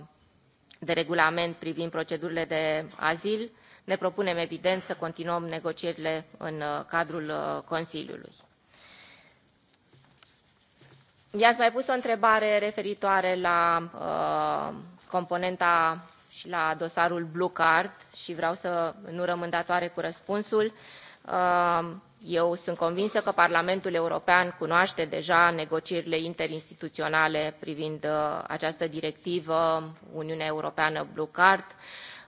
de regulament privind procedurile de azil, ne propunem evident să continuăm negocierile în uh, cadrul Consiliului i ați mai pus o întrebare referitoare la uh, componenta și la dosarul Blue Card și vreau să nu rămân datoare cu răspunsul. Uh, eu sunt convinsă că Parlamentul European cunoaște deja negocierile interinstituționale privind uh, această directivă Uniunea Europeană Blue Card.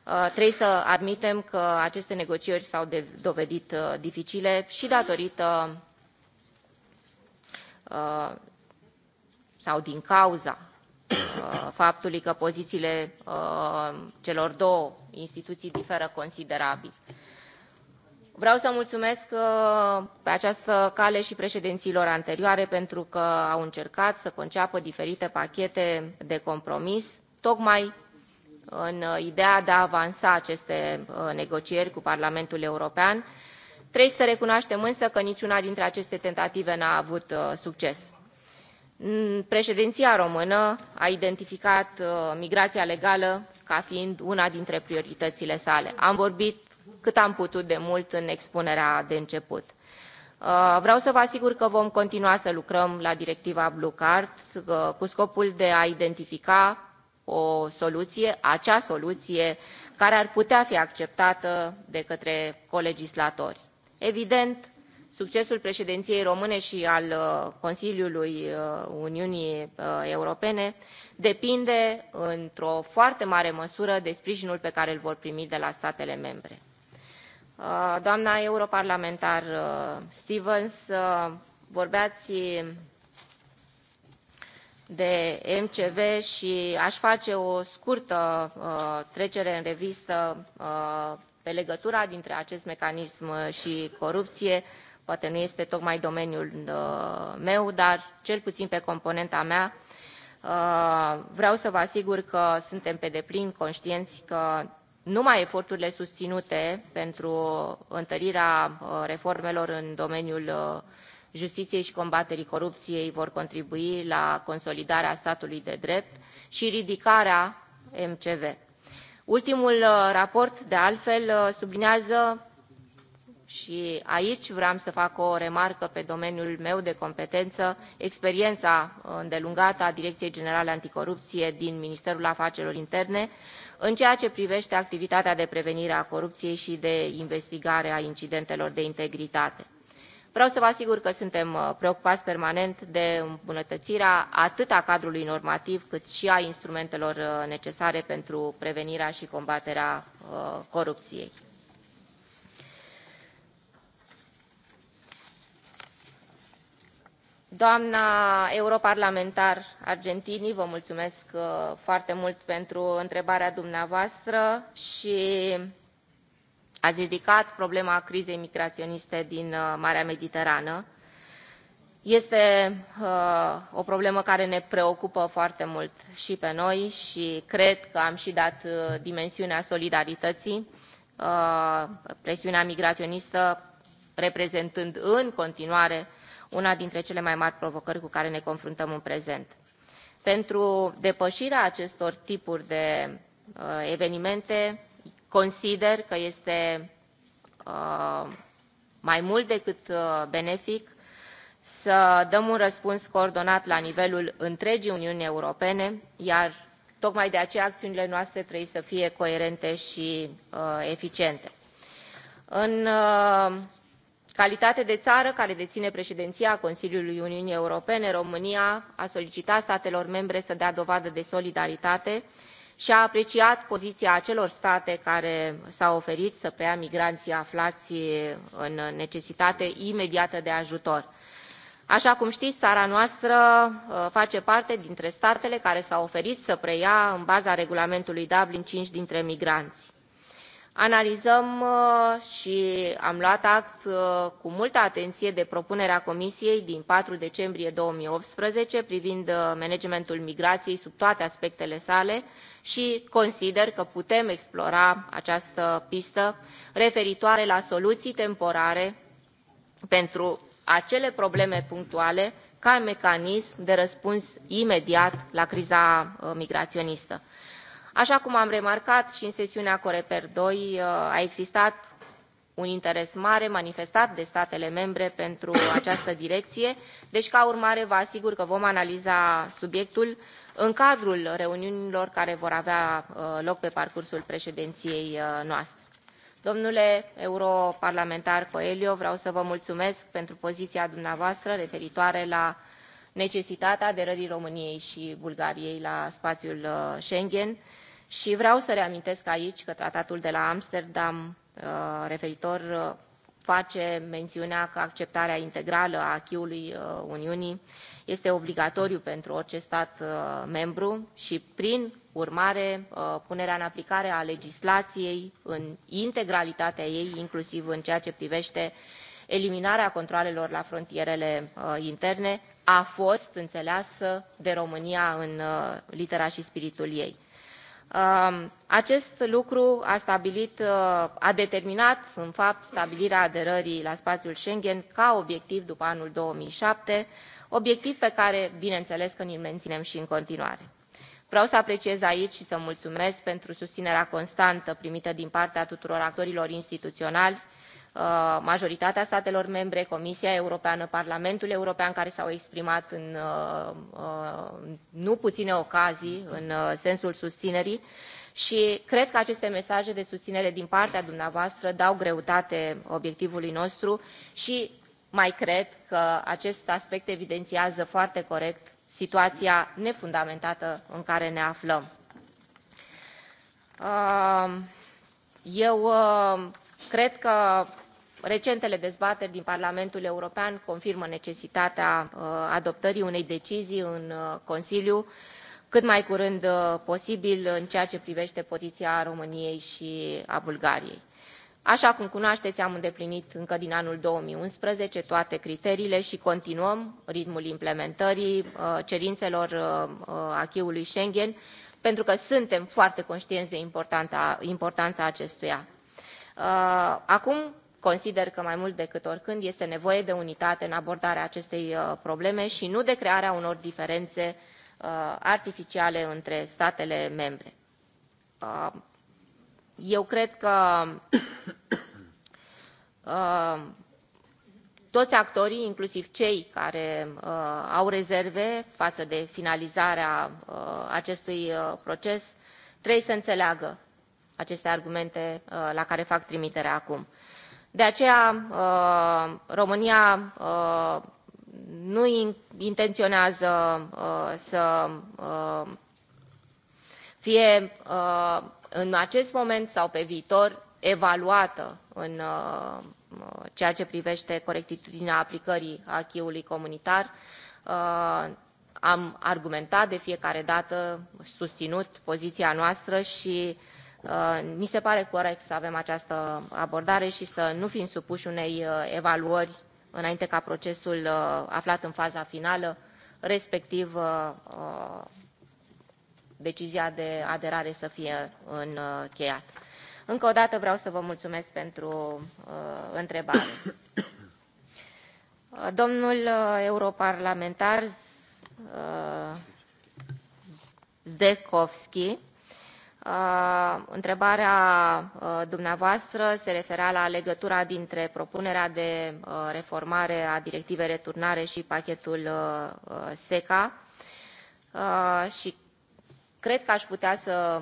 Uh, trebuie să admitem că aceste negocieri s-au dovedit uh, dificile și datorită uh, sau din cauza uh, faptului că pozițiile uh, celor două instituții diferă considerabil. Vreau să mulțumesc uh, pe această cale și președințiilor anterioare pentru că au încercat să conceapă diferite pachete de compromis, tocmai în ideea de a avansa aceste negocieri cu Parlamentul European. Trebuie să recunoaștem însă că niciuna dintre aceste tentative n-a avut succes. Mm, președinția română a identificat uh, migrația legală ca fiind una dintre prioritățile sale. am vorbit cât am putut de mult în expunerea de început. Uh, vreau să vă asigur că vom continua să lucrăm la directiva Blue Card uh, cu scopul de a identifica o soluție, acea soluție care ar putea fi acceptată de către colegislatori. Evident, succesul președinției române și al uh, Consiliului uh, Uniunii uh, Europene depinde într-o foarte mare măsură de sprijinul pe care îl vor primi de la statele membre. Doamna europarlamentar Stevens, vorbeați de MCV și aș face o scurtă trecere în revistă pe legătura dintre acest mecanism și corupție, poate nu este tocmai domeniul uh, meu, dar cel puțin pe componenta mea uh, vreau să vă asigur că suntem pe deplin conștienți că numai eforturile susținute pentru întărirea uh, reformelor în domeniul justiției și combaterii corupției vor contribui la consolidarea statului de drept și ridicarea MCV. Ultimul raport, de altfel, subliniază și aici vreau să fac o remarcă pe domeniul meu de competență, experiența îndelungată a Direcției Generale Anticorupție din Ministerul Afacerilor Interne în ceea ce privește activitatea de prevenire a corupției și de investigare a incidentelor de integritate. Vreau să vă asigur că suntem uh, preocupați permanent de îmbunătățirea atât a cadrului normativ cât și a instrumentelor uh, necesare pentru prevenirea și combaterea uh, corupției. Doamna europarlamentar Argentini, vă mulțumesc uh, foarte mult pentru întrebarea dumneavoastră și ați ridicat problema crizei migraționiste din uh, Marea Mediterană. Este uh, o problemă care ne preocupă foarte mult și pe noi și cred că am și dat uh, dimensiunea solidarității, uh, presiunea migraționistă reprezentând în continuare una dintre cele mai mari provocări cu care ne confruntăm în prezent. Pentru depășirea acestor tipuri de uh, evenimente, consider că este uh, mai mult decât uh, benefic să dăm un răspuns coordonat la nivelul întregii Uniuni Europene, iar tocmai de aceea acțiunile noastre trebuie să fie coerente și uh, eficiente. În uh, calitate de țară care deține preedinia consiliului uniunii europene românia a solicitat statelor membre să dea dovadă de solidaritate și a apreciat poziția acelor state care s au oferit să preia migranții aflați în necesitate imediată de ajutor. Așa cum știți, țara noastră uh, face parte dintre statele care s-au oferit să preia în baza regulamentului Dublin 5 dintre migranți analizăm uh, și am luat act uh, cu multă atenție de propunerea comisiei din patru decembrie două mii optsprezece privind uh, managementul migrației sub toate aspectele sale și consider că putem explora această pistă referitoare la soluții temporare pentru acele probleme punctuale ca mecanism de răspuns imediat la criza migraționistă așa cum am remarcat și în sesiunea coreper 2, uh, a existat un interes mare manifestat de statele membre pentru această direcție deci ca urmare vă asigur că vom analiza subiectul în cadrul reuniunilor care vor avea uh, loc pe parcursul președinției uh, noastre. Domnule europarlamentar Coelho, vreau să vă mulțumesc pentru poziția dumneavoastră referitoare la necesitatea aderării României și Bulgariei la spațiul Schengen. Și vreau să reamintesc aici că tratatul de la Amsterdam uh, referitor uh, face mențiunea că acceptarea integrală a acquis-ului uh, Uniunii este obligatoriu pentru orice stat membru și, prin urmare, punerea în aplicare a legislației în integralitatea ei, inclusiv în ceea ce privește eliminarea controalelor la frontierele interne, a fost înțeleasă de România în litera și spiritul ei. Um, acest lucru a stabilit, uh, a determinat, în fapt, stabilirea aderării la spațiul Schengen ca obiectiv după anul 2007, obiectiv pe care, bineînțeles, că îl menținem și în continuare. Vreau să apreciez aici și să mulțumesc pentru susținerea constantă primită din partea tuturor actorilor instituționali, Uh, majoritatea statelor membre comisia europeană parlamentul european care s au exprimat în uh, uh, nu puține ocazii în sensul susținerii și cred că aceste mesaje de susținere din partea dumneavoastră dau greutate obiectivului nostru și mai cred că acest aspect evidențiază foarte corect situația nefundamentată în care ne aflăm. Eu cred că recentele dezbateri din parlamentul european confirmă necesitatea uh, adoptării unei decizii în uh, consiliu cât mai curând uh, posibil în ceea ce privește poziția României și a Bulgariei. Așa cum cunoașteți, am îndeplinit încă din anul 2011 toate criteriile și continuăm ritmul implementării cerințelor achiului Schengen, pentru că suntem foarte conștienți de importanța acestuia. Acum consider că mai mult decât oricând este nevoie de unitate în abordarea acestei uh, probleme și nu de crearea unor diferențe uh, artificiale între statele membre. Uh, eu cred că toți actorii, inclusiv cei care au rezerve față de finalizarea acestui proces, trebuie să înțeleagă aceste argumente la care fac trimitere acum. De aceea, uh, România uh, nu intenționează uh, să fie în acest moment sau pe viitor evaluată în ceea ce privește corectitudinea aplicării acquis-ului comunitar. Am argumentat de fiecare dată, susținut poziția noastră și mi uh, se pare corect să avem această abordare și să nu fim supuși unei uh, evaluări înainte ca procesul uh, aflat în faza finală, respectiv decizia de aderare să fie încheiat. Încă o dată vreau să vă mulțumesc pentru întrebare. Domnul europarlamentar Zdekovski Uh, întrebarea uh, dumneavoastră se referea la legătura dintre propunerea de uh, reformare a directivei returnare și pachetul SECA și cred că aș putea să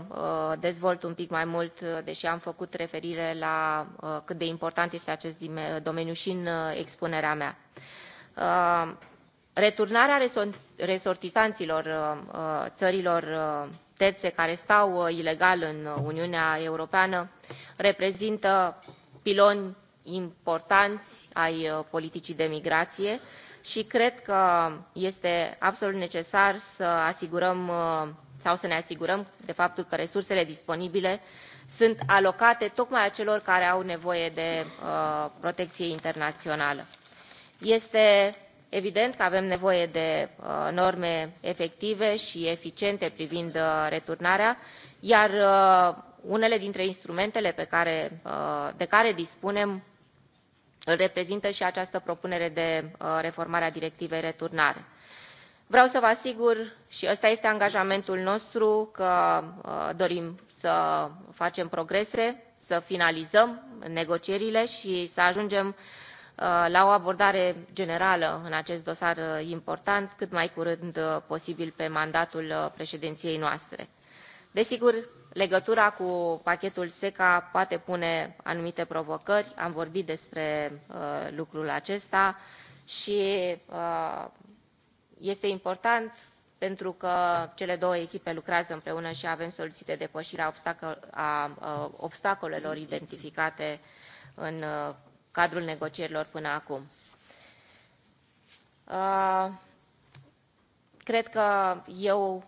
dezvolt un pic mai mult, deși am făcut referire la cât de important este acest domeniu și în expunerea mea. Returnarea resortisanților țărilor terțe care stau uh, ilegal în uh, Uniunea Europeană reprezintă piloni importanți ai uh, politicii de migrație și cred că este absolut necesar să asigurăm sau să ne asigurăm de faptul că resursele disponibile sunt alocate tocmai acelor care au nevoie de protecție internațională. Este evident că avem nevoie de uh, norme efective și eficiente privind uh, returnarea iar uh, unele dintre instrumentele care, de care dispunem îl reprezintă și această propunere de reformare a directivei returnare. Vreau să vă asigur, și ăsta este angajamentul nostru, că dorim să facem progrese, să finalizăm negocierile și să ajungem Uh, la o abordare generală în acest dosar uh, important cât mai curând uh, posibil pe mandatul președinției noastre. Desigur, legătura cu pachetul SECA poate pune anumite provocări, am vorbit despre lucrul acesta și este important pentru că cele două echipe lucrează împreună și avem solicite depășirea obstacol, a, a obstacolelor identificate în cadrul negocierilor până acum. Uh, cred că eu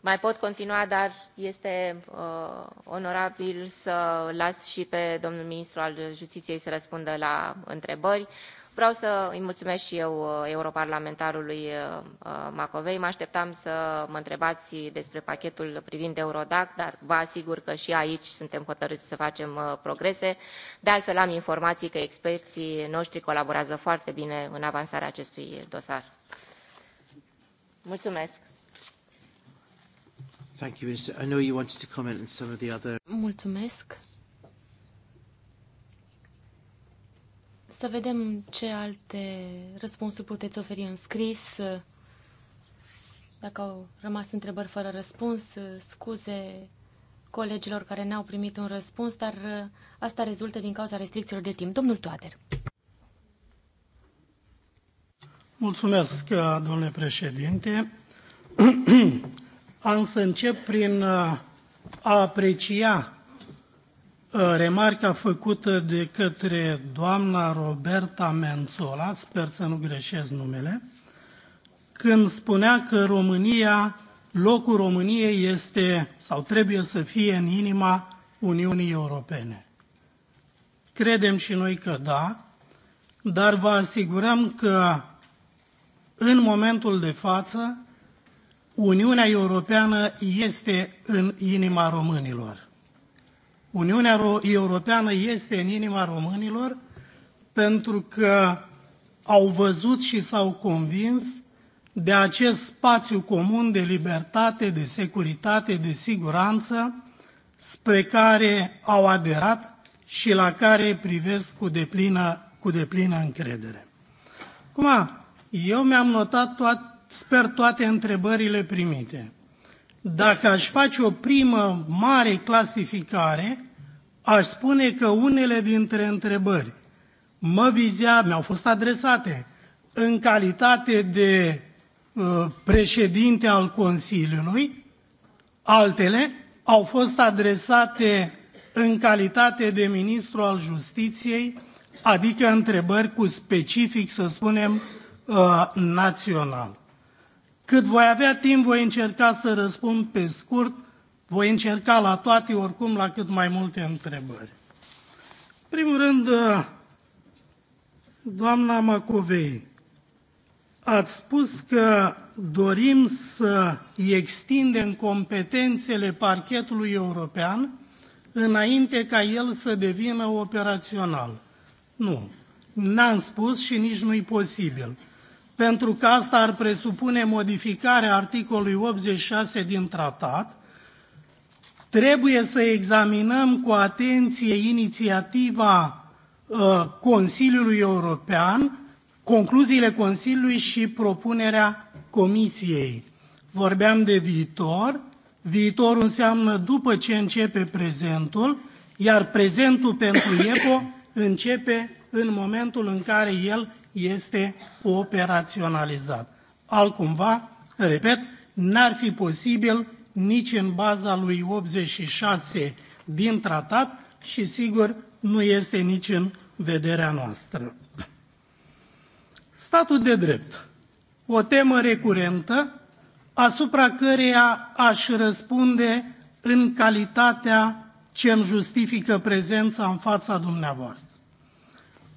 mai pot continua, dar este uh, onorabil să las și pe domnul ministru al Justiției să răspundă la întrebări. Vreau să îi mulțumesc și eu uh, europarlamentarului uh, uh, Macovei. Mă așteptam să mă întrebați despre pachetul privind Eurodac, dar vă asigur că și aici suntem hotărâți să facem progrese. De altfel, am informații că experții noștri colaborează foarte bine în avansarea acestui dosar. Mulțumesc! Mulțumesc! Să vedem ce alte răspunsuri puteți oferi în scris. Dacă au rămas întrebări fără răspuns, scuze colegilor care n-au primit un răspuns, dar asta rezultă din cauza restricțiilor de timp. Domnul Toader. Mulțumesc, domnule președinte. Am să încep prin a aprecia Uh, remarca făcută de către doamna Roberta Menzola, sper să nu greșesc numele, când spunea că România, locul României este sau trebuie să fie în inima Uniunii Europene. Credem și noi că da, dar vă asigurăm că în momentul de față Uniunea Europeană este în inima românilor. Uniunea Europeană este în inima românilor pentru că au văzut și s-au convins de acest spațiu comun de libertate, de securitate, de siguranță spre care au aderat și la care privesc cu deplină, cu deplină încredere. Acum, eu mi-am notat, toat, sper, toate întrebările primite. Dacă aș face o primă mare clasificare, aș spune că unele dintre întrebări mă vizea, mi-au fost adresate în calitate de uh, președinte al Consiliului, altele au fost adresate în calitate de ministru al justiției, adică întrebări cu specific, să spunem, uh, național. Cât voi avea timp, voi încerca să răspund pe scurt, voi încerca la toate, oricum, la cât mai multe întrebări. Primul rând, uh, doamna Macovei, ați spus că dorim să extindem competențele parchetului european înainte ca el să devină operațional. Nu, n-am spus și nici nu-i posibil pentru că asta ar presupune modificarea articolului 86 din tratat, trebuie să examinăm cu atenție inițiativa uh, Consiliului European, concluziile Consiliului și propunerea Comisiei. Vorbeam de viitor, viitorul înseamnă după ce începe prezentul, iar prezentul pentru EPO începe în momentul în care el este operaționalizat. Altcumva, repet, n-ar fi posibil nici în baza lui 86 din tratat și sigur nu este nici în vederea noastră. Statul de drept. O temă recurentă asupra căreia aș răspunde în calitatea ce îmi justifică prezența în fața dumneavoastră.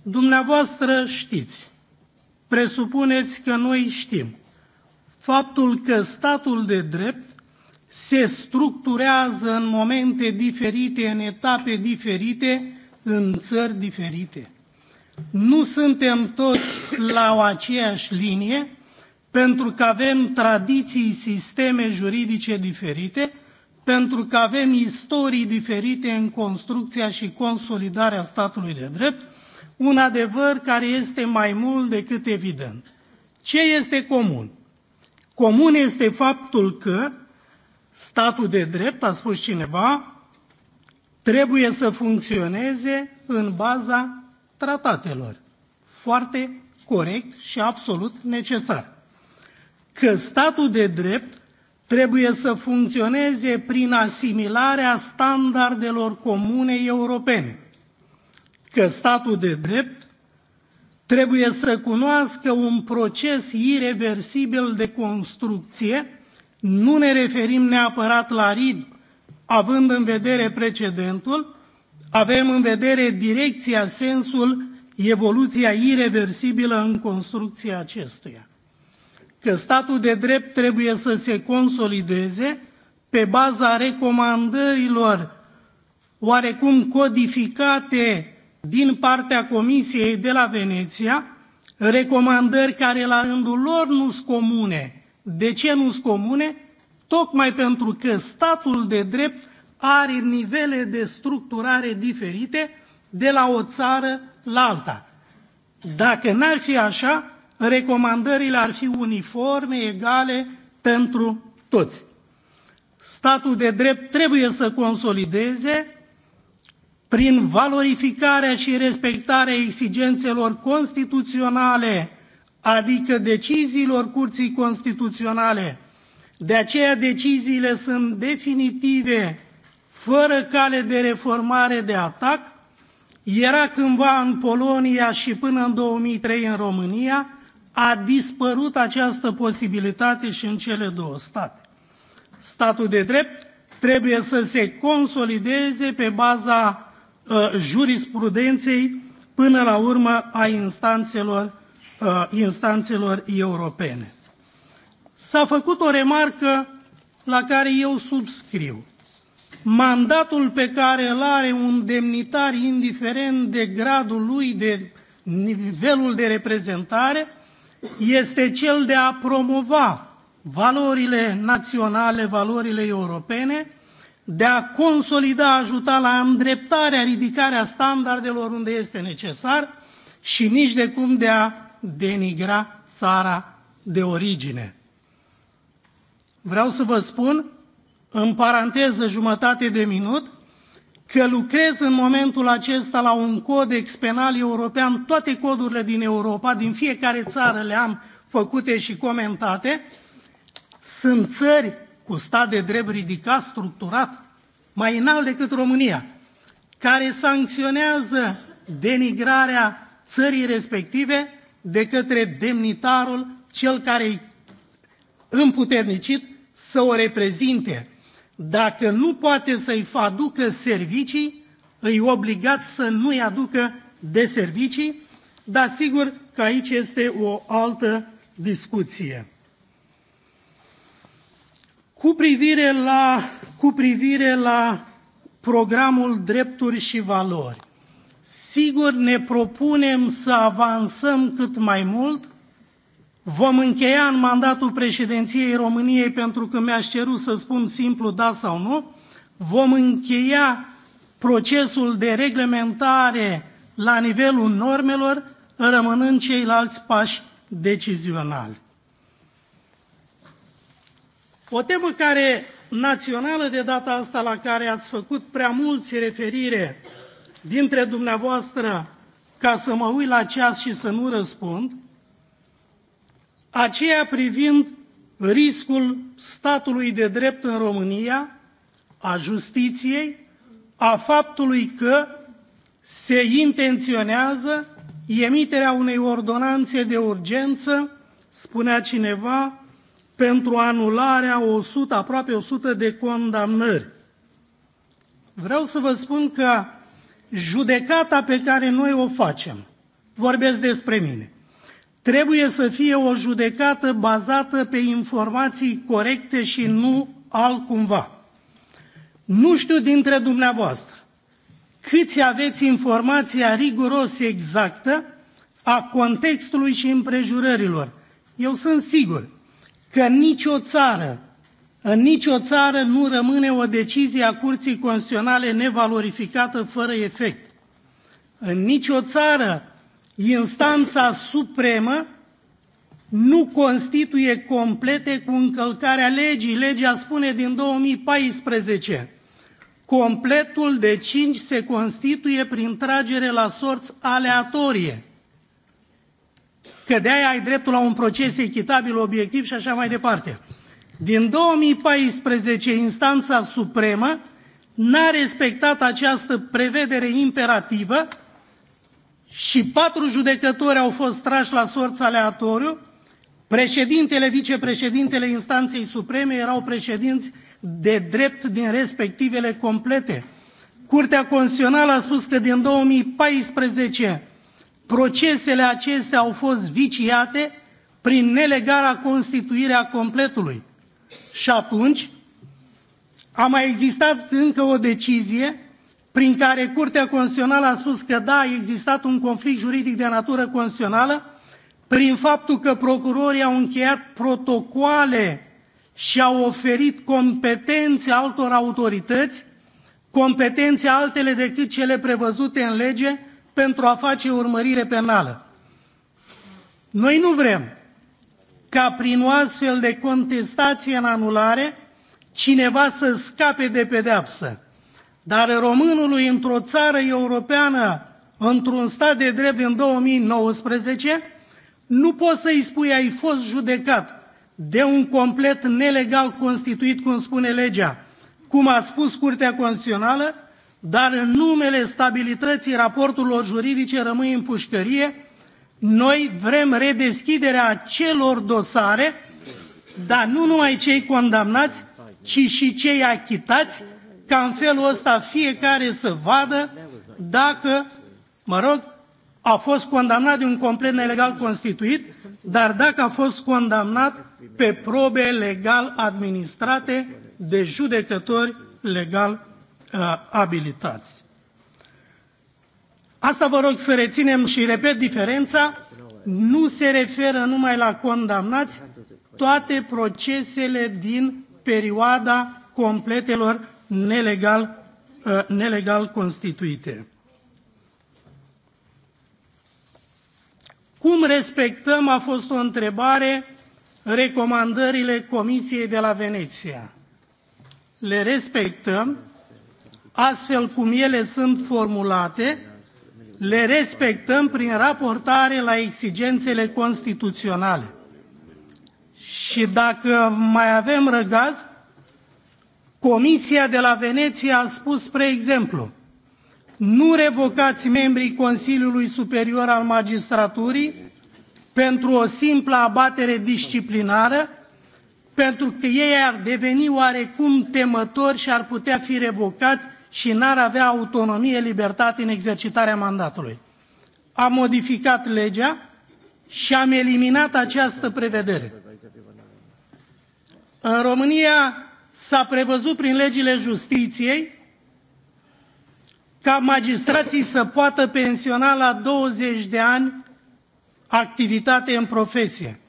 Dumneavoastră știți, presupuneți că noi știm, faptul că statul de drept se structurează în momente diferite, în etape diferite, în țări diferite. Nu suntem toți la o aceeași linie, pentru că avem tradiții, sisteme juridice diferite, pentru că avem istorii diferite în construcția și consolidarea statului de drept un adevăr care este mai mult decât evident. Ce este comun? Comun este faptul că statul de drept, a spus cineva, trebuie să funcționeze în baza tratatelor. Foarte corect și absolut necesar. Că statul de drept trebuie să funcționeze prin asimilarea standardelor comune europene că statul de drept trebuie să cunoască un proces irreversibil de construcție, nu ne referim neapărat la RID, având în vedere precedentul, avem în vedere direcția, sensul, evoluția irreversibilă în construcția acestuia. Că statul de drept trebuie să se consolideze pe baza recomandărilor oarecum codificate din partea Comisiei de la Veneția recomandări care la rândul lor nu sunt comune. De ce nu sunt comune? Tocmai pentru că statul de drept are nivele de structurare diferite de la o țară la alta. Dacă n-ar fi așa, recomandările ar fi uniforme, egale pentru toți. Statul de drept trebuie să consolideze prin valorificarea și respectarea exigențelor constituționale, adică deciziilor Curții Constituționale. De aceea deciziile sunt definitive, fără cale de reformare de atac. Era cândva în Polonia și până în 2003 în România, a dispărut această posibilitate și în cele două state. Statul de drept trebuie să se consolideze pe baza Uh, jurisprudenței până la urmă a instanțelor, uh, instanțelor europene. S-a făcut o remarcă la care eu subscriu. Mandatul pe care îl are un demnitar, indiferent de gradul lui, de nivelul de reprezentare, este cel de a promova valorile naționale, valorile europene de a consolida, ajuta la îndreptarea, ridicarea standardelor unde este necesar și nici de cum de a denigra țara de origine. Vreau să vă spun, în paranteză jumătate de minut, că lucrez în momentul acesta la un codex penal european, toate codurile din Europa, din fiecare țară le-am făcute și comentate, sunt țări cu stat de drept ridicat, structurat, mai înalt decât România, care sancționează denigrarea țării respective de către demnitarul, cel care îi împuternicit să o reprezinte. Dacă nu poate să-i aducă servicii, îi obligați să nu-i aducă de servicii, dar sigur că aici este o altă discuție. Cu privire la, cu privire la programul drepturi și valori, sigur ne propunem să avansăm cât mai mult, Vom încheia în mandatul președinției României pentru că mi-aș cerut să spun simplu da sau nu. Vom încheia procesul de reglementare la nivelul normelor, rămânând ceilalți pași decizionali. O temă care națională de data asta la care ați făcut prea mulți referire dintre dumneavoastră ca să mă uit la ceas și să nu răspund, aceea privind riscul statului de drept în România, a justiției, a faptului că se intenționează emiterea unei ordonanțe de urgență, spunea cineva, pentru anularea 100, aproape 100 de condamnări. Vreau să vă spun că judecata pe care noi o facem, vorbesc despre mine, trebuie să fie o judecată bazată pe informații corecte și nu altcumva. Nu știu dintre dumneavoastră câți aveți informația riguros exactă a contextului și împrejurărilor. Eu sunt sigur că nicio țară, în nicio țară nu rămâne o decizie a Curții Constituționale nevalorificată fără efect. În nicio țară, instanța supremă nu constituie complete cu încălcarea legii. Legea spune din 2014, completul de 5 se constituie prin tragere la sorți aleatorie că de-aia ai dreptul la un proces echitabil, obiectiv și așa mai departe. Din 2014, instanța supremă n-a respectat această prevedere imperativă și patru judecători au fost trași la sorți aleatoriu. Președintele, vicepreședintele instanței supreme erau președinți de drept din respectivele complete. Curtea Constituțională a spus că din 2014 Procesele acestea au fost viciate prin nelegarea constituirea completului. Și atunci a mai existat încă o decizie prin care Curtea Constituțională a spus că da, a existat un conflict juridic de natură constituțională prin faptul că procurorii au încheiat protocoale și au oferit competențe altor autorități, competențe altele decât cele prevăzute în lege, pentru a face urmărire penală. Noi nu vrem ca prin o astfel de contestație în anulare cineva să scape de pedeapsă. Dar românului într-o țară europeană, într-un stat de drept în 2019, nu poți să-i spui ai fost judecat de un complet nelegal constituit, cum spune legea, cum a spus Curtea Constituțională, dar în numele stabilității raporturilor juridice rămâi în pușcărie, noi vrem redeschiderea celor dosare, dar nu numai cei condamnați, ci și cei achitați, ca în felul ăsta fiecare să vadă dacă, mă rog, a fost condamnat de un complet nelegal constituit, dar dacă a fost condamnat pe probe legal administrate de judecători legal Uh, abilitați. Asta vă rog să reținem și repet diferența, nu se referă numai la condamnați, toate procesele din perioada completelor nelegal, uh, nelegal constituite. Cum respectăm, a fost o întrebare, recomandările Comisiei de la Veneția. Le respectăm astfel cum ele sunt formulate, le respectăm prin raportare la exigențele constituționale. Și dacă mai avem răgaz, Comisia de la Veneția a spus, spre exemplu, nu revocați membrii Consiliului Superior al Magistraturii pentru o simplă abatere disciplinară, pentru că ei ar deveni oarecum temători și ar putea fi revocați și n-ar avea autonomie, libertate în exercitarea mandatului. Am modificat legea și am eliminat această prevedere. În România s-a prevăzut prin legile justiției ca magistrații să poată pensiona la 20 de ani activitate în profesie.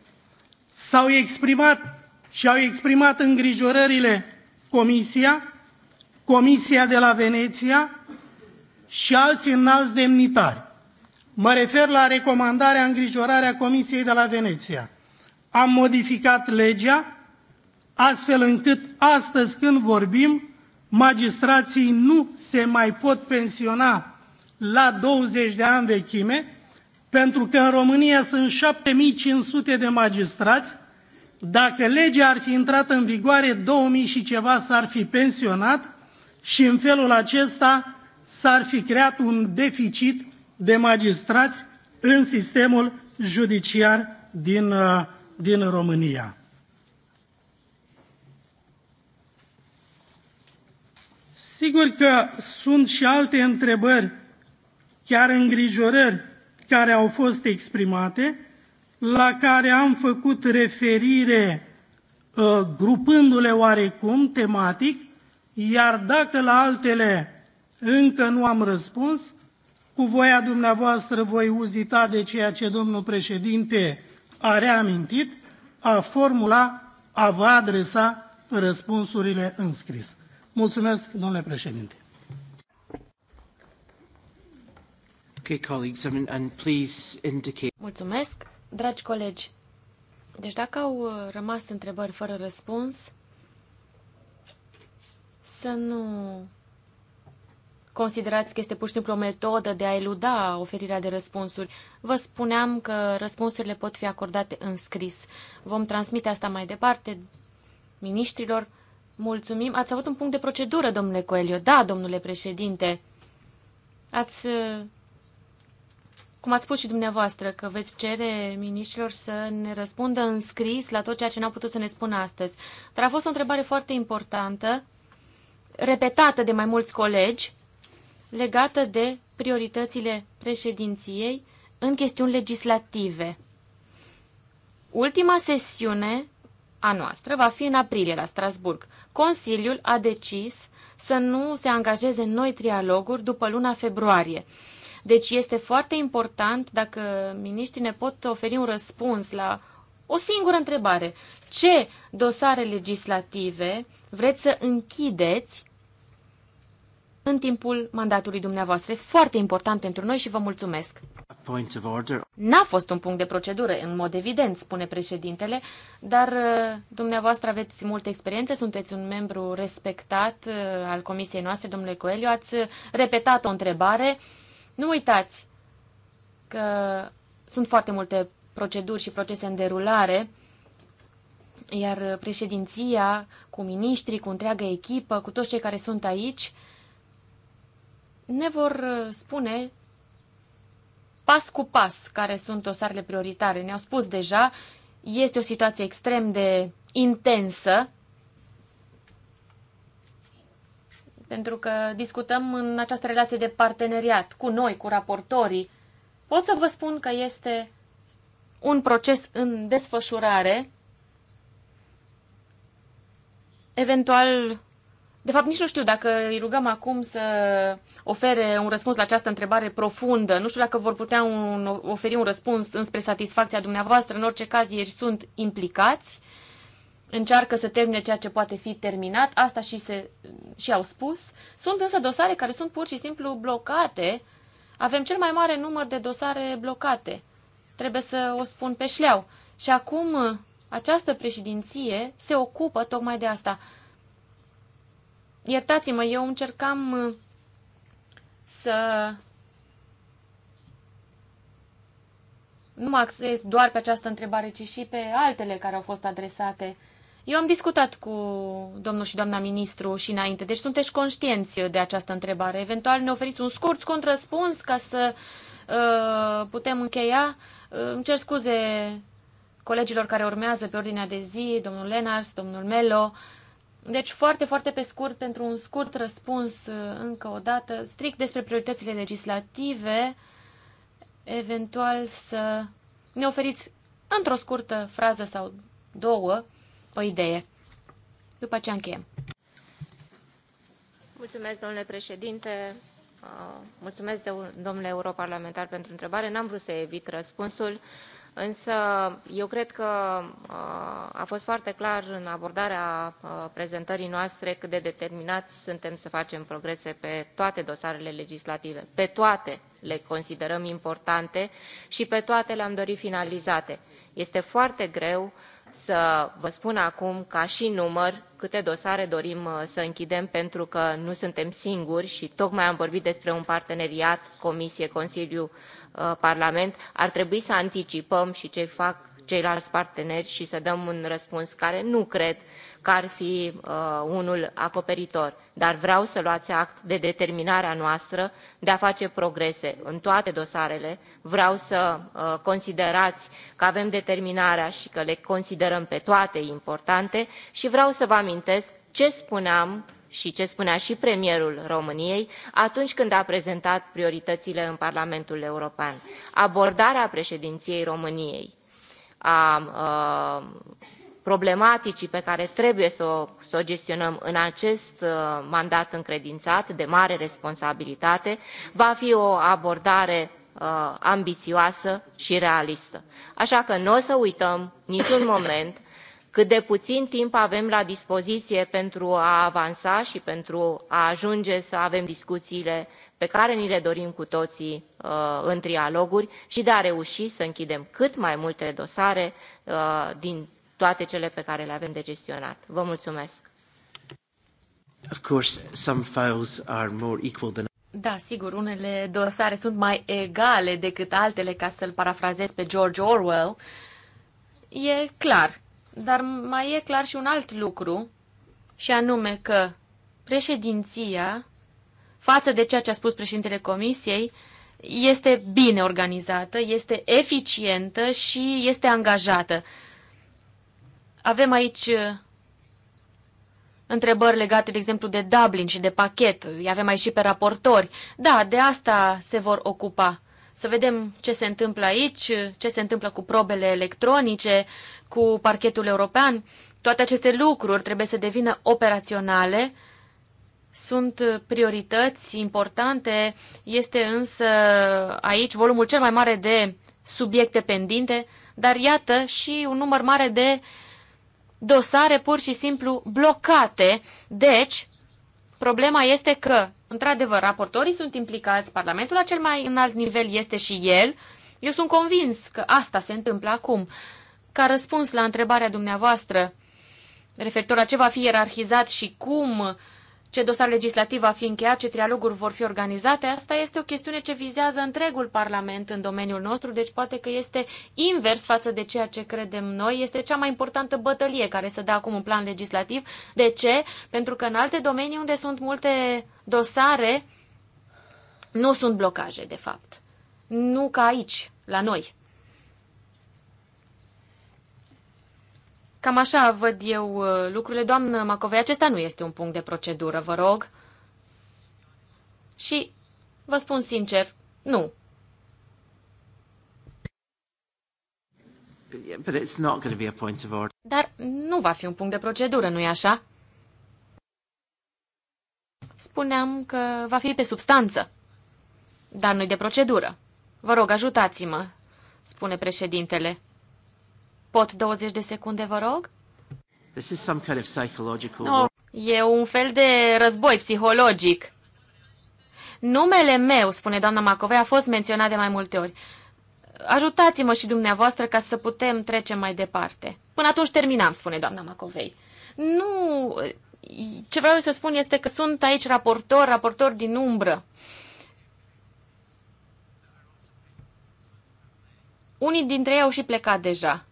S-au exprimat și au exprimat îngrijorările Comisia Comisia de la Veneția și alți înalți demnitari. Mă refer la recomandarea îngrijorarea Comisiei de la Veneția. Am modificat legea astfel încât astăzi când vorbim, magistrații nu se mai pot pensiona la 20 de ani vechime, pentru că în România sunt 7500 de magistrați, dacă legea ar fi intrat în vigoare, 2000 și ceva s-ar fi pensionat, și în felul acesta s-ar fi creat un deficit de magistrați în sistemul judiciar din, uh, din România. Sigur că sunt și alte întrebări, chiar îngrijorări, care au fost exprimate, la care am făcut referire uh, grupându-le oarecum tematic iar dacă la altele încă nu am răspuns, cu voia dumneavoastră voi uzita de ceea ce domnul președinte a reamintit, a formula, a vă adresa răspunsurile în scris. Mulțumesc, domnule președinte. Okay, colleagues, and please indicate... Mulțumesc, dragi colegi. Deci dacă au uh, rămas întrebări fără răspuns, să nu considerați că este pur și simplu o metodă de a eluda oferirea de răspunsuri. Vă spuneam că răspunsurile pot fi acordate în scris. Vom transmite asta mai departe ministrilor. Mulțumim. Ați avut un punct de procedură, domnule Coelio. Da, domnule președinte. Ați, cum ați spus și dumneavoastră, că veți cere ministrilor să ne răspundă în scris la tot ceea ce n-au putut să ne spună astăzi. Dar a fost o întrebare foarte importantă repetată de mai mulți colegi, legată de prioritățile președinției în chestiuni legislative. Ultima sesiune a noastră va fi în aprilie la Strasburg. Consiliul a decis să nu se angajeze noi trialoguri după luna februarie. Deci este foarte important dacă miniștrii ne pot oferi un răspuns la o singură întrebare. Ce dosare legislative vreți să închideți în timpul mandatului dumneavoastră. foarte important pentru noi și vă mulțumesc. N-a fost un punct de procedură, în mod evident, spune președintele, dar uh, dumneavoastră aveți multă experiență, sunteți un membru respectat uh, al comisiei noastre, domnule Coelho, ați uh, repetat o întrebare. Nu uitați că sunt foarte multe proceduri și procese în derulare, iar președinția, cu miniștrii, cu întreaga echipă, cu toți cei care sunt aici, ne vor uh, spune pas cu pas care sunt dosarele prioritare. Ne-au spus deja, este o situație extrem de intensă, pentru că discutăm în această relație de parteneriat cu noi, cu raportorii. Pot să vă spun că este un proces în desfășurare. Eventual de fapt, nici nu știu dacă îi rugăm acum să ofere un răspuns la această întrebare profundă. Nu știu dacă vor putea un, oferi un răspuns înspre satisfacția dumneavoastră. În orice caz, ei sunt implicați, încearcă să termine ceea ce poate fi terminat. Asta și, se, și au spus. Sunt însă dosare care sunt pur și simplu blocate. Avem cel mai mare număr de dosare blocate. Trebuie să o spun pe șleau. Și acum această președinție se ocupă tocmai de asta. Iertați-mă, eu încercam uh, să nu mă acces doar pe această întrebare, ci și pe altele care au fost adresate. Eu am discutat cu domnul și doamna ministru și înainte, deci sunteți conștienți de această întrebare. Eventual ne oferiți un scurt contrăspuns ca să uh, putem încheia. Uh, îmi cer scuze colegilor care urmează pe ordinea de zi, domnul Lenars, domnul Melo, uh, deci, foarte, foarte pe scurt, pentru un scurt răspuns, uh, încă o dată, strict despre prioritățile legislative, eventual să ne oferiți într-o scurtă frază sau două o idee. După ce încheiem. Mulțumesc, domnule președinte. Uh, mulțumesc, domnule europarlamentar, pentru întrebare. N-am vrut să evit răspunsul însă eu cred că uh, a fost foarte clar în abordarea uh, prezentării noastre cât de determinați suntem să facem progrese pe toate dosarele legislative. Pe toate le considerăm importante și pe toate le-am dorit finalizate. Este foarte greu uh, să vă spun acum, ca și număr, câte dosare dorim uh, să închidem, pentru că nu suntem singuri și tocmai am vorbit despre un parteneriat, Comisie, Consiliu, uh, Parlament. Ar trebui să anticipăm și ce fac ceilalți parteneri și să dăm un răspuns care nu cred că ar fi uh, unul acoperitor, dar vreau să luați act de determinarea noastră de a face progrese în toate dosarele. Vreau să uh, considerați că avem determinarea și că le considerăm pe toate importante și vreau să vă amintesc ce spuneam și ce spunea și premierul României atunci când a prezentat prioritățile în Parlamentul European. Abordarea președinției României a uh, problematicii pe care trebuie să o, să o gestionăm în acest uh, mandat încredințat de mare responsabilitate va fi o abordare uh, ambițioasă și realistă. Așa că nu o să uităm niciun moment cât de puțin timp avem la dispoziție pentru a avansa și pentru a ajunge să avem discuțiile pe care ni le dorim cu toții uh, în trialoguri și de a reuși să închidem cât mai multe dosare uh, din toate cele pe care le avem de gestionat. Vă mulțumesc! Of course, some files are more equal than da, sigur, unele dosare sunt mai egale decât altele, ca să-l parafrazez pe George Orwell. E clar. Dar mai e clar și un alt lucru, și anume că președinția, față de ceea ce a spus președintele Comisiei, este bine organizată, este eficientă și este angajată. Avem aici uh, întrebări legate, de exemplu, de Dublin și de pachet. Îi avem aici și pe raportori. Da, de asta se vor ocupa. Să vedem ce se întâmplă aici, uh, ce se întâmplă cu probele electronice, cu parchetul european. Toate aceste lucruri trebuie să devină operaționale. Sunt uh, priorități importante, este însă aici volumul cel mai mare de subiecte pendinte, dar iată și un număr mare de uh, dosare pur și simplu blocate. Deci, problema este că, într-adevăr, raportorii sunt implicați, Parlamentul la cel mai înalt nivel este și el. Eu sunt convins că asta se întâmplă acum. Ca răspuns la întrebarea dumneavoastră referitor la ce va fi ierarhizat și cum ce dosar legislativ va fi încheiat, ce trialoguri vor fi organizate. Asta este o chestiune ce vizează întregul Parlament în domeniul nostru, deci poate că este invers față de ceea ce credem noi. Este cea mai importantă bătălie care se dă acum în plan legislativ. De ce? Pentru că în alte domenii unde sunt multe dosare, nu sunt blocaje, de fapt. Nu ca aici, la noi. Cam așa văd eu uh, lucrurile. Doamnă Macovei, acesta nu este un punct de procedură, vă rog. Și vă spun sincer, nu. Dar nu va fi un punct de procedură, nu-i așa? Spuneam că va fi pe substanță, dar nu-i de procedură. Vă rog, ajutați-mă, spune președintele. Pot 20 de secunde, vă rog? This is some kind of psychological... No, e un fel de război psihologic. Numele meu, spune doamna Macovei, a fost menționat de mai multe ori. Ajutați-mă și dumneavoastră ca să putem trece mai departe. Până atunci terminam, spune doamna Macovei. Nu, ce vreau să spun este că sunt aici raportor, raportor din umbră. Unii dintre ei au și plecat deja.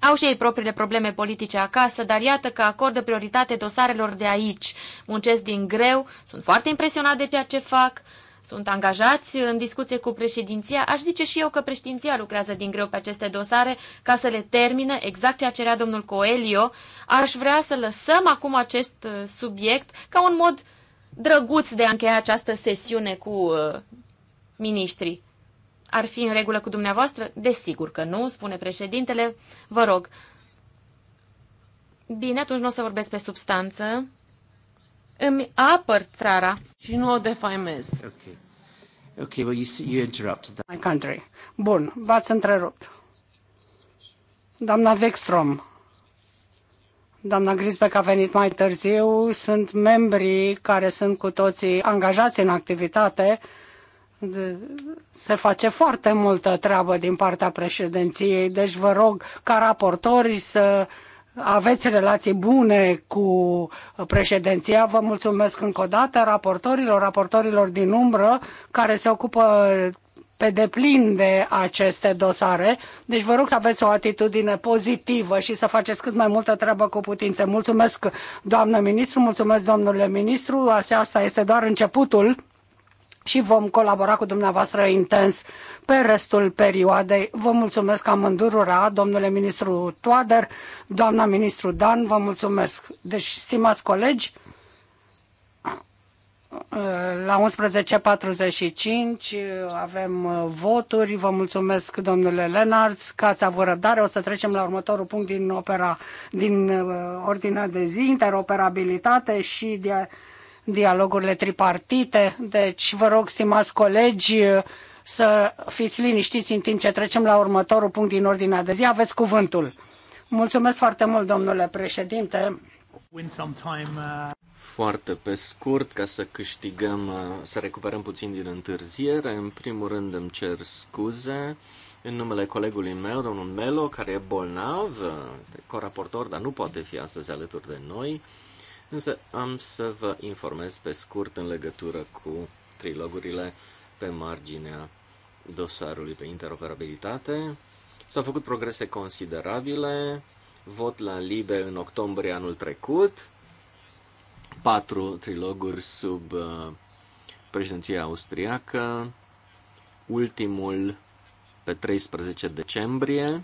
Au și ei propriile probleme politice acasă, dar iată că acordă prioritate dosarelor de aici. Muncesc din greu, sunt foarte impresionat de ceea ce fac, sunt angajați în discuție cu președinția. Aș zice și eu că președinția lucrează din greu pe aceste dosare ca să le termină, exact ceea ce era domnul Coelio. Aș vrea să lăsăm acum acest uh, subiect ca un mod drăguț de a încheia această sesiune cu uh, miniștrii. Ar fi în regulă cu dumneavoastră? Desigur că nu, spune președintele. Vă rog. Bine, atunci nu o să vorbesc pe substanță. Îmi apăr țara. Și nu o defaimez. Okay. Okay, well, you, you interrupted that. My country. Bun, v-ați întrerupt. Doamna Vextrom, doamna Grisbeck a venit mai târziu, sunt membrii care sunt cu toții angajați în activitate de, se face foarte multă treabă din partea președinției, deci vă rog ca raportori să aveți relații bune cu președinția. Vă mulțumesc încă o dată raportorilor, raportorilor din umbră care se ocupă pe deplin de aceste dosare. Deci vă rog să aveți o atitudine pozitivă și să faceți cât mai multă treabă cu putință. Mulțumesc, doamnă ministru, mulțumesc, domnule ministru. Asta este doar începutul și vom colabora cu dumneavoastră intens pe restul perioadei. Vă mulțumesc amândurora, domnule ministru Toader, doamna ministru Dan, vă mulțumesc. Deci, stimați colegi, la 11.45 avem uh, voturi. Vă mulțumesc, domnule Lenarts, că ați avut răbdare. O să trecem la următorul punct din, opera, din uh, ordinea de zi, interoperabilitate și de dialogurile tripartite. Deci vă rog, stimați colegi, să fiți liniștiți în timp ce trecem la următorul punct din ordinea de zi. Aveți cuvântul. Mulțumesc foarte mult, domnule președinte. Uh, foarte pe scurt, ca să câștigăm, uh, să recuperăm puțin din întârziere, în primul rând îmi cer scuze în numele colegului meu, domnul Melo, care e bolnav, este coraportor, dar nu poate fi astăzi alături de noi. Însă am să vă informez pe scurt în legătură cu trilogurile pe marginea dosarului pe interoperabilitate. S-au făcut progrese considerabile, vot la Libe în octombrie anul trecut, patru triloguri sub uh, președinția austriacă, ultimul pe 13 decembrie.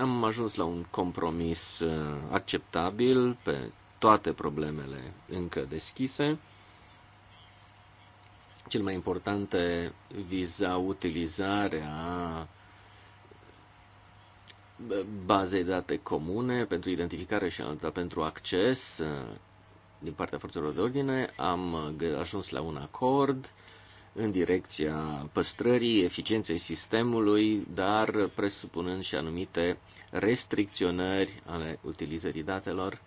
Am ajuns la un compromis uh, acceptabil pe toate problemele încă deschise. Cel mai e viza utilizarea bazei date comune pentru identificare și alta pentru acces uh, din partea forțelor de ordine. Am uh, ajuns la un acord în direcția păstrării eficienței sistemului, dar presupunând și anumite restricționări ale utilizării datelor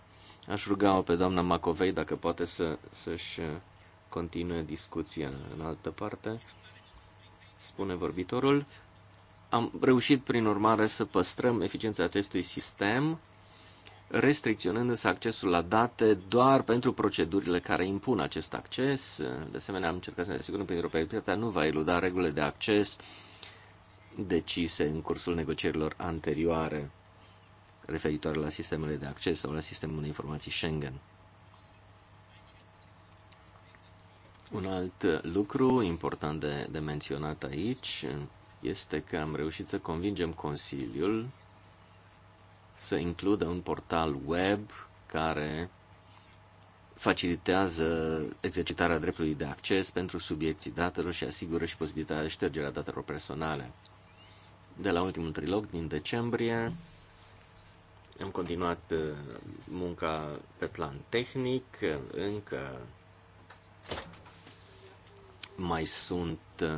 Aș ruga-o pe doamna Macovei dacă poate să, să-și uh, continue discuția în altă parte. Spune vorbitorul. Am reușit, prin urmare, să păstrăm eficiența acestui sistem, restricționând însă accesul la date doar pentru procedurile care impun acest acces. De asemenea, am încercat să ne asigurăm că interoperabilitatea nu va eluda regulile de acces decise în cursul negocierilor anterioare referitoare la sistemele de acces sau la sistemul de informații Schengen. Un alt lucru important de, de menționat aici este că am reușit să convingem Consiliul să includă un portal web care facilitează exercitarea dreptului de acces pentru subiecții datelor și asigură și posibilitatea de ștergerea datelor personale. De la ultimul trilog din decembrie, am continuat uh, munca pe plan tehnic, încă mai sunt uh,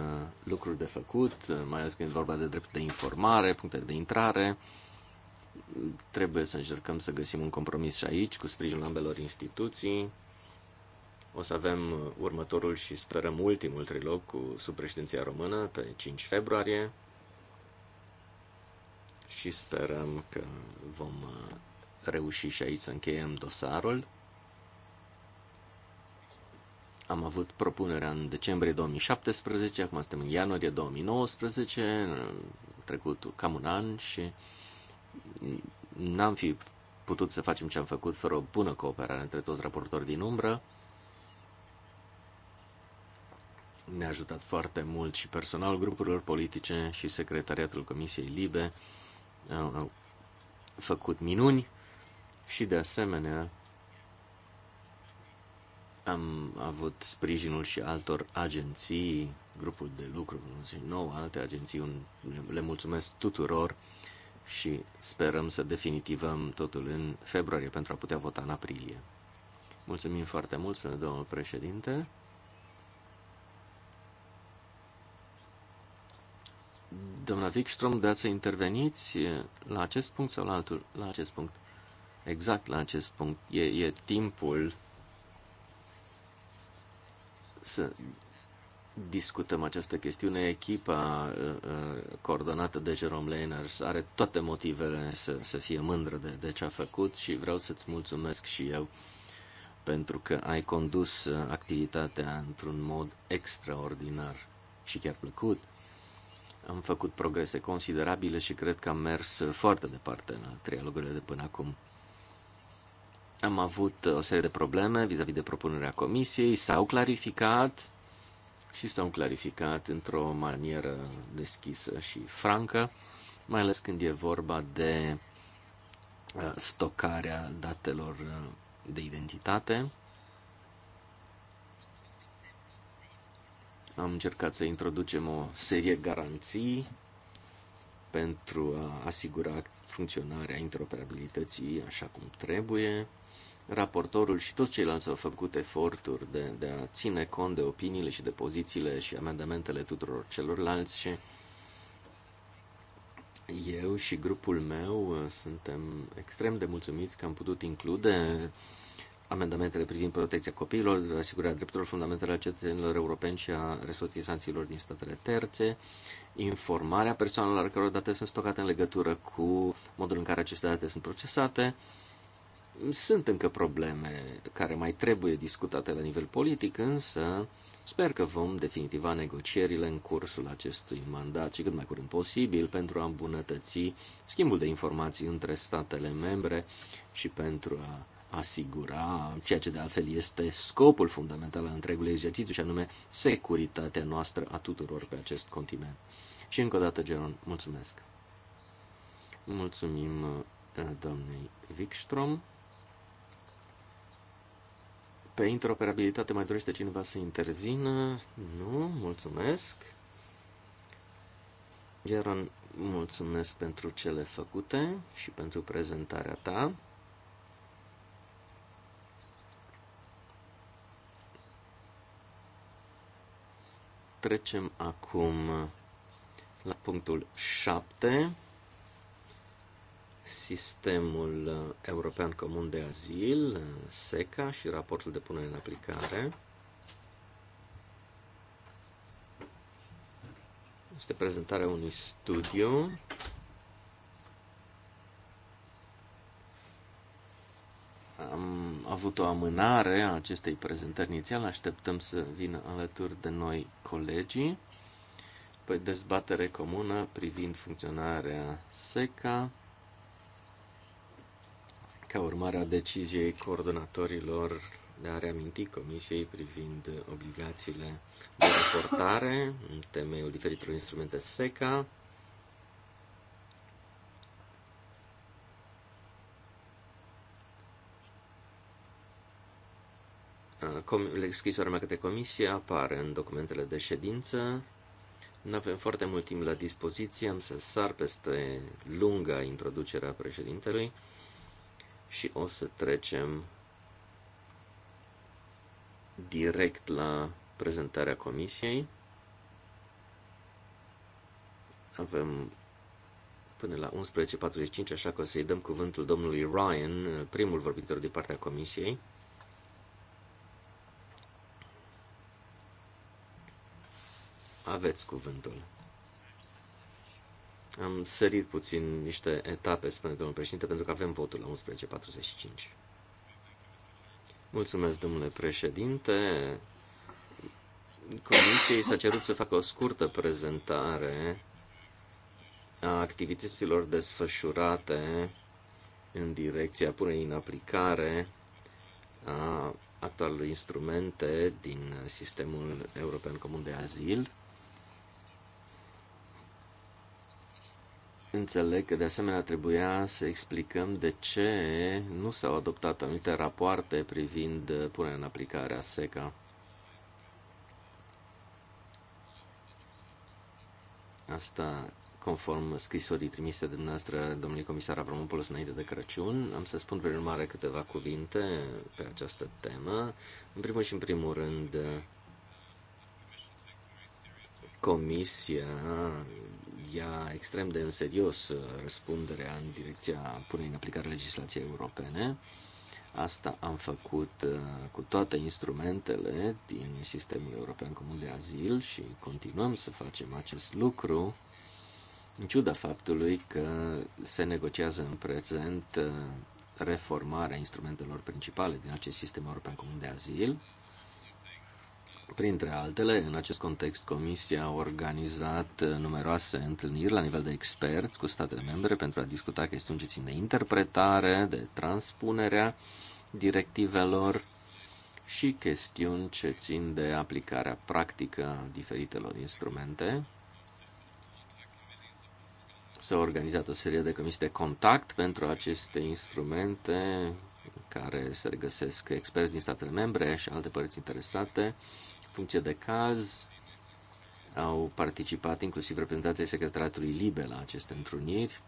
lucruri de făcut, uh, mai ales când e vorba de drept de informare, puncte de intrare. Trebuie să încercăm să găsim un compromis și aici, cu sprijinul ambelor instituții. O să avem următorul și sperăm ultimul trilog cu subpreședinția română pe 5 februarie și sperăm că vom uh, reuși și aici să încheiem dosarul. Am avut propunerea în decembrie 2017, acum suntem în ianuarie 2019, a trecut cam un an și n-am fi putut să facem ce am făcut fără o bună cooperare între toți raportori din umbră. Ne-a ajutat foarte mult și personal grupurilor politice și secretariatul Comisiei Libe au, au făcut minuni și de asemenea am avut sprijinul și altor agenții, grupul de lucru, nou, alte agenții, le mulțumesc tuturor și sperăm să definitivăm totul în februarie pentru a putea vota în aprilie. Mulțumim foarte mult, domnul președinte. Doamna Wikström, dați să interveniți la acest punct sau la altul? La acest punct. Exact la acest punct. E, e timpul să discutăm această chestiune. Echipa uh, uh, coordonată de Jerome Lehners are toate motivele să, să fie mândră de, de ce a făcut și vreau să-ți mulțumesc și eu pentru că ai condus uh, activitatea într-un mod extraordinar și chiar plăcut. Am făcut progrese considerabile și cred că am mers foarte departe în trialogurile de până acum. Am avut o serie de probleme vis-a-vis -vis de propunerea comisiei, s-au clarificat și s-au clarificat într-o manieră deschisă și francă, mai ales când e vorba de uh, stocarea datelor uh, de identitate. Am încercat să introducem o serie garanții pentru a asigura funcționarea interoperabilității așa cum trebuie. Raportorul și toți ceilalți au făcut eforturi de, de a ține cont de opiniile și de pozițiile și amendamentele tuturor celorlalți și eu și grupul meu suntem extrem de mulțumiți că am putut include amendamentele privind protecția copiilor, asigurarea drepturilor fundamentale a cetățenilor europeni și a resortizanților din statele terțe, informarea persoanelor căror date sunt stocate în legătură cu modul în care aceste date sunt procesate. Sunt încă probleme care mai trebuie discutate la nivel politic, însă sper că vom definitiva negocierile în cursul acestui mandat și cât mai curând posibil pentru a îmbunătăți schimbul de informații între statele membre și pentru a asigura ceea ce de altfel este scopul fundamental al întregului exercițiu și anume securitatea noastră a tuturor pe acest continent. Și încă o dată, Geron, mulțumesc! Mulțumim uh, doamnei Wikström. Pe interoperabilitate mai dorește cineva să intervină? Nu, mulțumesc. Geron, mulțumesc pentru cele făcute și pentru prezentarea ta. Trecem acum la punctul 7, Sistemul European Comun de Azil, SECA și raportul de punere în aplicare. Este prezentarea unui studiu am avut o amânare a acestei prezentări inițiale, așteptăm să vină alături de noi colegii pe dezbatere comună privind funcționarea SECA ca urmare a deciziei coordonatorilor de a reaminti Comisiei privind obligațiile de raportare în temeiul diferitelor instrumente SECA scrisoarea mea către comisie apare în documentele de ședință. Nu avem foarte mult timp la dispoziție, am să sar peste lunga introducerea președintelui și o să trecem direct la prezentarea comisiei. Avem până la 11.45, așa că o să-i dăm cuvântul domnului Ryan, primul vorbitor din partea comisiei. Aveți cuvântul. Am sărit puțin niște etape, spune domnul președinte, pentru că avem votul la 11.45. Mulțumesc, domnule președinte. Comisiei s-a cerut să facă o scurtă prezentare a activităților desfășurate în direcția punerii în aplicare a actualului instrumente din sistemul european comun de azil Înțeleg că de asemenea trebuia să explicăm de ce nu s-au adoptat anumite rapoarte privind uh, punerea în aplicare a SECA. Asta conform scrisorii trimise de dumneavoastră, domnului comisar Avramopoulos, înainte de Crăciun. Am să spun, prin urmare, câteva cuvinte pe această temă. În primul și în primul rând, uh, Comisia ia extrem de în serios uh, răspunderea în direcția punerii în aplicare legislației europene. Asta am făcut uh, cu toate instrumentele din sistemul european comun de azil și continuăm să facem acest lucru, în ciuda faptului că se negociază în prezent uh, reformarea instrumentelor principale din acest sistem european comun de azil, Printre altele, în acest context, Comisia a organizat uh, numeroase întâlniri la nivel de expert cu statele membre pentru a discuta chestiuni ce țin de interpretare, de transpunerea directivelor și chestiuni ce țin de aplicarea practică a diferitelor instrumente. S-a organizat o serie de comisii de contact pentru aceste instrumente care se regăsesc experți din statele membre și alte părți interesate funcție de caz. Au participat inclusiv reprezentanții Secretariatului Libe la aceste întruniri.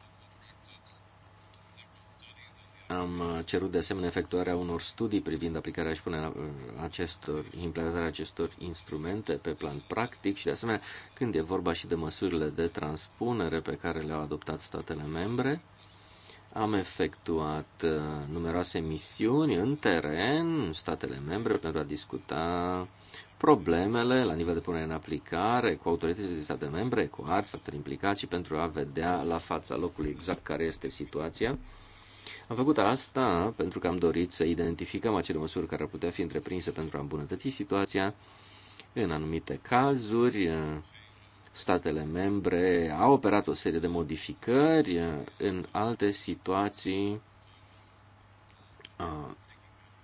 Am cerut de asemenea efectuarea unor studii privind aplicarea și punerea uh, acestor, implementarea acestor instrumente pe plan practic și de asemenea când e vorba și de măsurile de transpunere pe care le-au adoptat statele membre. Am efectuat uh, numeroase misiuni în teren, statele membre, pentru a discuta problemele la nivel de punere în aplicare cu autoritățile de state membre, cu alți factori implicați și pentru a vedea la fața locului exact care este situația. Am făcut asta pentru că am dorit să identificăm acele măsuri care ar putea fi întreprinse pentru a îmbunătăți situația. În anumite cazuri, statele membre au operat o serie de modificări, în alte situații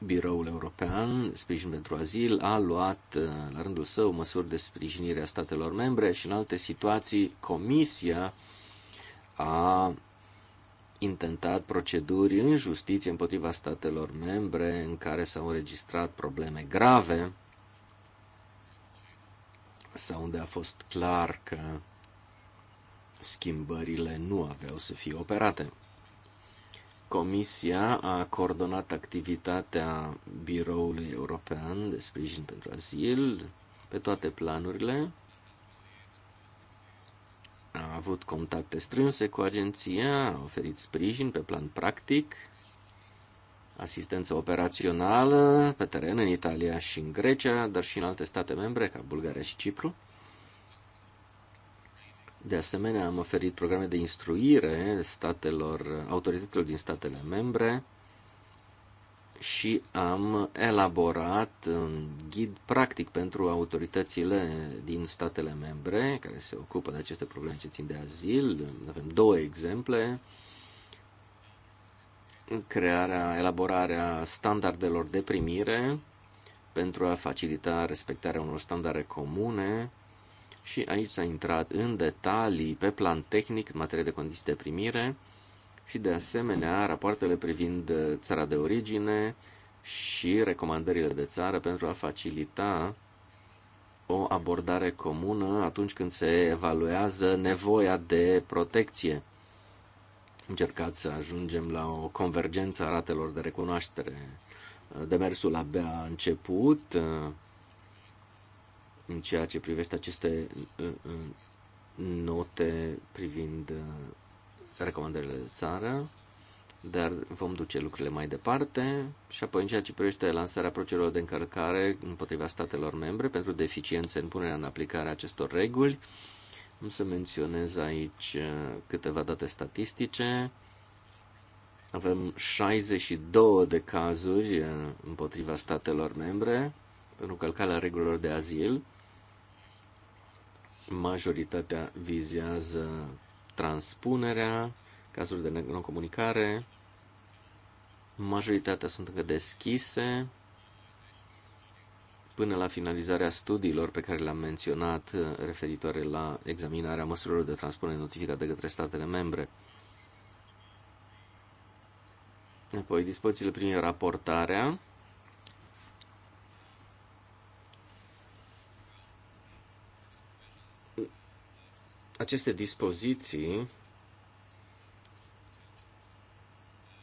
Biroul European Sprijin pentru Azil a luat uh, la rândul său măsuri de sprijinire a statelor membre și în alte situații Comisia a intentat proceduri în justiție împotriva statelor membre în care s-au înregistrat probleme grave sau unde a fost clar că schimbările nu aveau să fie operate. Comisia a coordonat activitatea Biroului European de Sprijin pentru Azil pe toate planurile. A avut contacte strânse cu agenția, a oferit sprijin pe plan practic, asistență operațională pe teren în Italia și în Grecia, dar și în alte state membre, ca Bulgaria și Cipru. De asemenea, am oferit programe de instruire statelor, autorităților din statele membre și am elaborat un ghid practic pentru autoritățile din statele membre care se ocupă de aceste probleme ce țin de azil. Avem două exemple. Crearea, elaborarea standardelor de primire pentru a facilita respectarea unor standarde comune și aici s-a intrat în detalii pe plan tehnic în materie de condiții de primire și de asemenea rapoartele privind uh, țara de origine și recomandările de țară pentru a facilita o abordare comună atunci când se evaluează nevoia de protecție. Încercați să ajungem la o convergență a ratelor de recunoaștere. Uh, demersul abia a început, uh, în ceea ce privește aceste uh, uh, note privind uh, recomandările de țară, dar vom duce lucrurile mai departe și apoi în ceea ce privește lansarea procedurilor de încălcare împotriva statelor membre pentru deficiențe în punerea în aplicare a acestor reguli. Am să menționez aici câteva date statistice. Avem 62 de cazuri împotriva statelor membre pentru încălcarea regulilor de azil Majoritatea vizează transpunerea, cazuri de non-comunicare. Majoritatea sunt încă deschise până la finalizarea studiilor pe care le-am menționat referitoare la examinarea măsurilor de transpunere notificate de către statele membre. Apoi, dispozițiile prin raportarea aceste dispoziții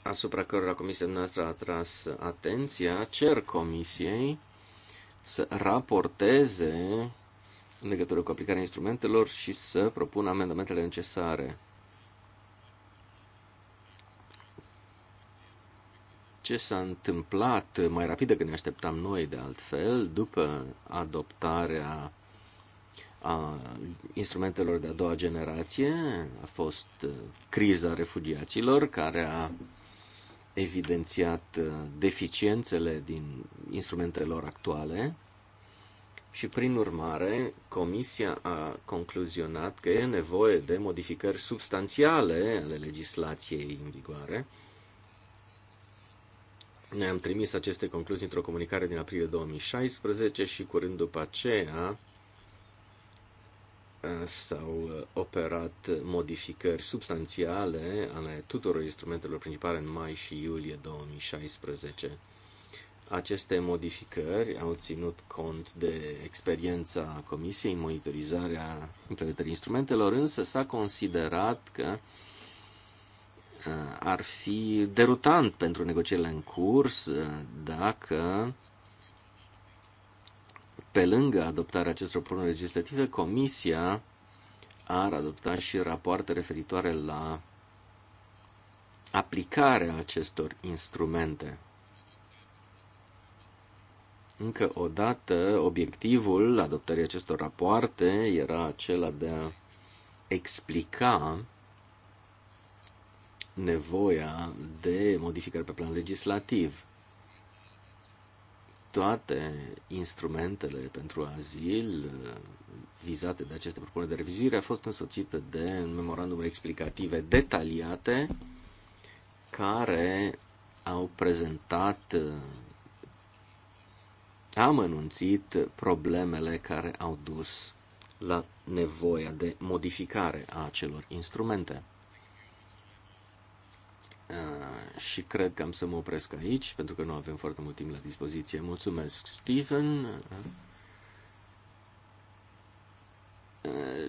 asupra cărora comisia noastră a tras atenția, cer comisiei să raporteze în legătură cu aplicarea instrumentelor și să propună amendamentele necesare. Ce s-a întâmplat mai rapid decât ne așteptam noi, de altfel, după adoptarea a instrumentelor de a doua generație a fost uh, criza refugiaților, care a evidențiat uh, deficiențele din instrumentelor actuale și, prin urmare, Comisia a concluzionat că e nevoie de modificări substanțiale ale legislației în vigoare. Ne-am trimis aceste concluzii într-o comunicare din aprilie 2016 și curând după aceea s-au uh, operat modificări substanțiale ale tuturor instrumentelor principale în mai și iulie 2016. Aceste modificări au ținut cont de experiența Comisiei, monitorizarea implementării instrumentelor, însă s-a considerat că uh, ar fi derutant pentru negocierile în curs uh, dacă pe lângă adoptarea acestor propuneri legislative, Comisia ar adopta și rapoarte referitoare la aplicarea acestor instrumente. Încă o dată, obiectivul adoptării acestor rapoarte era acela de a explica nevoia de modificare pe plan legislativ toate instrumentele pentru azil uh, vizate de aceste propuneri de revizuire a fost însoțită de memorandumuri explicative detaliate care au prezentat, uh, am anunțit problemele care au dus la nevoia de modificare a acelor instrumente. Uh, și cred că am să mă opresc aici, pentru că nu avem foarte mult timp la dispoziție. Mulțumesc, Stephen. Uh,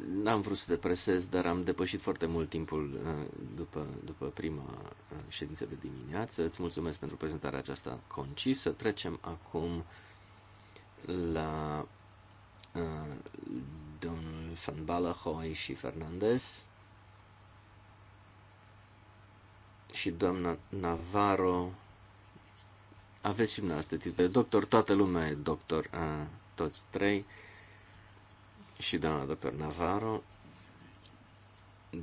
n-am vrut să depresez, dar am depășit foarte mult timpul uh, după, după prima ședință de dimineață. Îți mulțumesc pentru prezentarea aceasta concisă. Trecem acum la uh, domnul Van Balahoy și Fernandez. și doamna Navarro. Aveți și dumneavoastră titlul de doctor, toată lumea e doctor, a, toți trei. Și doamna doctor Navarro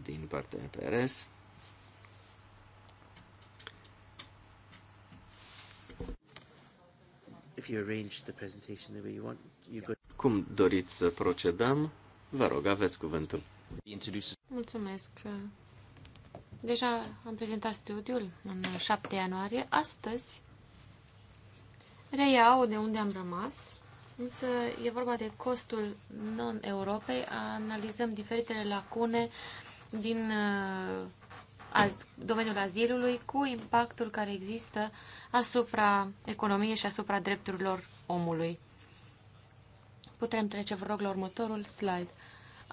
din partea PRS. If you arrange the presentation the way you want, you go... Cum doriți să procedăm? Vă rog, aveți cuvântul. Mulțumesc. Deja am prezentat studiul în 7 ianuarie. Astăzi reiau de unde am rămas, însă e vorba de costul non-Europei. Analizăm diferitele lacune din uh, domeniul azilului cu impactul care există asupra economiei și asupra drepturilor omului. Putem trece, vă rog, la următorul slide.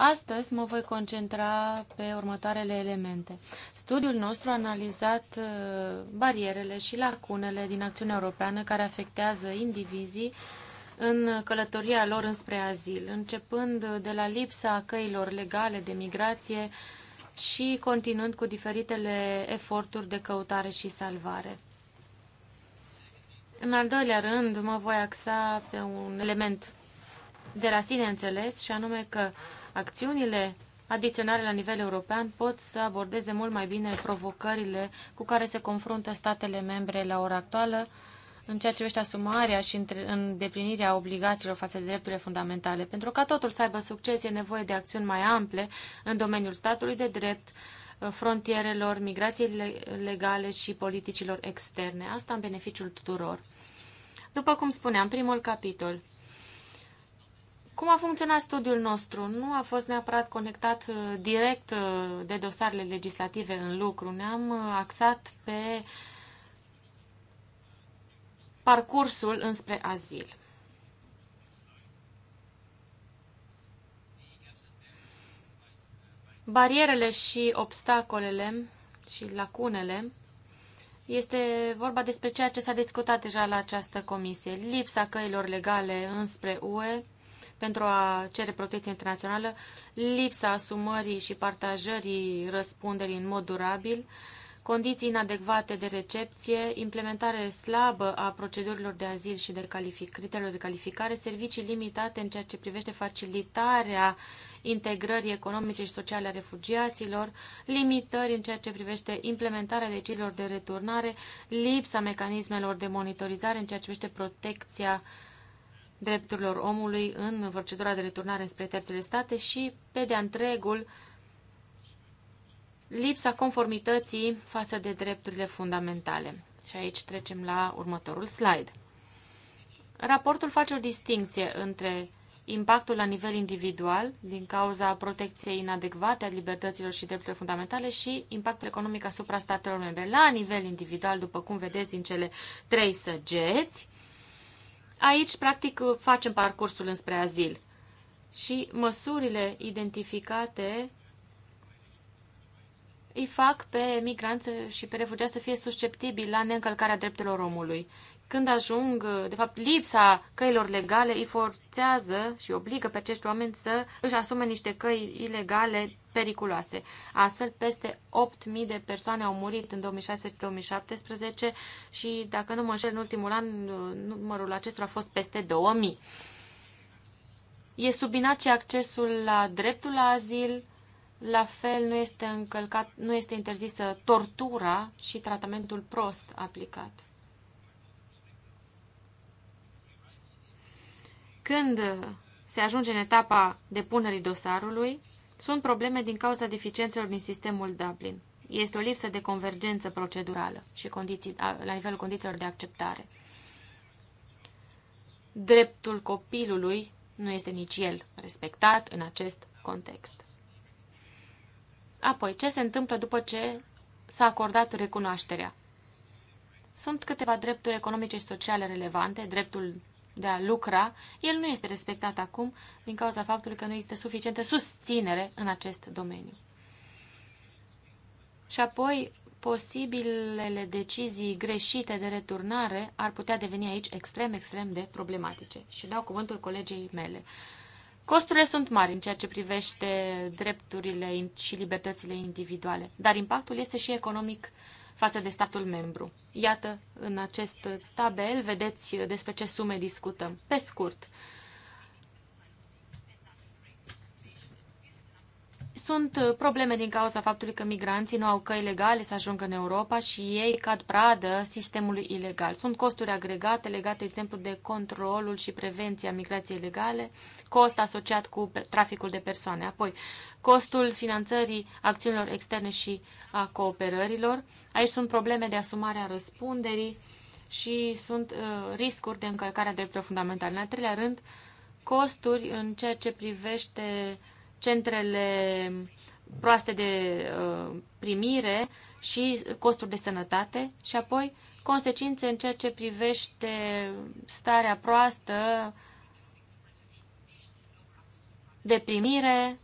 Astăzi mă voi concentra pe următoarele elemente. Studiul nostru a analizat uh, barierele și lacunele din acțiunea europeană care afectează indivizii în călătoria lor înspre azil, începând de la lipsa căilor legale de migrație și continuând cu diferitele eforturi de căutare și salvare. În al doilea rând, mă voi axa pe un element de la sine înțeles și anume că acțiunile adiționale la nivel european pot să abordeze mult mai bine provocările cu care se confruntă statele membre la ora actuală în ceea ce privește asumarea și îndeplinirea obligațiilor față de drepturile fundamentale. Pentru ca totul să aibă succes, e nevoie de acțiuni mai ample în domeniul statului de drept, frontierelor, migrației legale și politicilor externe. Asta în beneficiul tuturor. După cum spuneam, primul capitol – cum a funcționat studiul nostru? Nu a fost neapărat conectat uh, direct uh, de dosarele legislative în lucru. Ne-am uh, axat pe parcursul înspre azil. Barierele și obstacolele și lacunele este vorba despre ceea ce s-a discutat deja la această comisie. Lipsa căilor legale înspre UE, pentru a cere protecție internațională, lipsa asumării și partajării răspunderii în mod durabil, condiții inadecvate de recepție, implementare slabă a procedurilor de azil și de calific, criteriilor de calificare, servicii limitate în ceea ce privește facilitarea integrării economice și sociale a refugiaților, limitări în ceea ce privește implementarea deciziilor de returnare, lipsa mecanismelor de monitorizare în ceea ce privește protecția uh, drepturilor omului în procedura de returnare spre terțele state și, pe de-a întregul, lipsa conformității față de drepturile fundamentale. Și aici trecem la următorul slide. Raportul face o distinție între impactul la nivel individual din cauza protecției inadecvate a libertăților și drepturilor fundamentale și impactul economic asupra statelor membre. La nivel individual, după cum vedeți din cele trei săgeți, Aici, practic, facem parcursul înspre azil. Și măsurile identificate îi fac pe migranți și pe refugiați să fie susceptibili la neîncălcarea drepturilor omului. Când ajung, de fapt, lipsa căilor legale îi forțează și obligă pe acești oameni să își asume niște căi ilegale periculoase. Astfel, peste 8.000 de persoane au murit în 2016-2017 și, dacă nu mă înșel, în ultimul an numărul acestor a fost peste 2.000. E subinat și accesul la dreptul la azil, la fel nu este încălcat, nu este interzisă tortura și tratamentul prost aplicat. Când se ajunge în etapa depunerii dosarului, sunt probleme din cauza deficiențelor din sistemul Dublin. Este o lipsă de convergență procedurală și condiții, la nivelul condițiilor de acceptare. Dreptul copilului nu este nici el respectat în acest context. Apoi, ce se întâmplă după ce s-a acordat recunoașterea? Sunt câteva drepturi economice și sociale relevante, dreptul de a lucra, el nu este respectat acum din cauza faptului că nu există suficientă susținere în acest domeniu. Și apoi, posibilele decizii greșite de returnare ar putea deveni aici extrem, extrem de problematice. Și dau cuvântul colegii mele. Costurile sunt mari în ceea ce privește drepturile și libertățile individuale, dar impactul este și economic uh, față de statul membru. Iată, în acest tabel, vedeți despre ce sume discutăm. Pe scurt, sunt probleme din cauza faptului că migranții nu au căi legale să ajungă în Europa și ei cad pradă sistemului ilegal. Sunt costuri agregate legate, de exemplu, de controlul și prevenția migrației legale, cost asociat cu traficul de persoane, apoi costul finanțării acțiunilor externe și uh, a cooperărilor. Aici sunt probleme de asumare a răspunderii și sunt uh, riscuri de încălcare a drepturilor fundamentale. În al treilea rând, costuri în ceea ce privește centrele proaste de uh, primire și costuri de sănătate și apoi consecințe în ceea ce privește starea proastă de primire,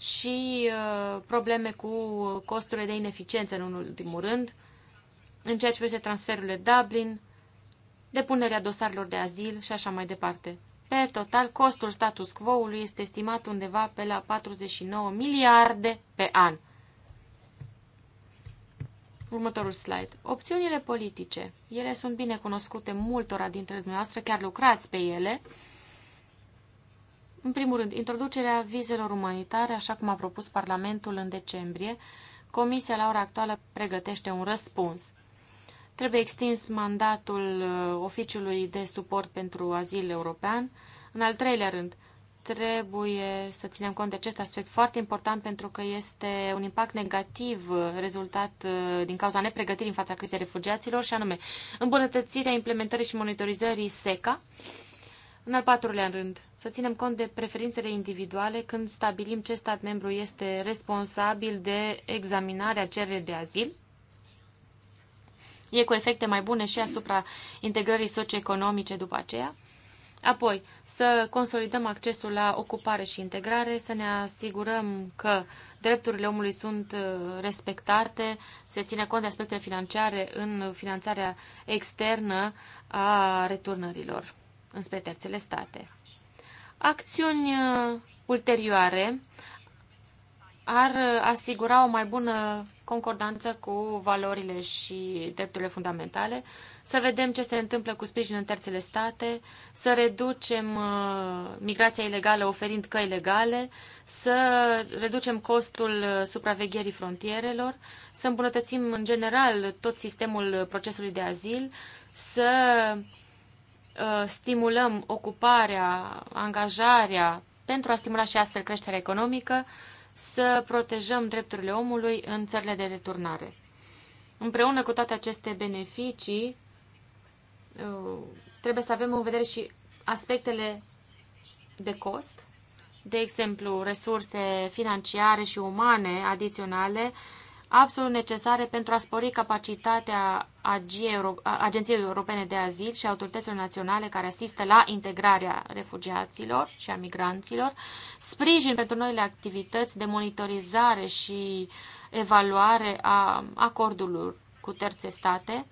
și uh, probleme cu costurile de ineficiență, în ultimul rând, în ceea ce privește transferurile Dublin, depunerea dosarelor de azil și așa mai departe. Pe total, costul status quo-ului este estimat undeva pe la 49 miliarde pe an. Următorul slide. Opțiunile politice. Ele sunt bine cunoscute multora dintre dumneavoastră, chiar lucrați pe ele. În primul rând, introducerea vizelor umanitare, așa cum a propus Parlamentul în decembrie, Comisia la ora actuală pregătește un răspuns. Trebuie extins mandatul uh, oficiului de suport pentru azil european. În al treilea rând, trebuie să ținem cont de acest aspect foarte important pentru că este un impact negativ uh, rezultat uh, din cauza nepregătirii în fața crizei refugiaților și anume îmbunătățirea implementării și monitorizării SECA. În al patrulea rând, să ținem cont de preferințele individuale când stabilim ce stat membru este responsabil de examinarea cererii de azil. E cu efecte mai bune și asupra integrării socioeconomice după aceea. Apoi, să consolidăm accesul la ocupare și integrare, să ne asigurăm că drepturile omului sunt uh, respectate, se ține cont de aspectele financiare în finanțarea externă a returnărilor înspre terțele state. Acțiuni uh, ulterioare ar uh, asigura o mai bună concordanță cu valorile și drepturile fundamentale, să vedem ce se întâmplă cu sprijin în terțele state, să reducem uh, migrația ilegală oferind căi legale, să reducem costul supravegherii frontierelor, să îmbunătățim în general tot sistemul procesului de azil, să Uh, stimulăm ocuparea, angajarea, pentru a stimula și astfel creșterea economică, să protejăm drepturile omului în țările de returnare. Împreună cu toate aceste beneficii, uh, trebuie să avem în vedere și aspectele de cost, de exemplu, resurse financiare și umane adiționale absolut necesare pentru a spori capacitatea Agenției Europene de Azil și autorităților naționale care asistă la integrarea refugiaților și a migranților, sprijin pentru noile activități de monitorizare și evaluare a acordurilor cu terțe state,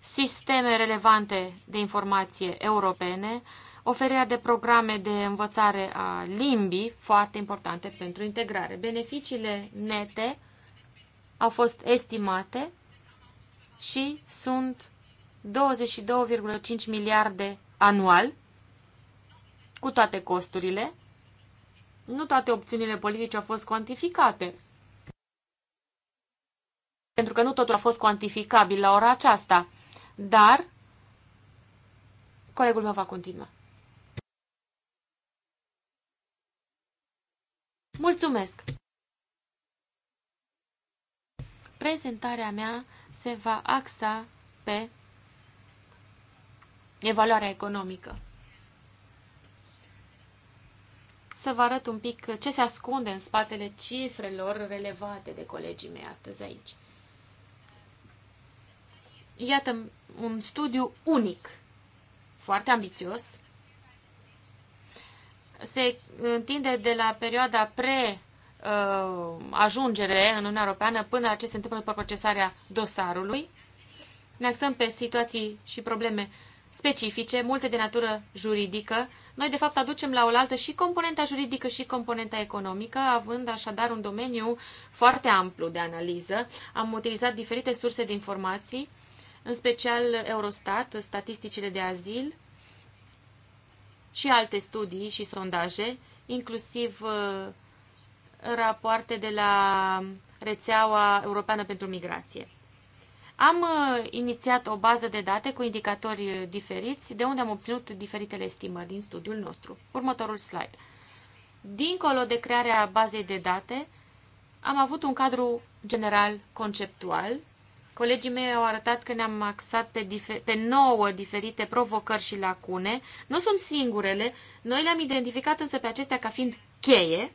sisteme relevante de informație europene, oferirea de programe de învățare a limbii, foarte importante pentru integrare. Beneficiile nete au fost estimate și sunt 22,5 miliarde anual, cu toate costurile. Nu toate opțiunile politice au fost cuantificate, pentru că nu totul a fost cuantificabil la ora aceasta, dar colegul meu va continua. Mulțumesc! Prezentarea mea se va axa pe evaluarea economică. Să vă arăt un pic ce se ascunde în spatele cifrelor relevate de colegii mei astăzi aici. Iată un studiu unic, foarte ambițios, se întinde de la perioada pre- ajungere în Uniunea Europeană până la ce se întâmplă după procesarea dosarului. Ne axăm pe situații și probleme specifice, multe de natură juridică. Noi, de fapt, aducem la oaltă și componenta juridică și componenta economică, având așadar un domeniu foarte amplu de analiză. Am utilizat diferite surse de informații, în special Eurostat, statisticile de azil, și alte studii și sondaje, inclusiv uh, rapoarte de la rețeaua europeană pentru migrație. Am uh, inițiat o bază de date cu indicatori uh, diferiți, de unde am obținut diferitele estimări din studiul nostru. Următorul slide. Dincolo de crearea bazei de date, am avut un cadru general conceptual Colegii mei au arătat că ne-am axat pe, difer- pe nouă diferite provocări și lacune. Nu sunt singurele, noi le-am identificat însă pe acestea ca fiind cheie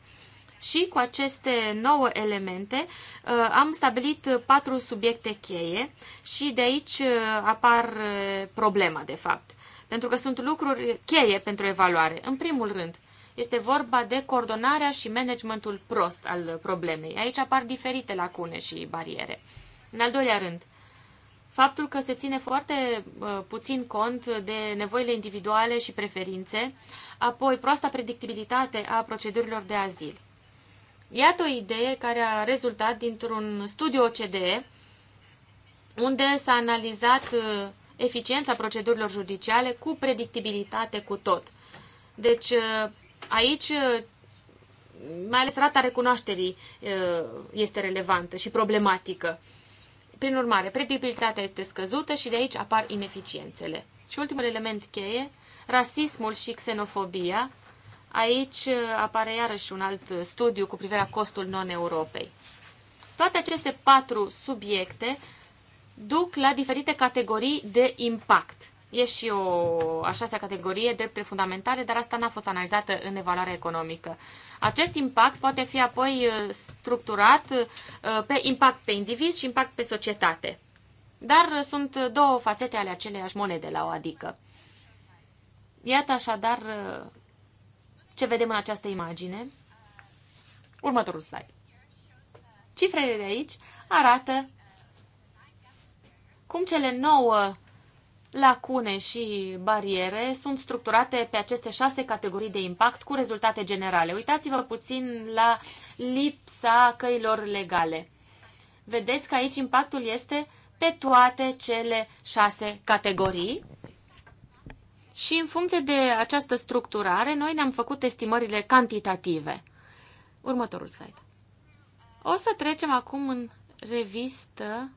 și cu aceste nouă elemente uh, am stabilit patru subiecte cheie și de aici uh, apar uh, problema, de fapt. Pentru că sunt lucruri cheie pentru evaluare. În primul rând, este vorba de coordonarea și managementul prost al problemei. Aici apar diferite lacune și bariere. În al doilea rând, faptul că se ține foarte uh, puțin cont de nevoile individuale și preferințe, apoi proasta predictibilitate a procedurilor de azil. Iată o idee care a rezultat dintr-un studiu OCDE, unde s-a analizat uh, eficiența procedurilor judiciale cu predictibilitate cu tot. Deci, uh, aici, mai ales rata recunoașterii este relevantă și problematică. Prin urmare, predictibilitatea este scăzută și de aici apar ineficiențele. Și ultimul element cheie, rasismul și xenofobia. Aici uh, apare iarăși un alt uh, studiu cu privire la costul non-Europei. Toate aceste patru subiecte duc la diferite categorii de impact. E și o a șasea categorie, drepturi fundamentale, dar asta n-a fost analizată în evaluarea economică. Acest impact poate fi apoi uh, structurat uh, pe impact pe indiviz și impact pe societate. Dar sunt două fațete ale aceleiași monede la o adică. Iată așadar uh, ce vedem în această imagine. Următorul slide. Cifrele de aici arată cum cele nouă lacune și bariere sunt structurate pe aceste șase categorii de impact cu rezultate generale. Uitați-vă puțin la lipsa căilor legale. Vedeți că aici impactul este pe toate cele șase categorii. Și în funcție de această structurare, noi ne-am făcut estimările cantitative. Următorul slide. O să trecem acum în revistă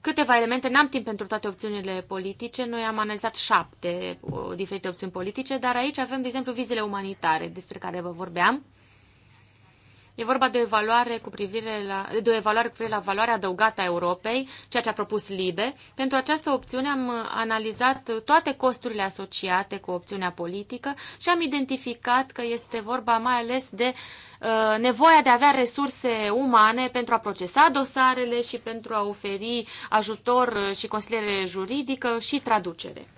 câteva elemente, n-am timp pentru toate opțiunile politice, noi am analizat șapte uh, diferite opțiuni politice, dar aici avem, de exemplu, vizele umanitare despre care vă vorbeam. E vorba de o evaluare cu privire la, de o evaluare cu privire la valoarea adăugată a Europei, ceea ce a propus LIBE. Pentru această opțiune am analizat toate costurile asociate cu opțiunea politică și am identificat că este vorba mai ales de uh, nevoia de a avea resurse umane pentru a procesa dosarele și pentru a oferi ajutor și consiliere juridică și traducere.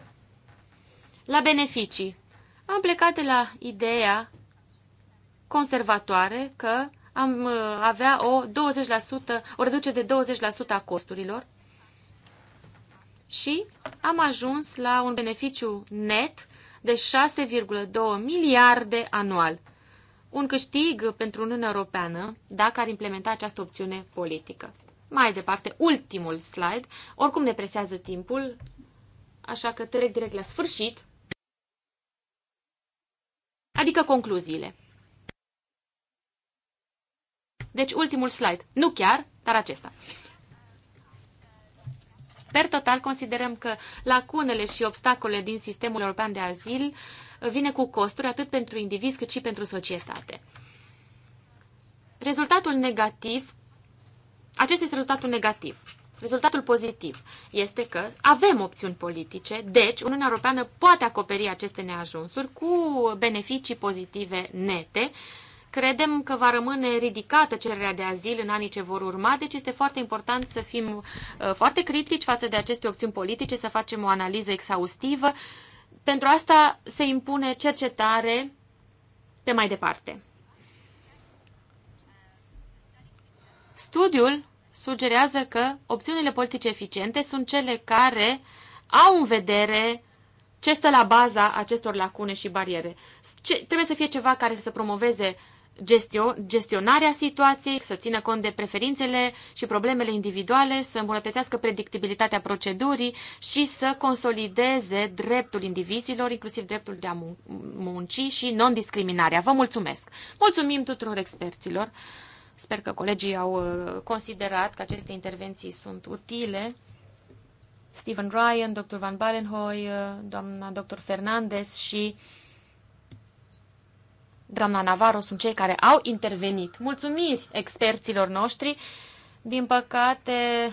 La beneficii. Am plecat de la ideea conservatoare că am uh, avea o, 20%, o reducere de 20% a costurilor și am ajuns la un beneficiu net de 6,2 miliarde anual. Un câștig pentru Uniunea Europeană dacă ar implementa această opțiune politică. Mai departe, ultimul slide. Oricum ne presează timpul, așa că trec direct la sfârșit. Adică concluziile. Deci ultimul slide. Nu chiar, dar acesta. Per total, considerăm că lacunele și obstacolele din sistemul european de azil vine cu costuri atât pentru indivizi cât și pentru societate. Rezultatul negativ, acesta este rezultatul negativ. Rezultatul pozitiv este că avem opțiuni politice, deci Uniunea Europeană poate acoperi aceste neajunsuri cu beneficii pozitive nete, Credem că va rămâne ridicată cererea de azil în anii ce vor urma, deci este foarte important să fim uh, foarte critici față de aceste opțiuni politice, să facem o analiză exhaustivă. Pentru asta se impune cercetare pe mai departe. Studiul sugerează că opțiunile politice eficiente sunt cele care au în vedere ce stă la baza acestor lacune și bariere. Ce, trebuie să fie ceva care să promoveze gestio gestionarea situației, să țină cont de preferințele și problemele individuale, să îmbunătățească predictibilitatea procedurii și să consolideze dreptul indivizilor, inclusiv dreptul de a mun munci și non-discriminarea. Vă mulțumesc! Mulțumim tuturor experților! Sper că colegii au uh, considerat că aceste intervenții sunt utile. Stephen Ryan, dr. Van Balenhoy, uh, doamna dr. Fernandez și doamna Navarro sunt cei care au intervenit. Mulțumiri experților noștri. Din păcate,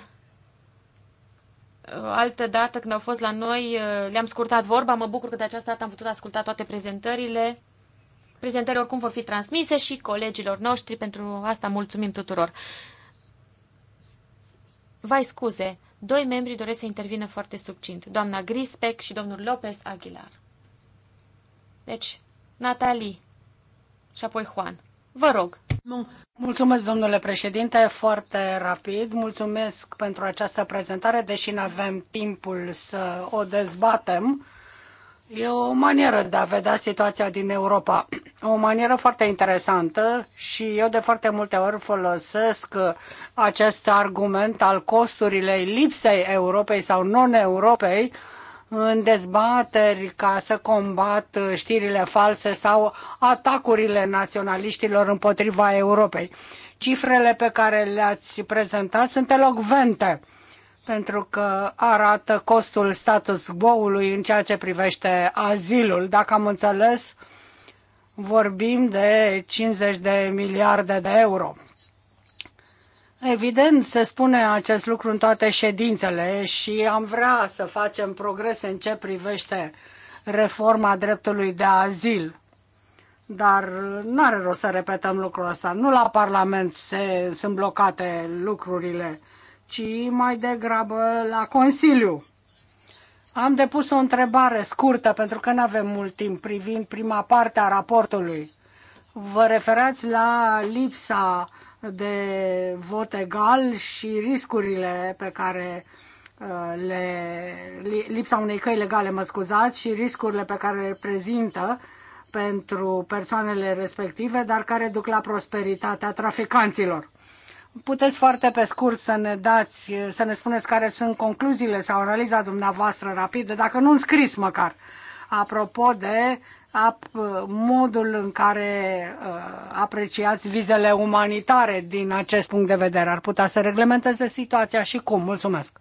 altă dată când au fost la noi, uh, le-am scurtat vorba. Mă bucur că de această dată am putut asculta toate prezentările. Prezentările oricum vor fi transmise și colegilor noștri. Pentru asta mulțumim tuturor. Vai scuze, doi membri doresc să intervină foarte succint. Doamna Grispec și domnul Lopez Aguilar. Deci, Natalie, și apoi Juan. Vă rog. Mulțumesc, domnule președinte, foarte rapid. Mulțumesc pentru această prezentare, deși nu avem timpul să o dezbatem. E o manieră de a vedea situația din Europa, o manieră foarte interesantă și eu de foarte multe ori folosesc acest argument al costurilei lipsei Europei sau non-Europei în dezbateri ca să combat știrile false sau atacurile naționaliștilor împotriva Europei. Cifrele pe care le-ați prezentat sunt elocvente pentru că arată costul status quo-ului în ceea ce privește azilul. Dacă am înțeles, vorbim de 50 de miliarde de euro. Evident, se spune acest lucru în toate ședințele și am vrea să facem progrese în ce privește reforma dreptului de azil. Dar nu are rost să repetăm lucrul ăsta. Nu la Parlament se, sunt blocate lucrurile, ci mai degrabă la Consiliu. Am depus o întrebare scurtă, pentru că nu avem mult timp, privind prima parte a raportului. Vă referați la lipsa de vot egal și riscurile pe care uh, le, lipsa unei căi legale, mă scuzați, și riscurile pe care le prezintă pentru persoanele respective, dar care duc la prosperitatea traficanților. Puteți foarte pe scurt să ne dați, să ne spuneți care sunt concluziile sau analiza dumneavoastră rapidă, dacă nu înscris măcar, apropo de modul în care uh, apreciați vizele umanitare din acest punct de vedere. Ar putea să reglementeze situația și cum? Mulțumesc!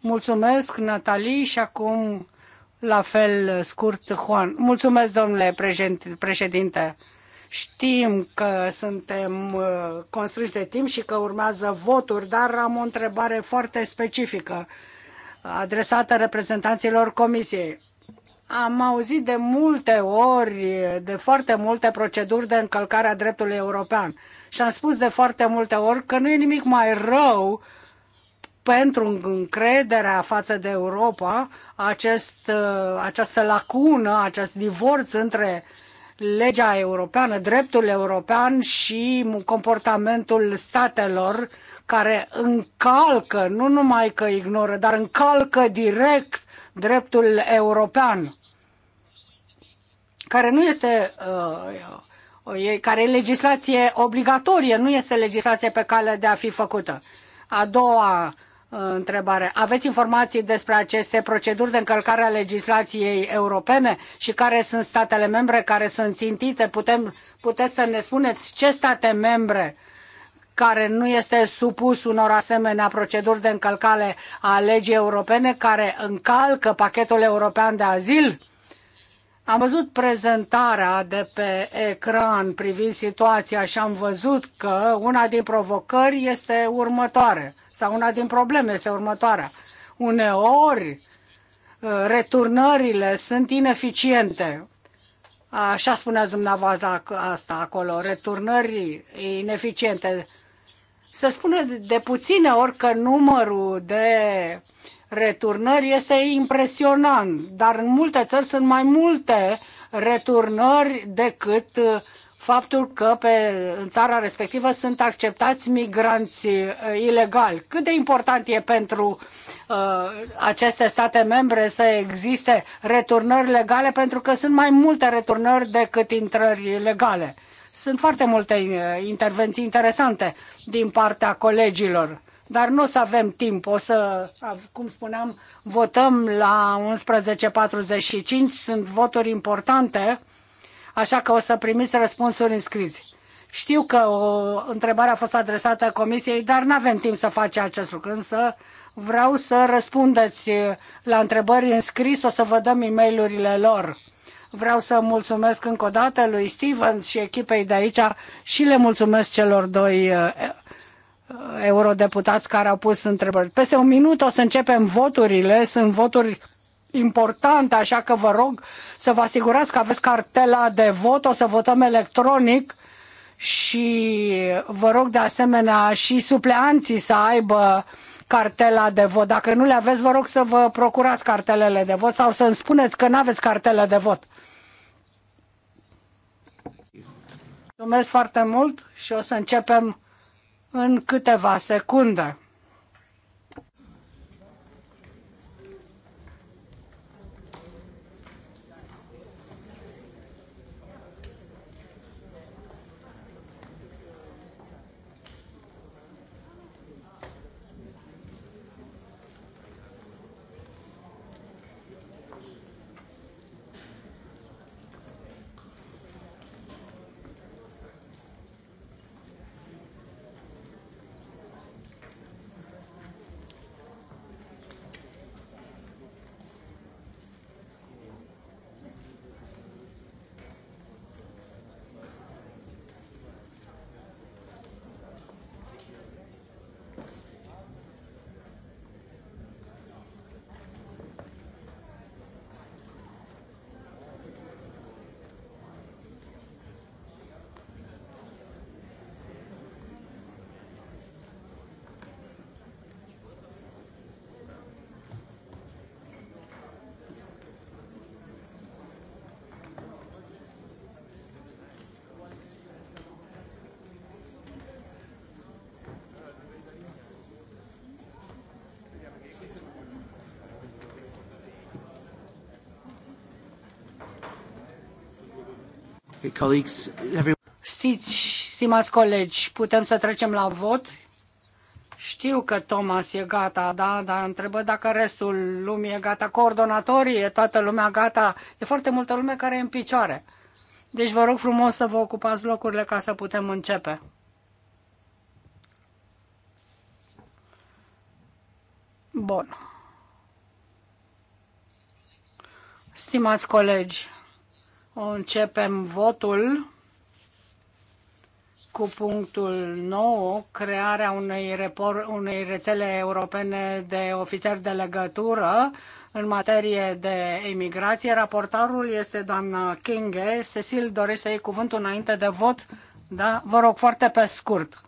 Mulțumesc, Natalie, și acum la fel scurt, Juan. Mulțumesc, domnule președinte. Știm că suntem uh, constrâși de timp și că urmează voturi, dar am o întrebare foarte specifică adresată reprezentanților Comisiei. Am auzit de multe ori, de foarte multe proceduri de încălcare a dreptului european și am spus de foarte multe ori că nu e nimic mai rău pentru încrederea față de Europa, acest, această lacună, acest divorț între legea europeană, dreptul european și comportamentul statelor care încalcă, nu numai că ignoră, dar încalcă direct dreptul european, care nu este uh, care e legislație obligatorie, nu este legislație pe cale de a fi făcută. A doua uh, întrebare. Aveți informații despre aceste proceduri de încălcare a legislației europene și care sunt statele membre care sunt țintite? Putem, puteți să ne spuneți ce state membre uh, care nu este supus unor asemenea proceduri de încălcare a legii europene, care încalcă pachetul european de azil? Am văzut prezentarea de pe ecran privind situația și am văzut că una din provocări este următoare, sau una din probleme este următoarea. Uneori, uh, returnările sunt ineficiente. Așa spuneați dumneavoastră asta acolo, returnări ineficiente. Se spune de puține ori că numărul de returnări este impresionant, dar în multe țări sunt mai multe returnări decât uh, faptul că pe, în țara respectivă sunt acceptați migranți uh, ilegali. Cât de important e pentru uh, aceste state membre să existe returnări legale, pentru că sunt mai multe returnări decât intrări legale. Sunt foarte multe uh, intervenții interesante din partea colegilor, dar nu o să avem timp. O să, cum spuneam, votăm la 11.45, sunt voturi importante, așa că o să primiți răspunsuri înscriți. Știu că o întrebare a fost adresată Comisiei, dar nu avem timp să facem acest lucru, însă vreau să răspundeți uh, la întrebări în scris, o să vă dăm e-mailurile lor. Vreau să mulțumesc încă o dată lui Stevens și echipei de aici și le mulțumesc celor doi uh, uh, eurodeputați care au pus întrebări. Peste un minut o să începem voturile, sunt voturi importante, așa că vă rog să vă asigurați că aveți cartela de vot, o să votăm electronic și vă rog de asemenea și supleanții să aibă cartela de vot. Dacă nu le aveți, vă rog să vă procurați cartelele de vot sau să-mi spuneți că nu aveți cartele de vot. Mulțumesc foarte mult și o să începem în câteva secunde. colleagues, stimați colegi, putem să trecem la vot? Știu că Thomas e gata, da, dar întrebă dacă restul lumii e gata, coordonatorii, e toată lumea gata, e foarte multă lume care e în picioare. Deci vă rog frumos să vă ocupați locurile ca să putem începe. Bun. Stimați colegi, Începem votul cu punctul 9, crearea unei, repor, unei rețele europene de ofițeri de legătură în materie de emigrație. Raportarul este doamna Kinge. Cecil, dorește să iei cuvântul înainte de vot? Da? Vă rog, foarte pe scurt.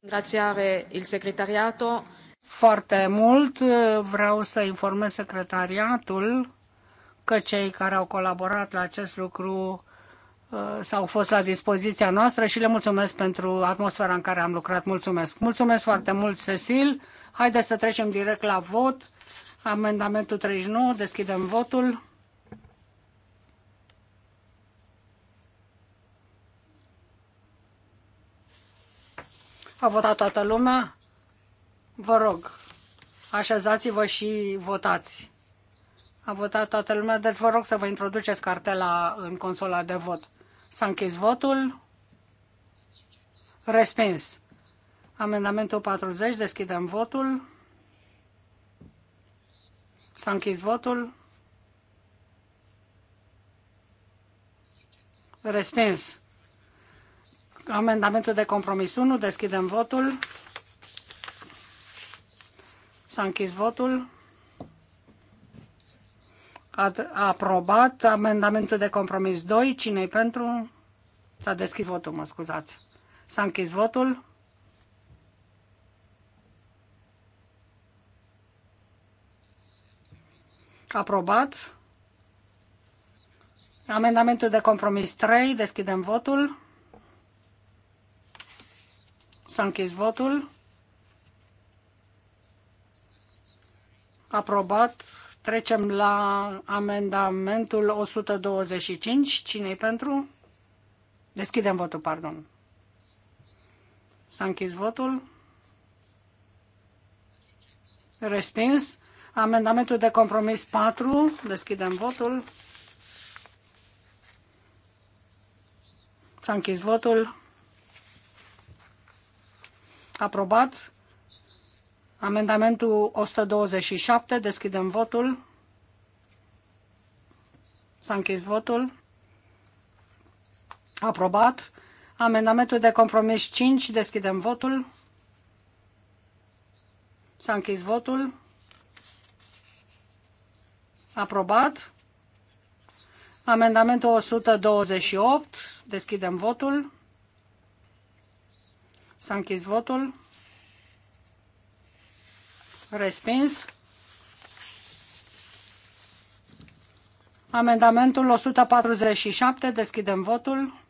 Grațiare il secretariato. Foarte mult vreau să informez secretariatul că cei care au colaborat la acest lucru uh, s-au fost la dispoziția noastră și le mulțumesc pentru atmosfera în care am lucrat. Mulțumesc! Mulțumesc foarte mult, Cecil! Haideți să trecem direct la vot. Amendamentul 39, deschidem votul. A votat toată lumea? Vă rog, așezați-vă și votați. A votat toată lumea, dar deci vă rog să vă introduceți cartela în consola de vot. S-a închis votul. Respins. Amendamentul 40, deschidem votul. S-a închis votul. Respins. Amendamentul de compromis 1, deschidem votul. S-a închis votul aprobat amendamentul de compromis 2. cine pentru? S-a deschis votul, mă scuzați. S-a închis votul. Aprobat. Amendamentul de compromis 3. Deschidem votul. S-a închis votul. Aprobat. Trecem la amendamentul 125. cine pentru? Deschidem votul, pardon. S-a închis votul. Respins. Amendamentul de compromis 4. Deschidem votul. S-a închis votul. Aprobat. Amendamentul 127, deschidem votul. S-a închis votul. Aprobat. Amendamentul de compromis 5, deschidem votul. S-a închis votul. Aprobat. Amendamentul 128, deschidem votul. S-a închis votul. Respins. Amendamentul 147. Deschidem votul.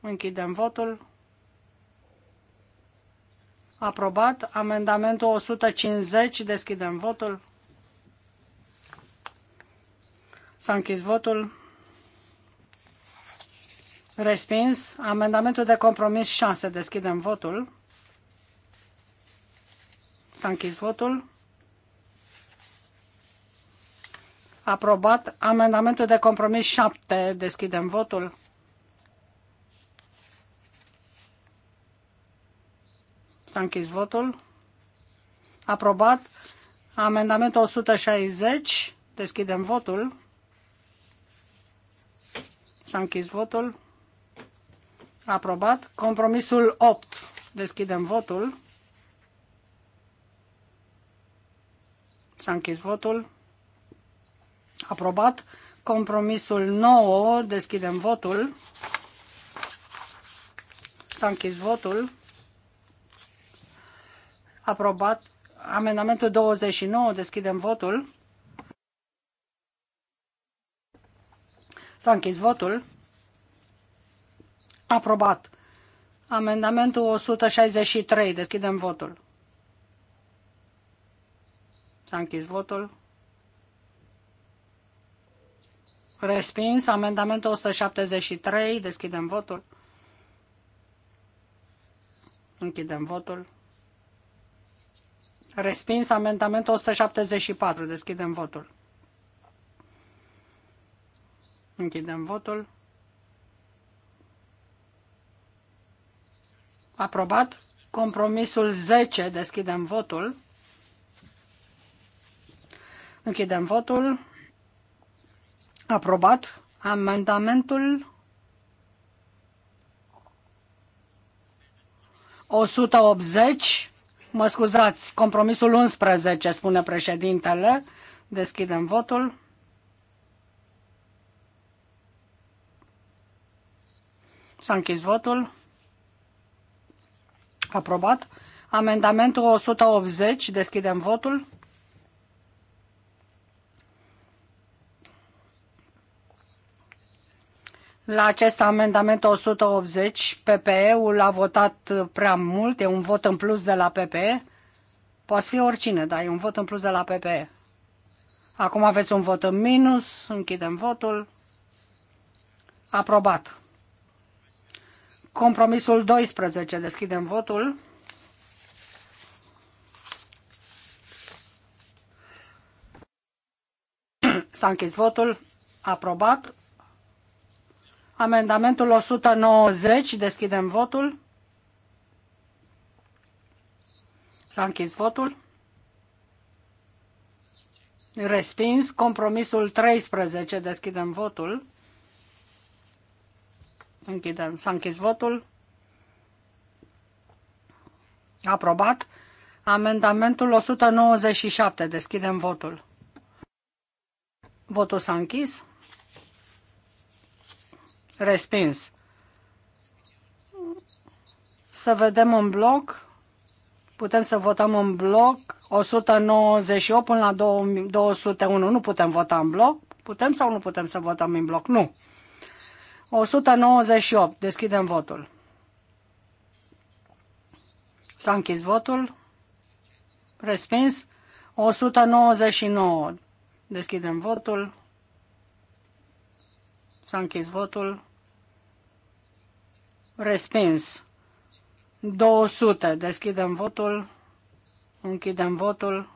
Închidem votul. Aprobat. Amendamentul 150. Deschidem votul. S-a închis votul. Respins. Amendamentul de compromis 6. Deschidem votul. S-a închis votul. Aprobat amendamentul de compromis 7. Deschidem votul. S-a închis votul. Aprobat amendamentul 160. Deschidem votul. S-a închis votul. Aprobat. Compromisul 8. Deschidem votul. S-a închis votul. Aprobat. Compromisul 9. Deschidem votul. S-a închis votul. Aprobat. Amendamentul 29. Deschidem votul. S-a închis votul. Aprobat. Amendamentul 163. Deschidem votul. S-a închis votul. Respins. Amendamentul 173. Deschidem votul. Închidem votul. Respins. Amendamentul 174. Deschidem votul. Închidem votul. Aprobat. Compromisul 10. Deschidem votul. Închidem votul. Aprobat amendamentul 180. Mă scuzați, compromisul 11, spune președintele. Deschidem votul. S-a închis votul. Aprobat. Amendamentul 180. Deschidem votul. La acest amendament 180, PPE-ul a votat prea mult, e un vot în plus de la PPE. Poate fi oricine, dar e un vot în plus de la PPE. Acum aveți un vot în minus, închidem votul. Aprobat. Compromisul 12, deschidem votul. S-a închis votul. Aprobat. Amendamentul 190, deschidem votul. S-a închis votul. Respins. Compromisul 13, deschidem votul. Închidem. S-a închis votul. Aprobat. Amendamentul 197. Deschidem votul. Votul s-a închis. Respins. Să vedem în bloc. Putem să votăm în bloc 198 până la 201. Nu putem vota în bloc. Putem sau nu putem să votăm în bloc? Nu. 198. Deschidem votul. S-a închis votul. Respins. 199. Deschidem votul. S-a închis votul. Respins. 200. Deschidem votul. Închidem votul.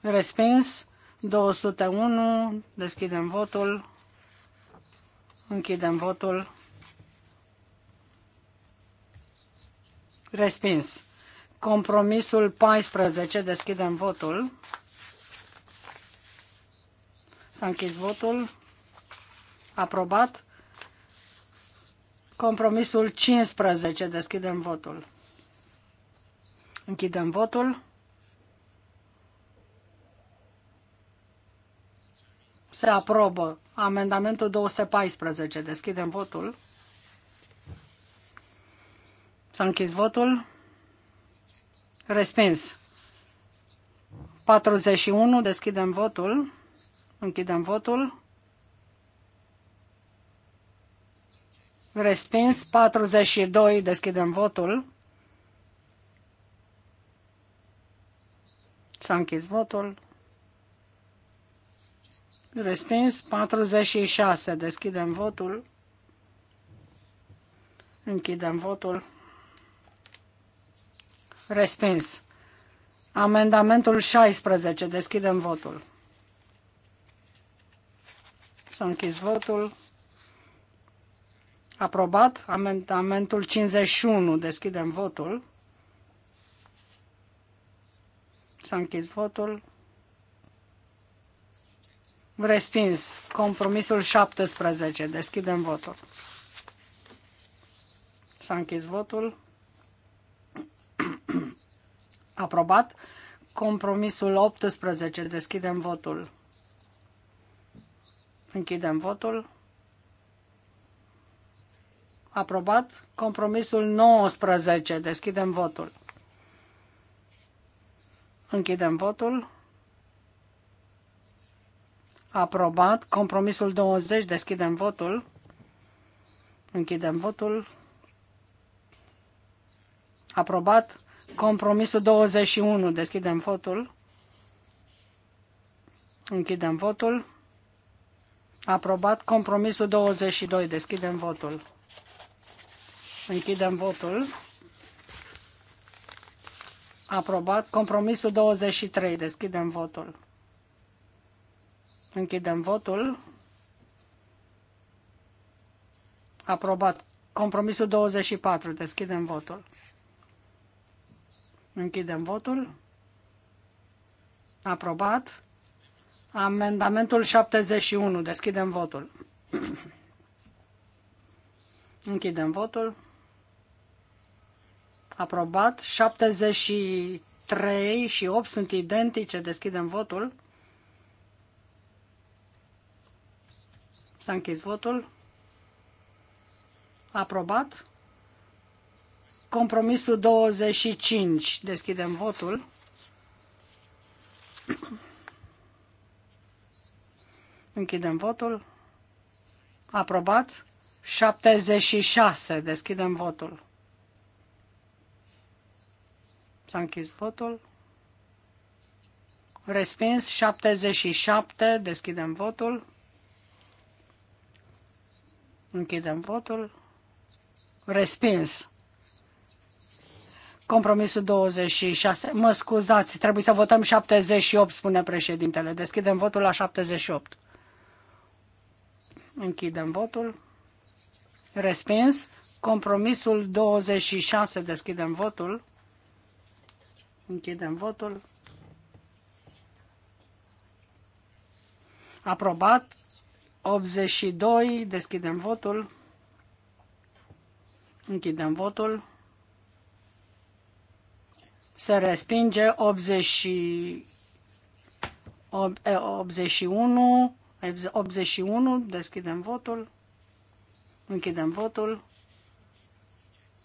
Respins. 201. Deschidem votul. Închidem votul. Respins. Compromisul 14. Deschidem votul. S-a închis votul. Aprobat. Compromisul 15. Deschidem votul. Închidem votul. Se aprobă amendamentul 214. Deschidem votul. S-a închis votul. Respins. 41. Deschidem votul. Închidem votul. Respins 42, deschidem votul. S-a închis votul. Respins 46, deschidem votul. Închidem votul. Respins. Amendamentul 16, deschidem votul. Să închis votul. Aprobat. Amendamentul 51. Deschidem votul. S-a închis votul. Respins. Compromisul 17. Deschidem votul. S-a închis votul. Aprobat. Compromisul 18. Deschidem votul. Închidem votul. Aprobat. Compromisul 19. Deschidem votul. Închidem votul. Aprobat. Compromisul 20. Deschidem votul. Închidem votul. Aprobat. Compromisul 21. Deschidem votul. Închidem votul. Aprobat compromisul 22. Deschidem votul. Închidem votul. Aprobat compromisul 23. Deschidem votul. Închidem votul. Aprobat compromisul 24. Deschidem votul. Închidem votul. Aprobat. Amendamentul 71. Deschidem votul. Închidem votul. Aprobat. 73 și 8 sunt identice. Deschidem votul. S-a închis votul. Aprobat. Compromisul 25. Deschidem votul. Închidem votul. Aprobat. 76. Deschidem votul. S-a închis votul. Respins 77. Deschidem votul. Închidem votul. Respins. Compromisul 26. Mă scuzați, trebuie să votăm 78, spune președintele. Deschidem votul la 78. Închidem votul. Respins. Compromisul 26. Deschidem votul. Închidem votul. Aprobat. 82. Deschidem votul. Închidem votul. Se respinge 80, 81. 81, deschidem votul, închidem votul,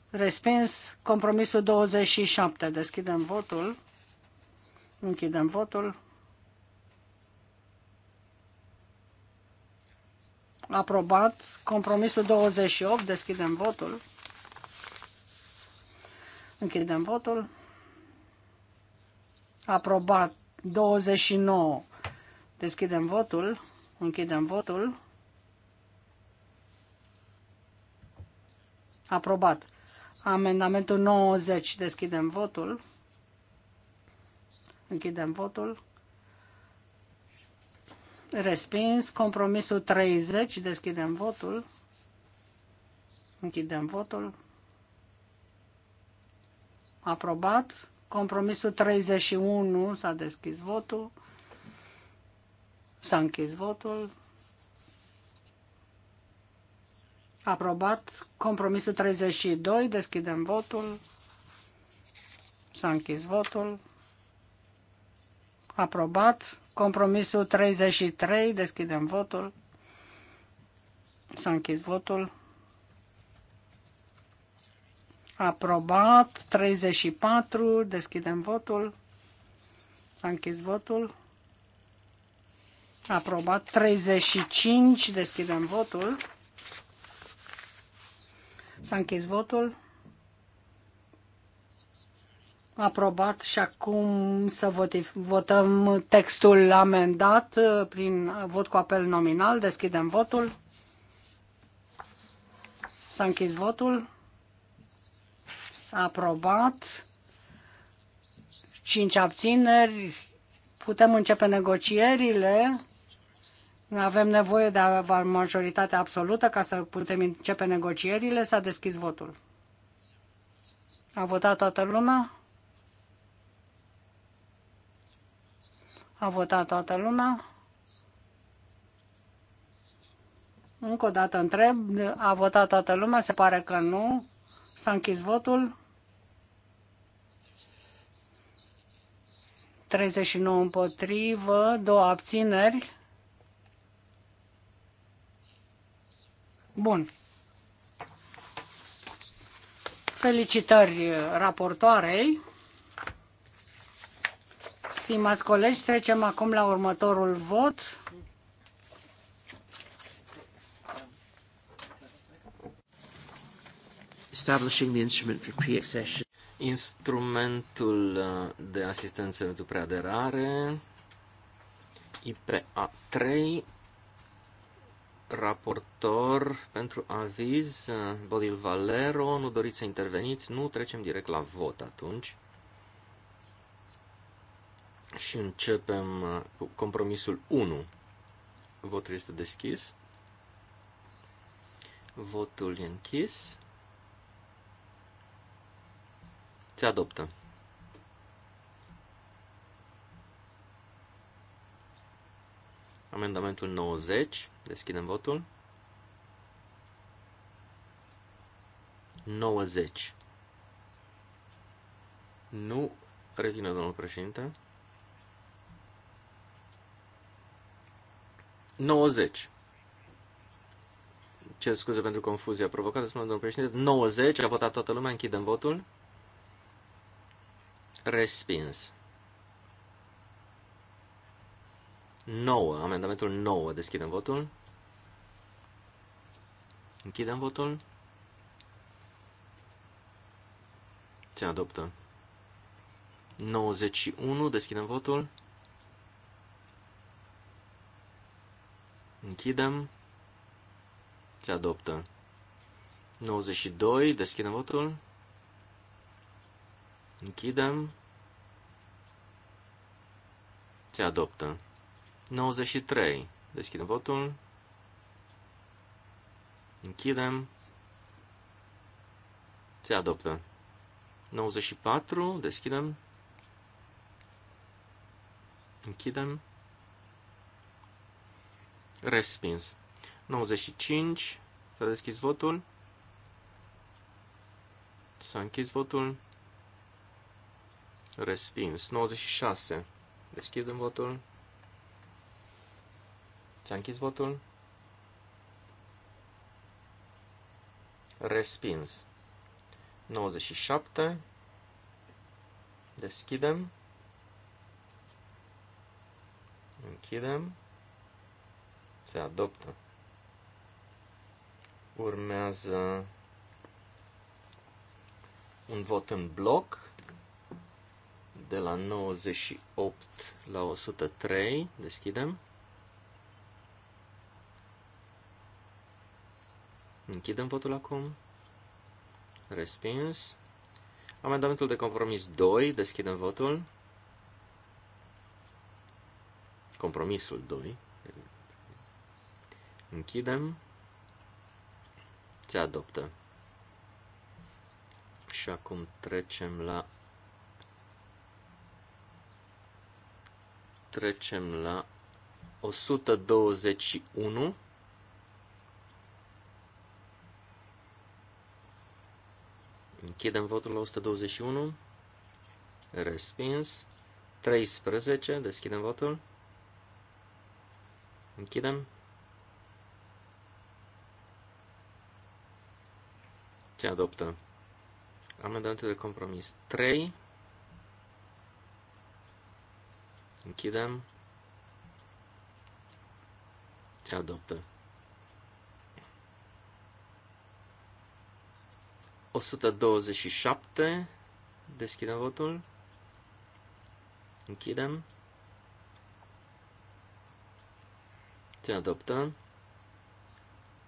respins compromisul 27, deschidem votul, închidem votul, aprobat compromisul 28, deschidem votul, închidem votul, aprobat 29, deschidem votul, Închidem votul. Aprobat. Amendamentul 90. Deschidem votul. Închidem votul. Respins. Compromisul 30. Deschidem votul. Închidem votul. Aprobat. Compromisul 31. S-a deschis votul. S-a închis votul. Aprobat. Compromisul 32. Deschidem votul. S-a închis votul. Aprobat. Compromisul 33. Deschidem votul. S-a închis votul. Aprobat. 34. Deschidem votul. S-a închis votul. Aprobat. 35. Deschidem votul. S-a închis votul. Aprobat și acum să votif, votăm textul amendat uh, prin vot cu apel nominal. Deschidem votul. S-a închis votul. Aprobat. 5 abțineri. Putem începe negocierile avem nevoie de majoritate absolută ca să putem începe negocierile. S-a deschis votul. A votat toată lumea? A votat toată lumea? Încă o dată întreb, a votat toată lumea? Se pare că nu. S-a închis votul. 39 împotrivă, două abțineri. Bun. Felicitări raportoarei. Stimați colegi, trecem acum la următorul vot. Establishing the instrument for pre-accession. Instrumentul uh, de asistență pentru preaderare, IPA 3, raportor pentru aviz, Bodil Valero, nu doriți să interveniți, nu trecem direct la vot atunci. Și începem uh, cu compromisul 1. Votul este deschis. Votul e închis. Se adoptă. Amendamentul 90. Deschidem votul. 90. Nu revine, domnul președinte. 90. Cer scuze pentru confuzia provocată, spune domnul președinte. 90. A votat toată lumea, închidem votul. Respins. 9, amendamentul 9, deschidem votul. Închidem votul. Se adoptă. 91, deschidem votul. Închidem. Se adoptă. 92, deschidem votul. Închidem. Se adoptă. 93. Deschidem votul. Închidem. Se adoptă. 94. Deschidem. Închidem. Respins. 95. S-a deschis votul. S-a închis votul. Respins. 96. Deschidem votul ți a închis votul. Respins. 97. Deschidem. Închidem. Se adoptă. Urmează un vot în bloc de la 98 la 103. Deschidem. Închidem votul acum. Respins. Amendamentul de compromis 2. Deschidem votul. Compromisul 2. Închidem. Se adoptă. Și acum trecem la trecem la 121 Închidem votul la 121. Respins. 13. Deschidem votul. Închidem. Se adoptă. Amendamentul de compromis 3. Închidem. Se adoptă. 127. Deschidem votul. Închidem. Se adoptă.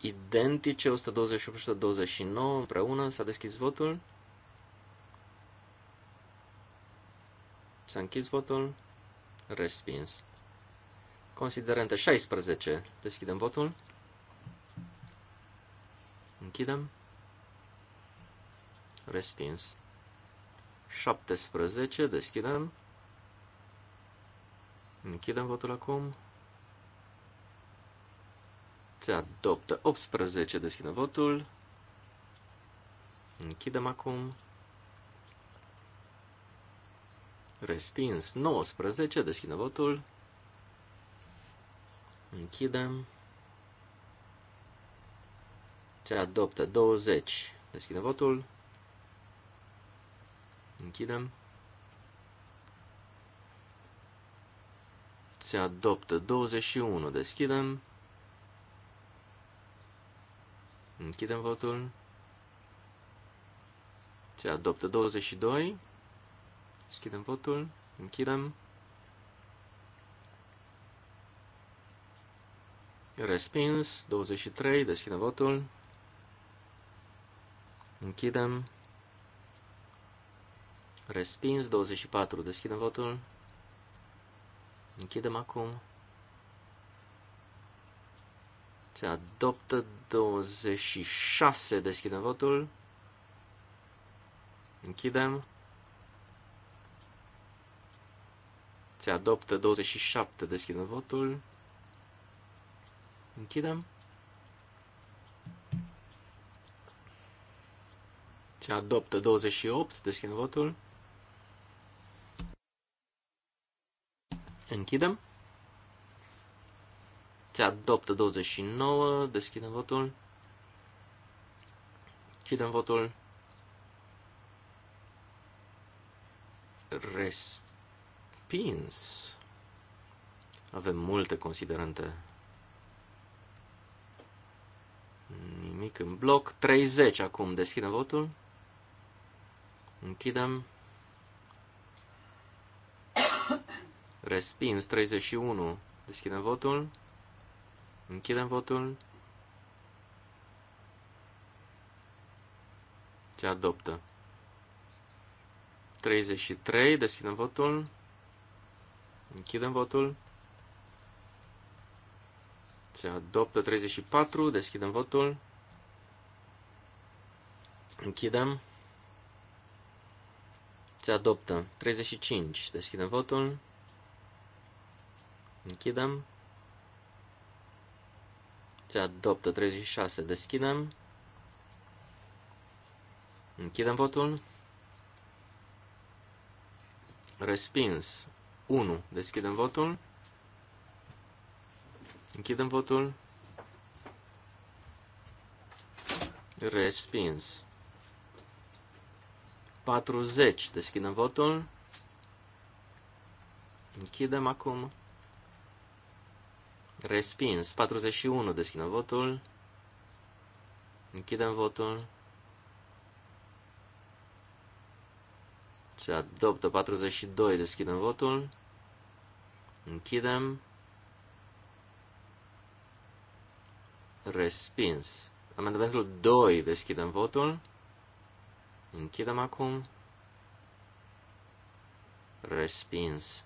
Identice 128 și 129 împreună. S-a deschis votul. S-a închis votul. Respins. Considerente 16. Deschidem votul. Închidem. Respins. 17. Deschidem. Închidem votul acum. Se adoptă 18. Deschidem votul. Închidem acum. Respins 19. Deschidem votul. Închidem. Se adoptă 20. Deschidem votul. Închidem. Se adoptă 21. Deschidem. Închidem votul. Se adoptă 22. Deschidem votul. Închidem. Respins. 23. Deschidem votul. Închidem. Respins 24. Deschidem votul. Închidem acum. Se adoptă 26. Deschidem votul. Închidem. Se adoptă 27. Deschidem votul. Închidem. Se adoptă 28. Deschidem votul. Închidem. Se adoptă 29. Deschidem votul. Închidem votul. Respins. Avem multe considerente. Nimic în bloc. 30 acum. Deschidem votul. Închidem. Respins 31. Deschidem votul. Închidem votul. Se adoptă. 33. Deschidem votul. Închidem votul. Se adoptă 34. Deschidem votul. Închidem. Se adoptă 35. Deschidem votul. Închidem. Se adoptă 36. Deschidem. Închidem votul. Respins. 1. Deschidem votul. Închidem votul. Respins. 40. Deschidem votul. Închidem acum. Respins. 41. Deschidem votul. Închidem votul. Se adoptă 42. Deschidem votul. Închidem. Respins. Amendamentul 2. Deschidem votul. Închidem acum. Respins.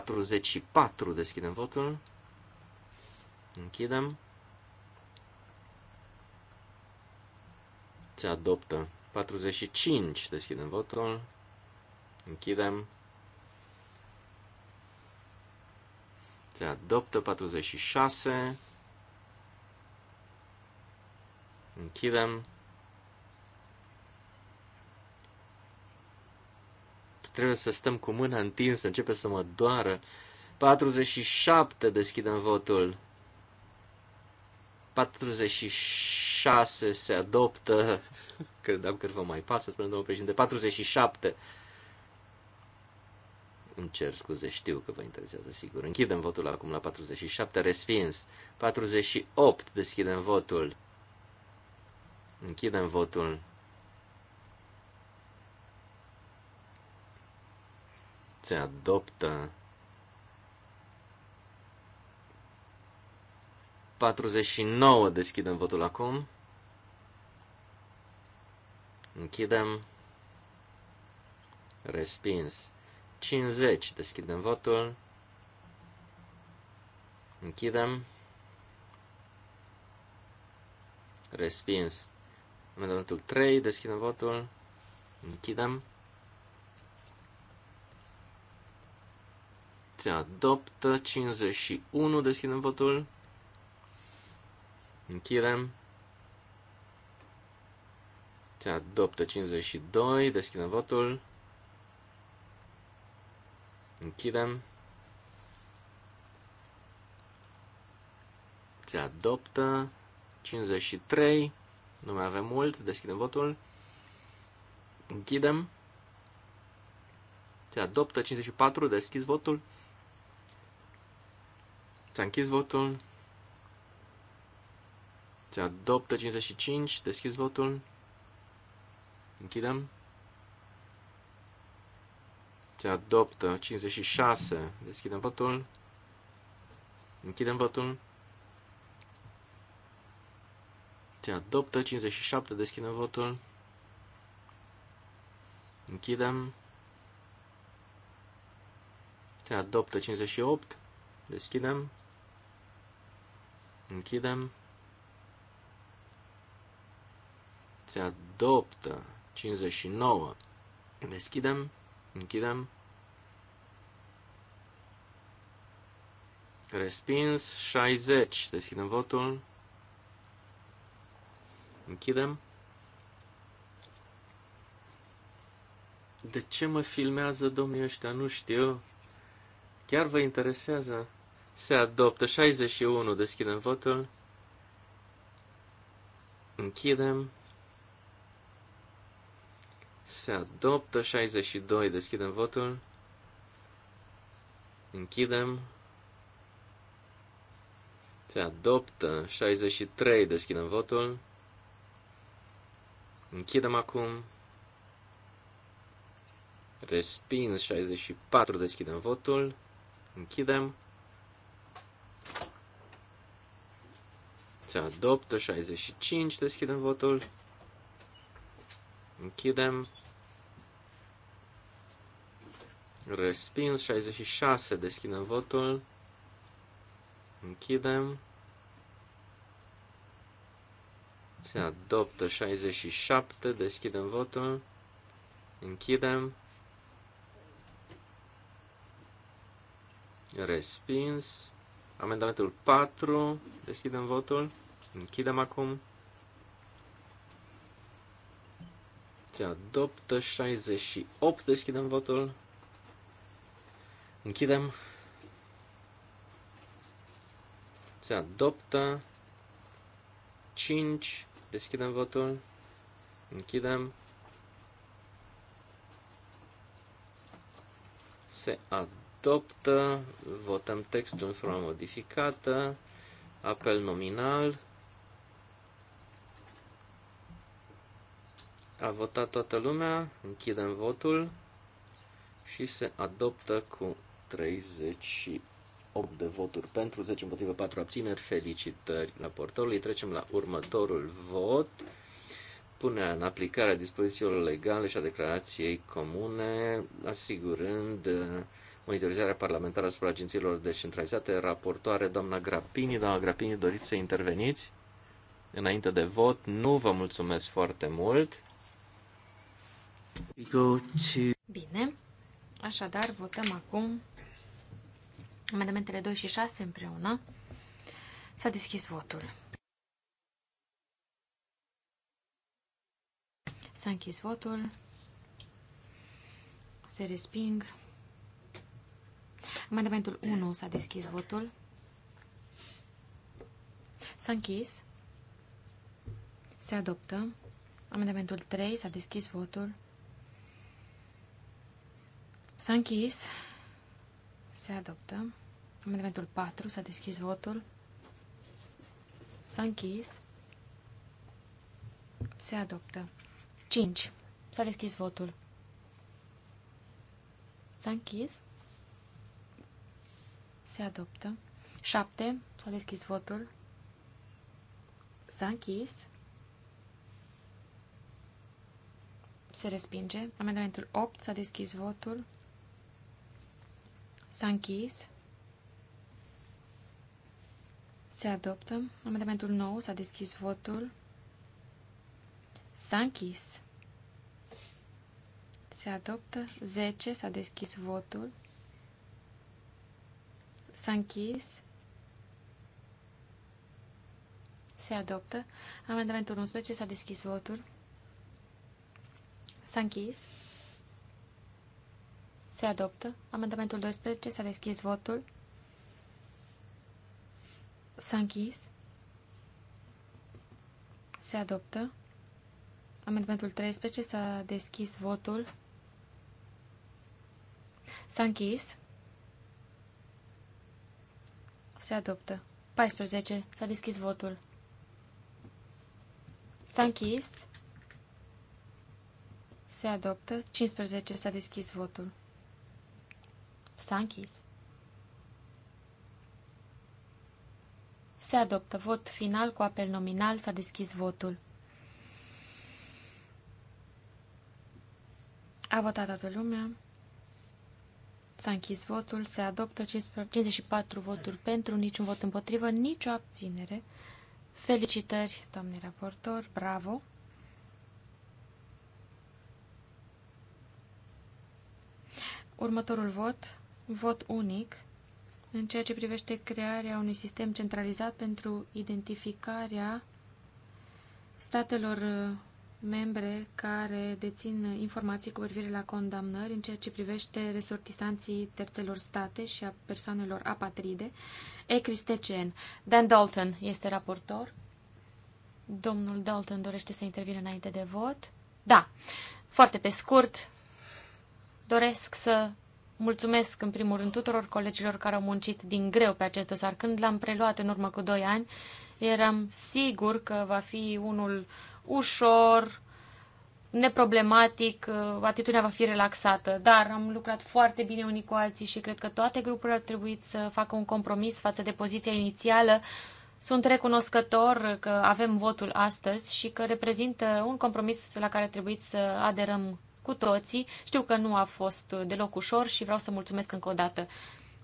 44. Deschidem votul. Închidem. Se adoptă. 45. Deschidem votul. Închidem. Se adoptă. 46. Închidem. Trebuie să stăm cu mâna întinsă, începe să mă doară. 47, deschidem votul. 46 se adoptă. Credeam că vă mai pasă, spune domnul președinte. 47. Îmi cer scuze, știu că vă interesează, sigur. Închidem votul acum la 47, respins. 48, deschidem votul. Închidem votul. se adoptă 49 deschidem votul acum. Închidem. Respins. 50 deschidem votul. Închidem. Respins. Amendamentul 3 deschidem votul. Închidem. se adoptă. 51, deschidem votul. Închidem. Se adoptă 52, deschidem votul. Închidem. Se adoptă 53, nu mai avem mult, deschidem votul. Închidem. Se adoptă 54, deschis votul ți a închis votul. Se adoptă 55. Deschizi votul. Închidem. Se adoptă 56. Deschidem votul. Închidem votul. Se adoptă 57. Deschidem votul. Închidem. Se adoptă 58. Deschidem. Închidem. Se adoptă. 59. Deschidem. Închidem. Respins 60. Deschidem votul. Închidem. De ce mă filmează domnii ăștia? Nu știu. Chiar vă interesează? Se adoptă 61. Deschidem votul. Închidem. Se adoptă 62. Deschidem votul. Închidem. Se adoptă 63. Deschidem votul. Închidem acum. Respins 64. Deschidem votul. Închidem. se adoptă, 65, deschidem votul, închidem, respins, 66, deschidem votul, închidem, se adoptă, 67, deschidem votul, închidem, respins, amendamentul 4, deschidem votul, Închidem acum. Se adoptă 68. Deschidem votul. Închidem. Se adoptă 5. Deschidem votul. Închidem. Se adoptă. Votăm textul în formă modificată. Apel nominal. A votat toată lumea, închidem votul și se adoptă cu 38 de voturi pentru, 10 împotrivă, 4 abțineri. Felicitări portorului. Trecem la următorul vot. Punerea în aplicare a dispozițiilor legale și a declarației comune, asigurând uh, monitorizarea parlamentară asupra agențiilor descentralizate. Raportoare, doamna Grapini. Doamna Grapini, doriți să interveniți? Înainte de vot, nu vă mulțumesc foarte mult. Bine. Așadar, votăm acum amendamentele 2 și 6 împreună. S-a deschis votul. S-a închis votul. Se resping. Amendamentul 1 s-a deschis votul. S-a închis. Se adoptă. Amendamentul 3 s-a deschis votul. S-a închis. Se adoptă. Amendamentul 4. S-a deschis votul. S-a închis. Se adoptă. 5. S-a deschis votul. S-a închis. Se adoptă. 7. S-a deschis votul. S-a închis. Se respinge. Amendamentul 8. S-a deschis votul. S-a închis. Se adoptă. Amendamentul 9. S-a deschis votul. S-a închis. Se adoptă. 10. S-a deschis votul. S-a închis. Se adoptă. Amendamentul 11. S-a deschis votul. S-a închis. Se adoptă. Amendamentul 12. S-a deschis votul. S-a închis. Se adoptă. Amendamentul 13. S-a deschis votul. S-a închis. Se adoptă. 14. S-a deschis votul. S-a închis. Se adoptă. 15. S-a deschis votul. S-a închis. Se adoptă vot final cu apel nominal. S-a deschis votul. A votat toată lumea. S-a închis votul. Se adoptă 54 voturi pentru, niciun vot împotrivă, nicio abținere. Felicitări, doamne raportor. Bravo! Următorul vot vot unic în ceea ce privește crearea unui sistem centralizat pentru identificarea statelor uh, membre care dețin informații cu privire la condamnări în ceea ce privește resortisanții terțelor state și a persoanelor apatride. E Cristecen. Dan Dalton este raportor. Domnul Dalton dorește să intervină înainte de vot. Da, foarte pe scurt, doresc să Mulțumesc în primul rând tuturor colegilor care au muncit din greu pe acest dosar. Când l-am preluat în urmă cu 2 ani, eram sigur că va fi unul ușor, neproblematic, uh, atitudinea va fi relaxată, dar am lucrat foarte bine unii cu alții și cred că toate grupurile ar trebui să facă un compromis față de poziția inițială. Sunt recunoscător că avem votul astăzi și că reprezintă un compromis la care trebuie să aderăm cu toții. Știu că nu a fost deloc ușor și vreau să mulțumesc încă o dată.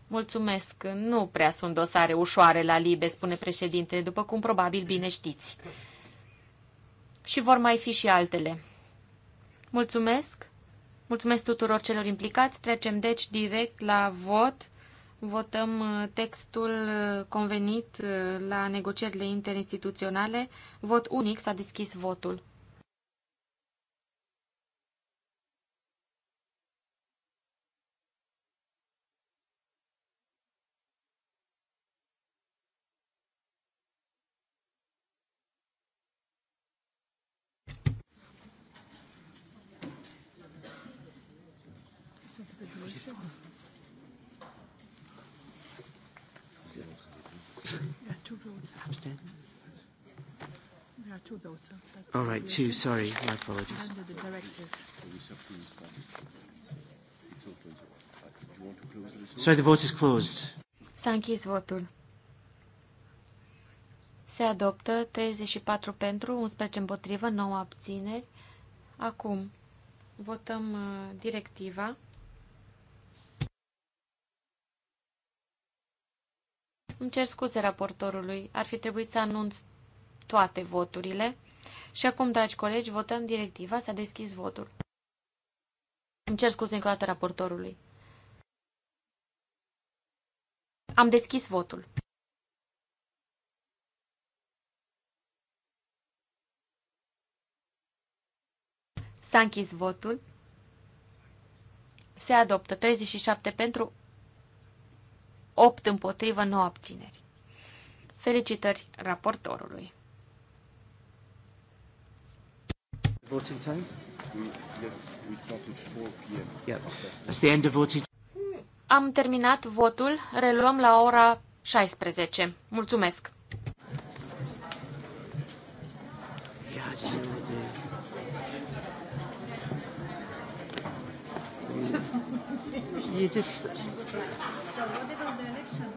Mulțumesc, nu prea sunt dosare ușoare la Libe, spune președinte, după cum probabil bine știți. Și vor mai fi și altele. Mulțumesc! Mulțumesc tuturor celor implicați. Trecem deci direct la vot. Votăm uh, textul uh, convenit uh, la negocierile interinstituționale. Vot unic s-a deschis votul. All right, two, sorry, my apologies. Under the directive. Sorry, the vote is closed. S-a închis votul. Se adoptă 34 pentru, 11 împotrivă, 9 abțineri. Acum votăm uh, directiva. Îmi cer scuze raportorului, ar fi trebuit să anunț toate voturile. Și acum, dragi colegi, votăm directiva. S-a deschis votul. Îmi cer scuze încă o dată raportorului. Am deschis votul. S-a închis votul. Se adoptă 37 pentru, 8 împotrivă, 9 abțineri. Felicitări raportorului. Voting time? We, mm, yes, we started 4 p.m. Yeah. That's the end of voting. Am terminat votul, reluăm la ora 16. Mulțumesc! you just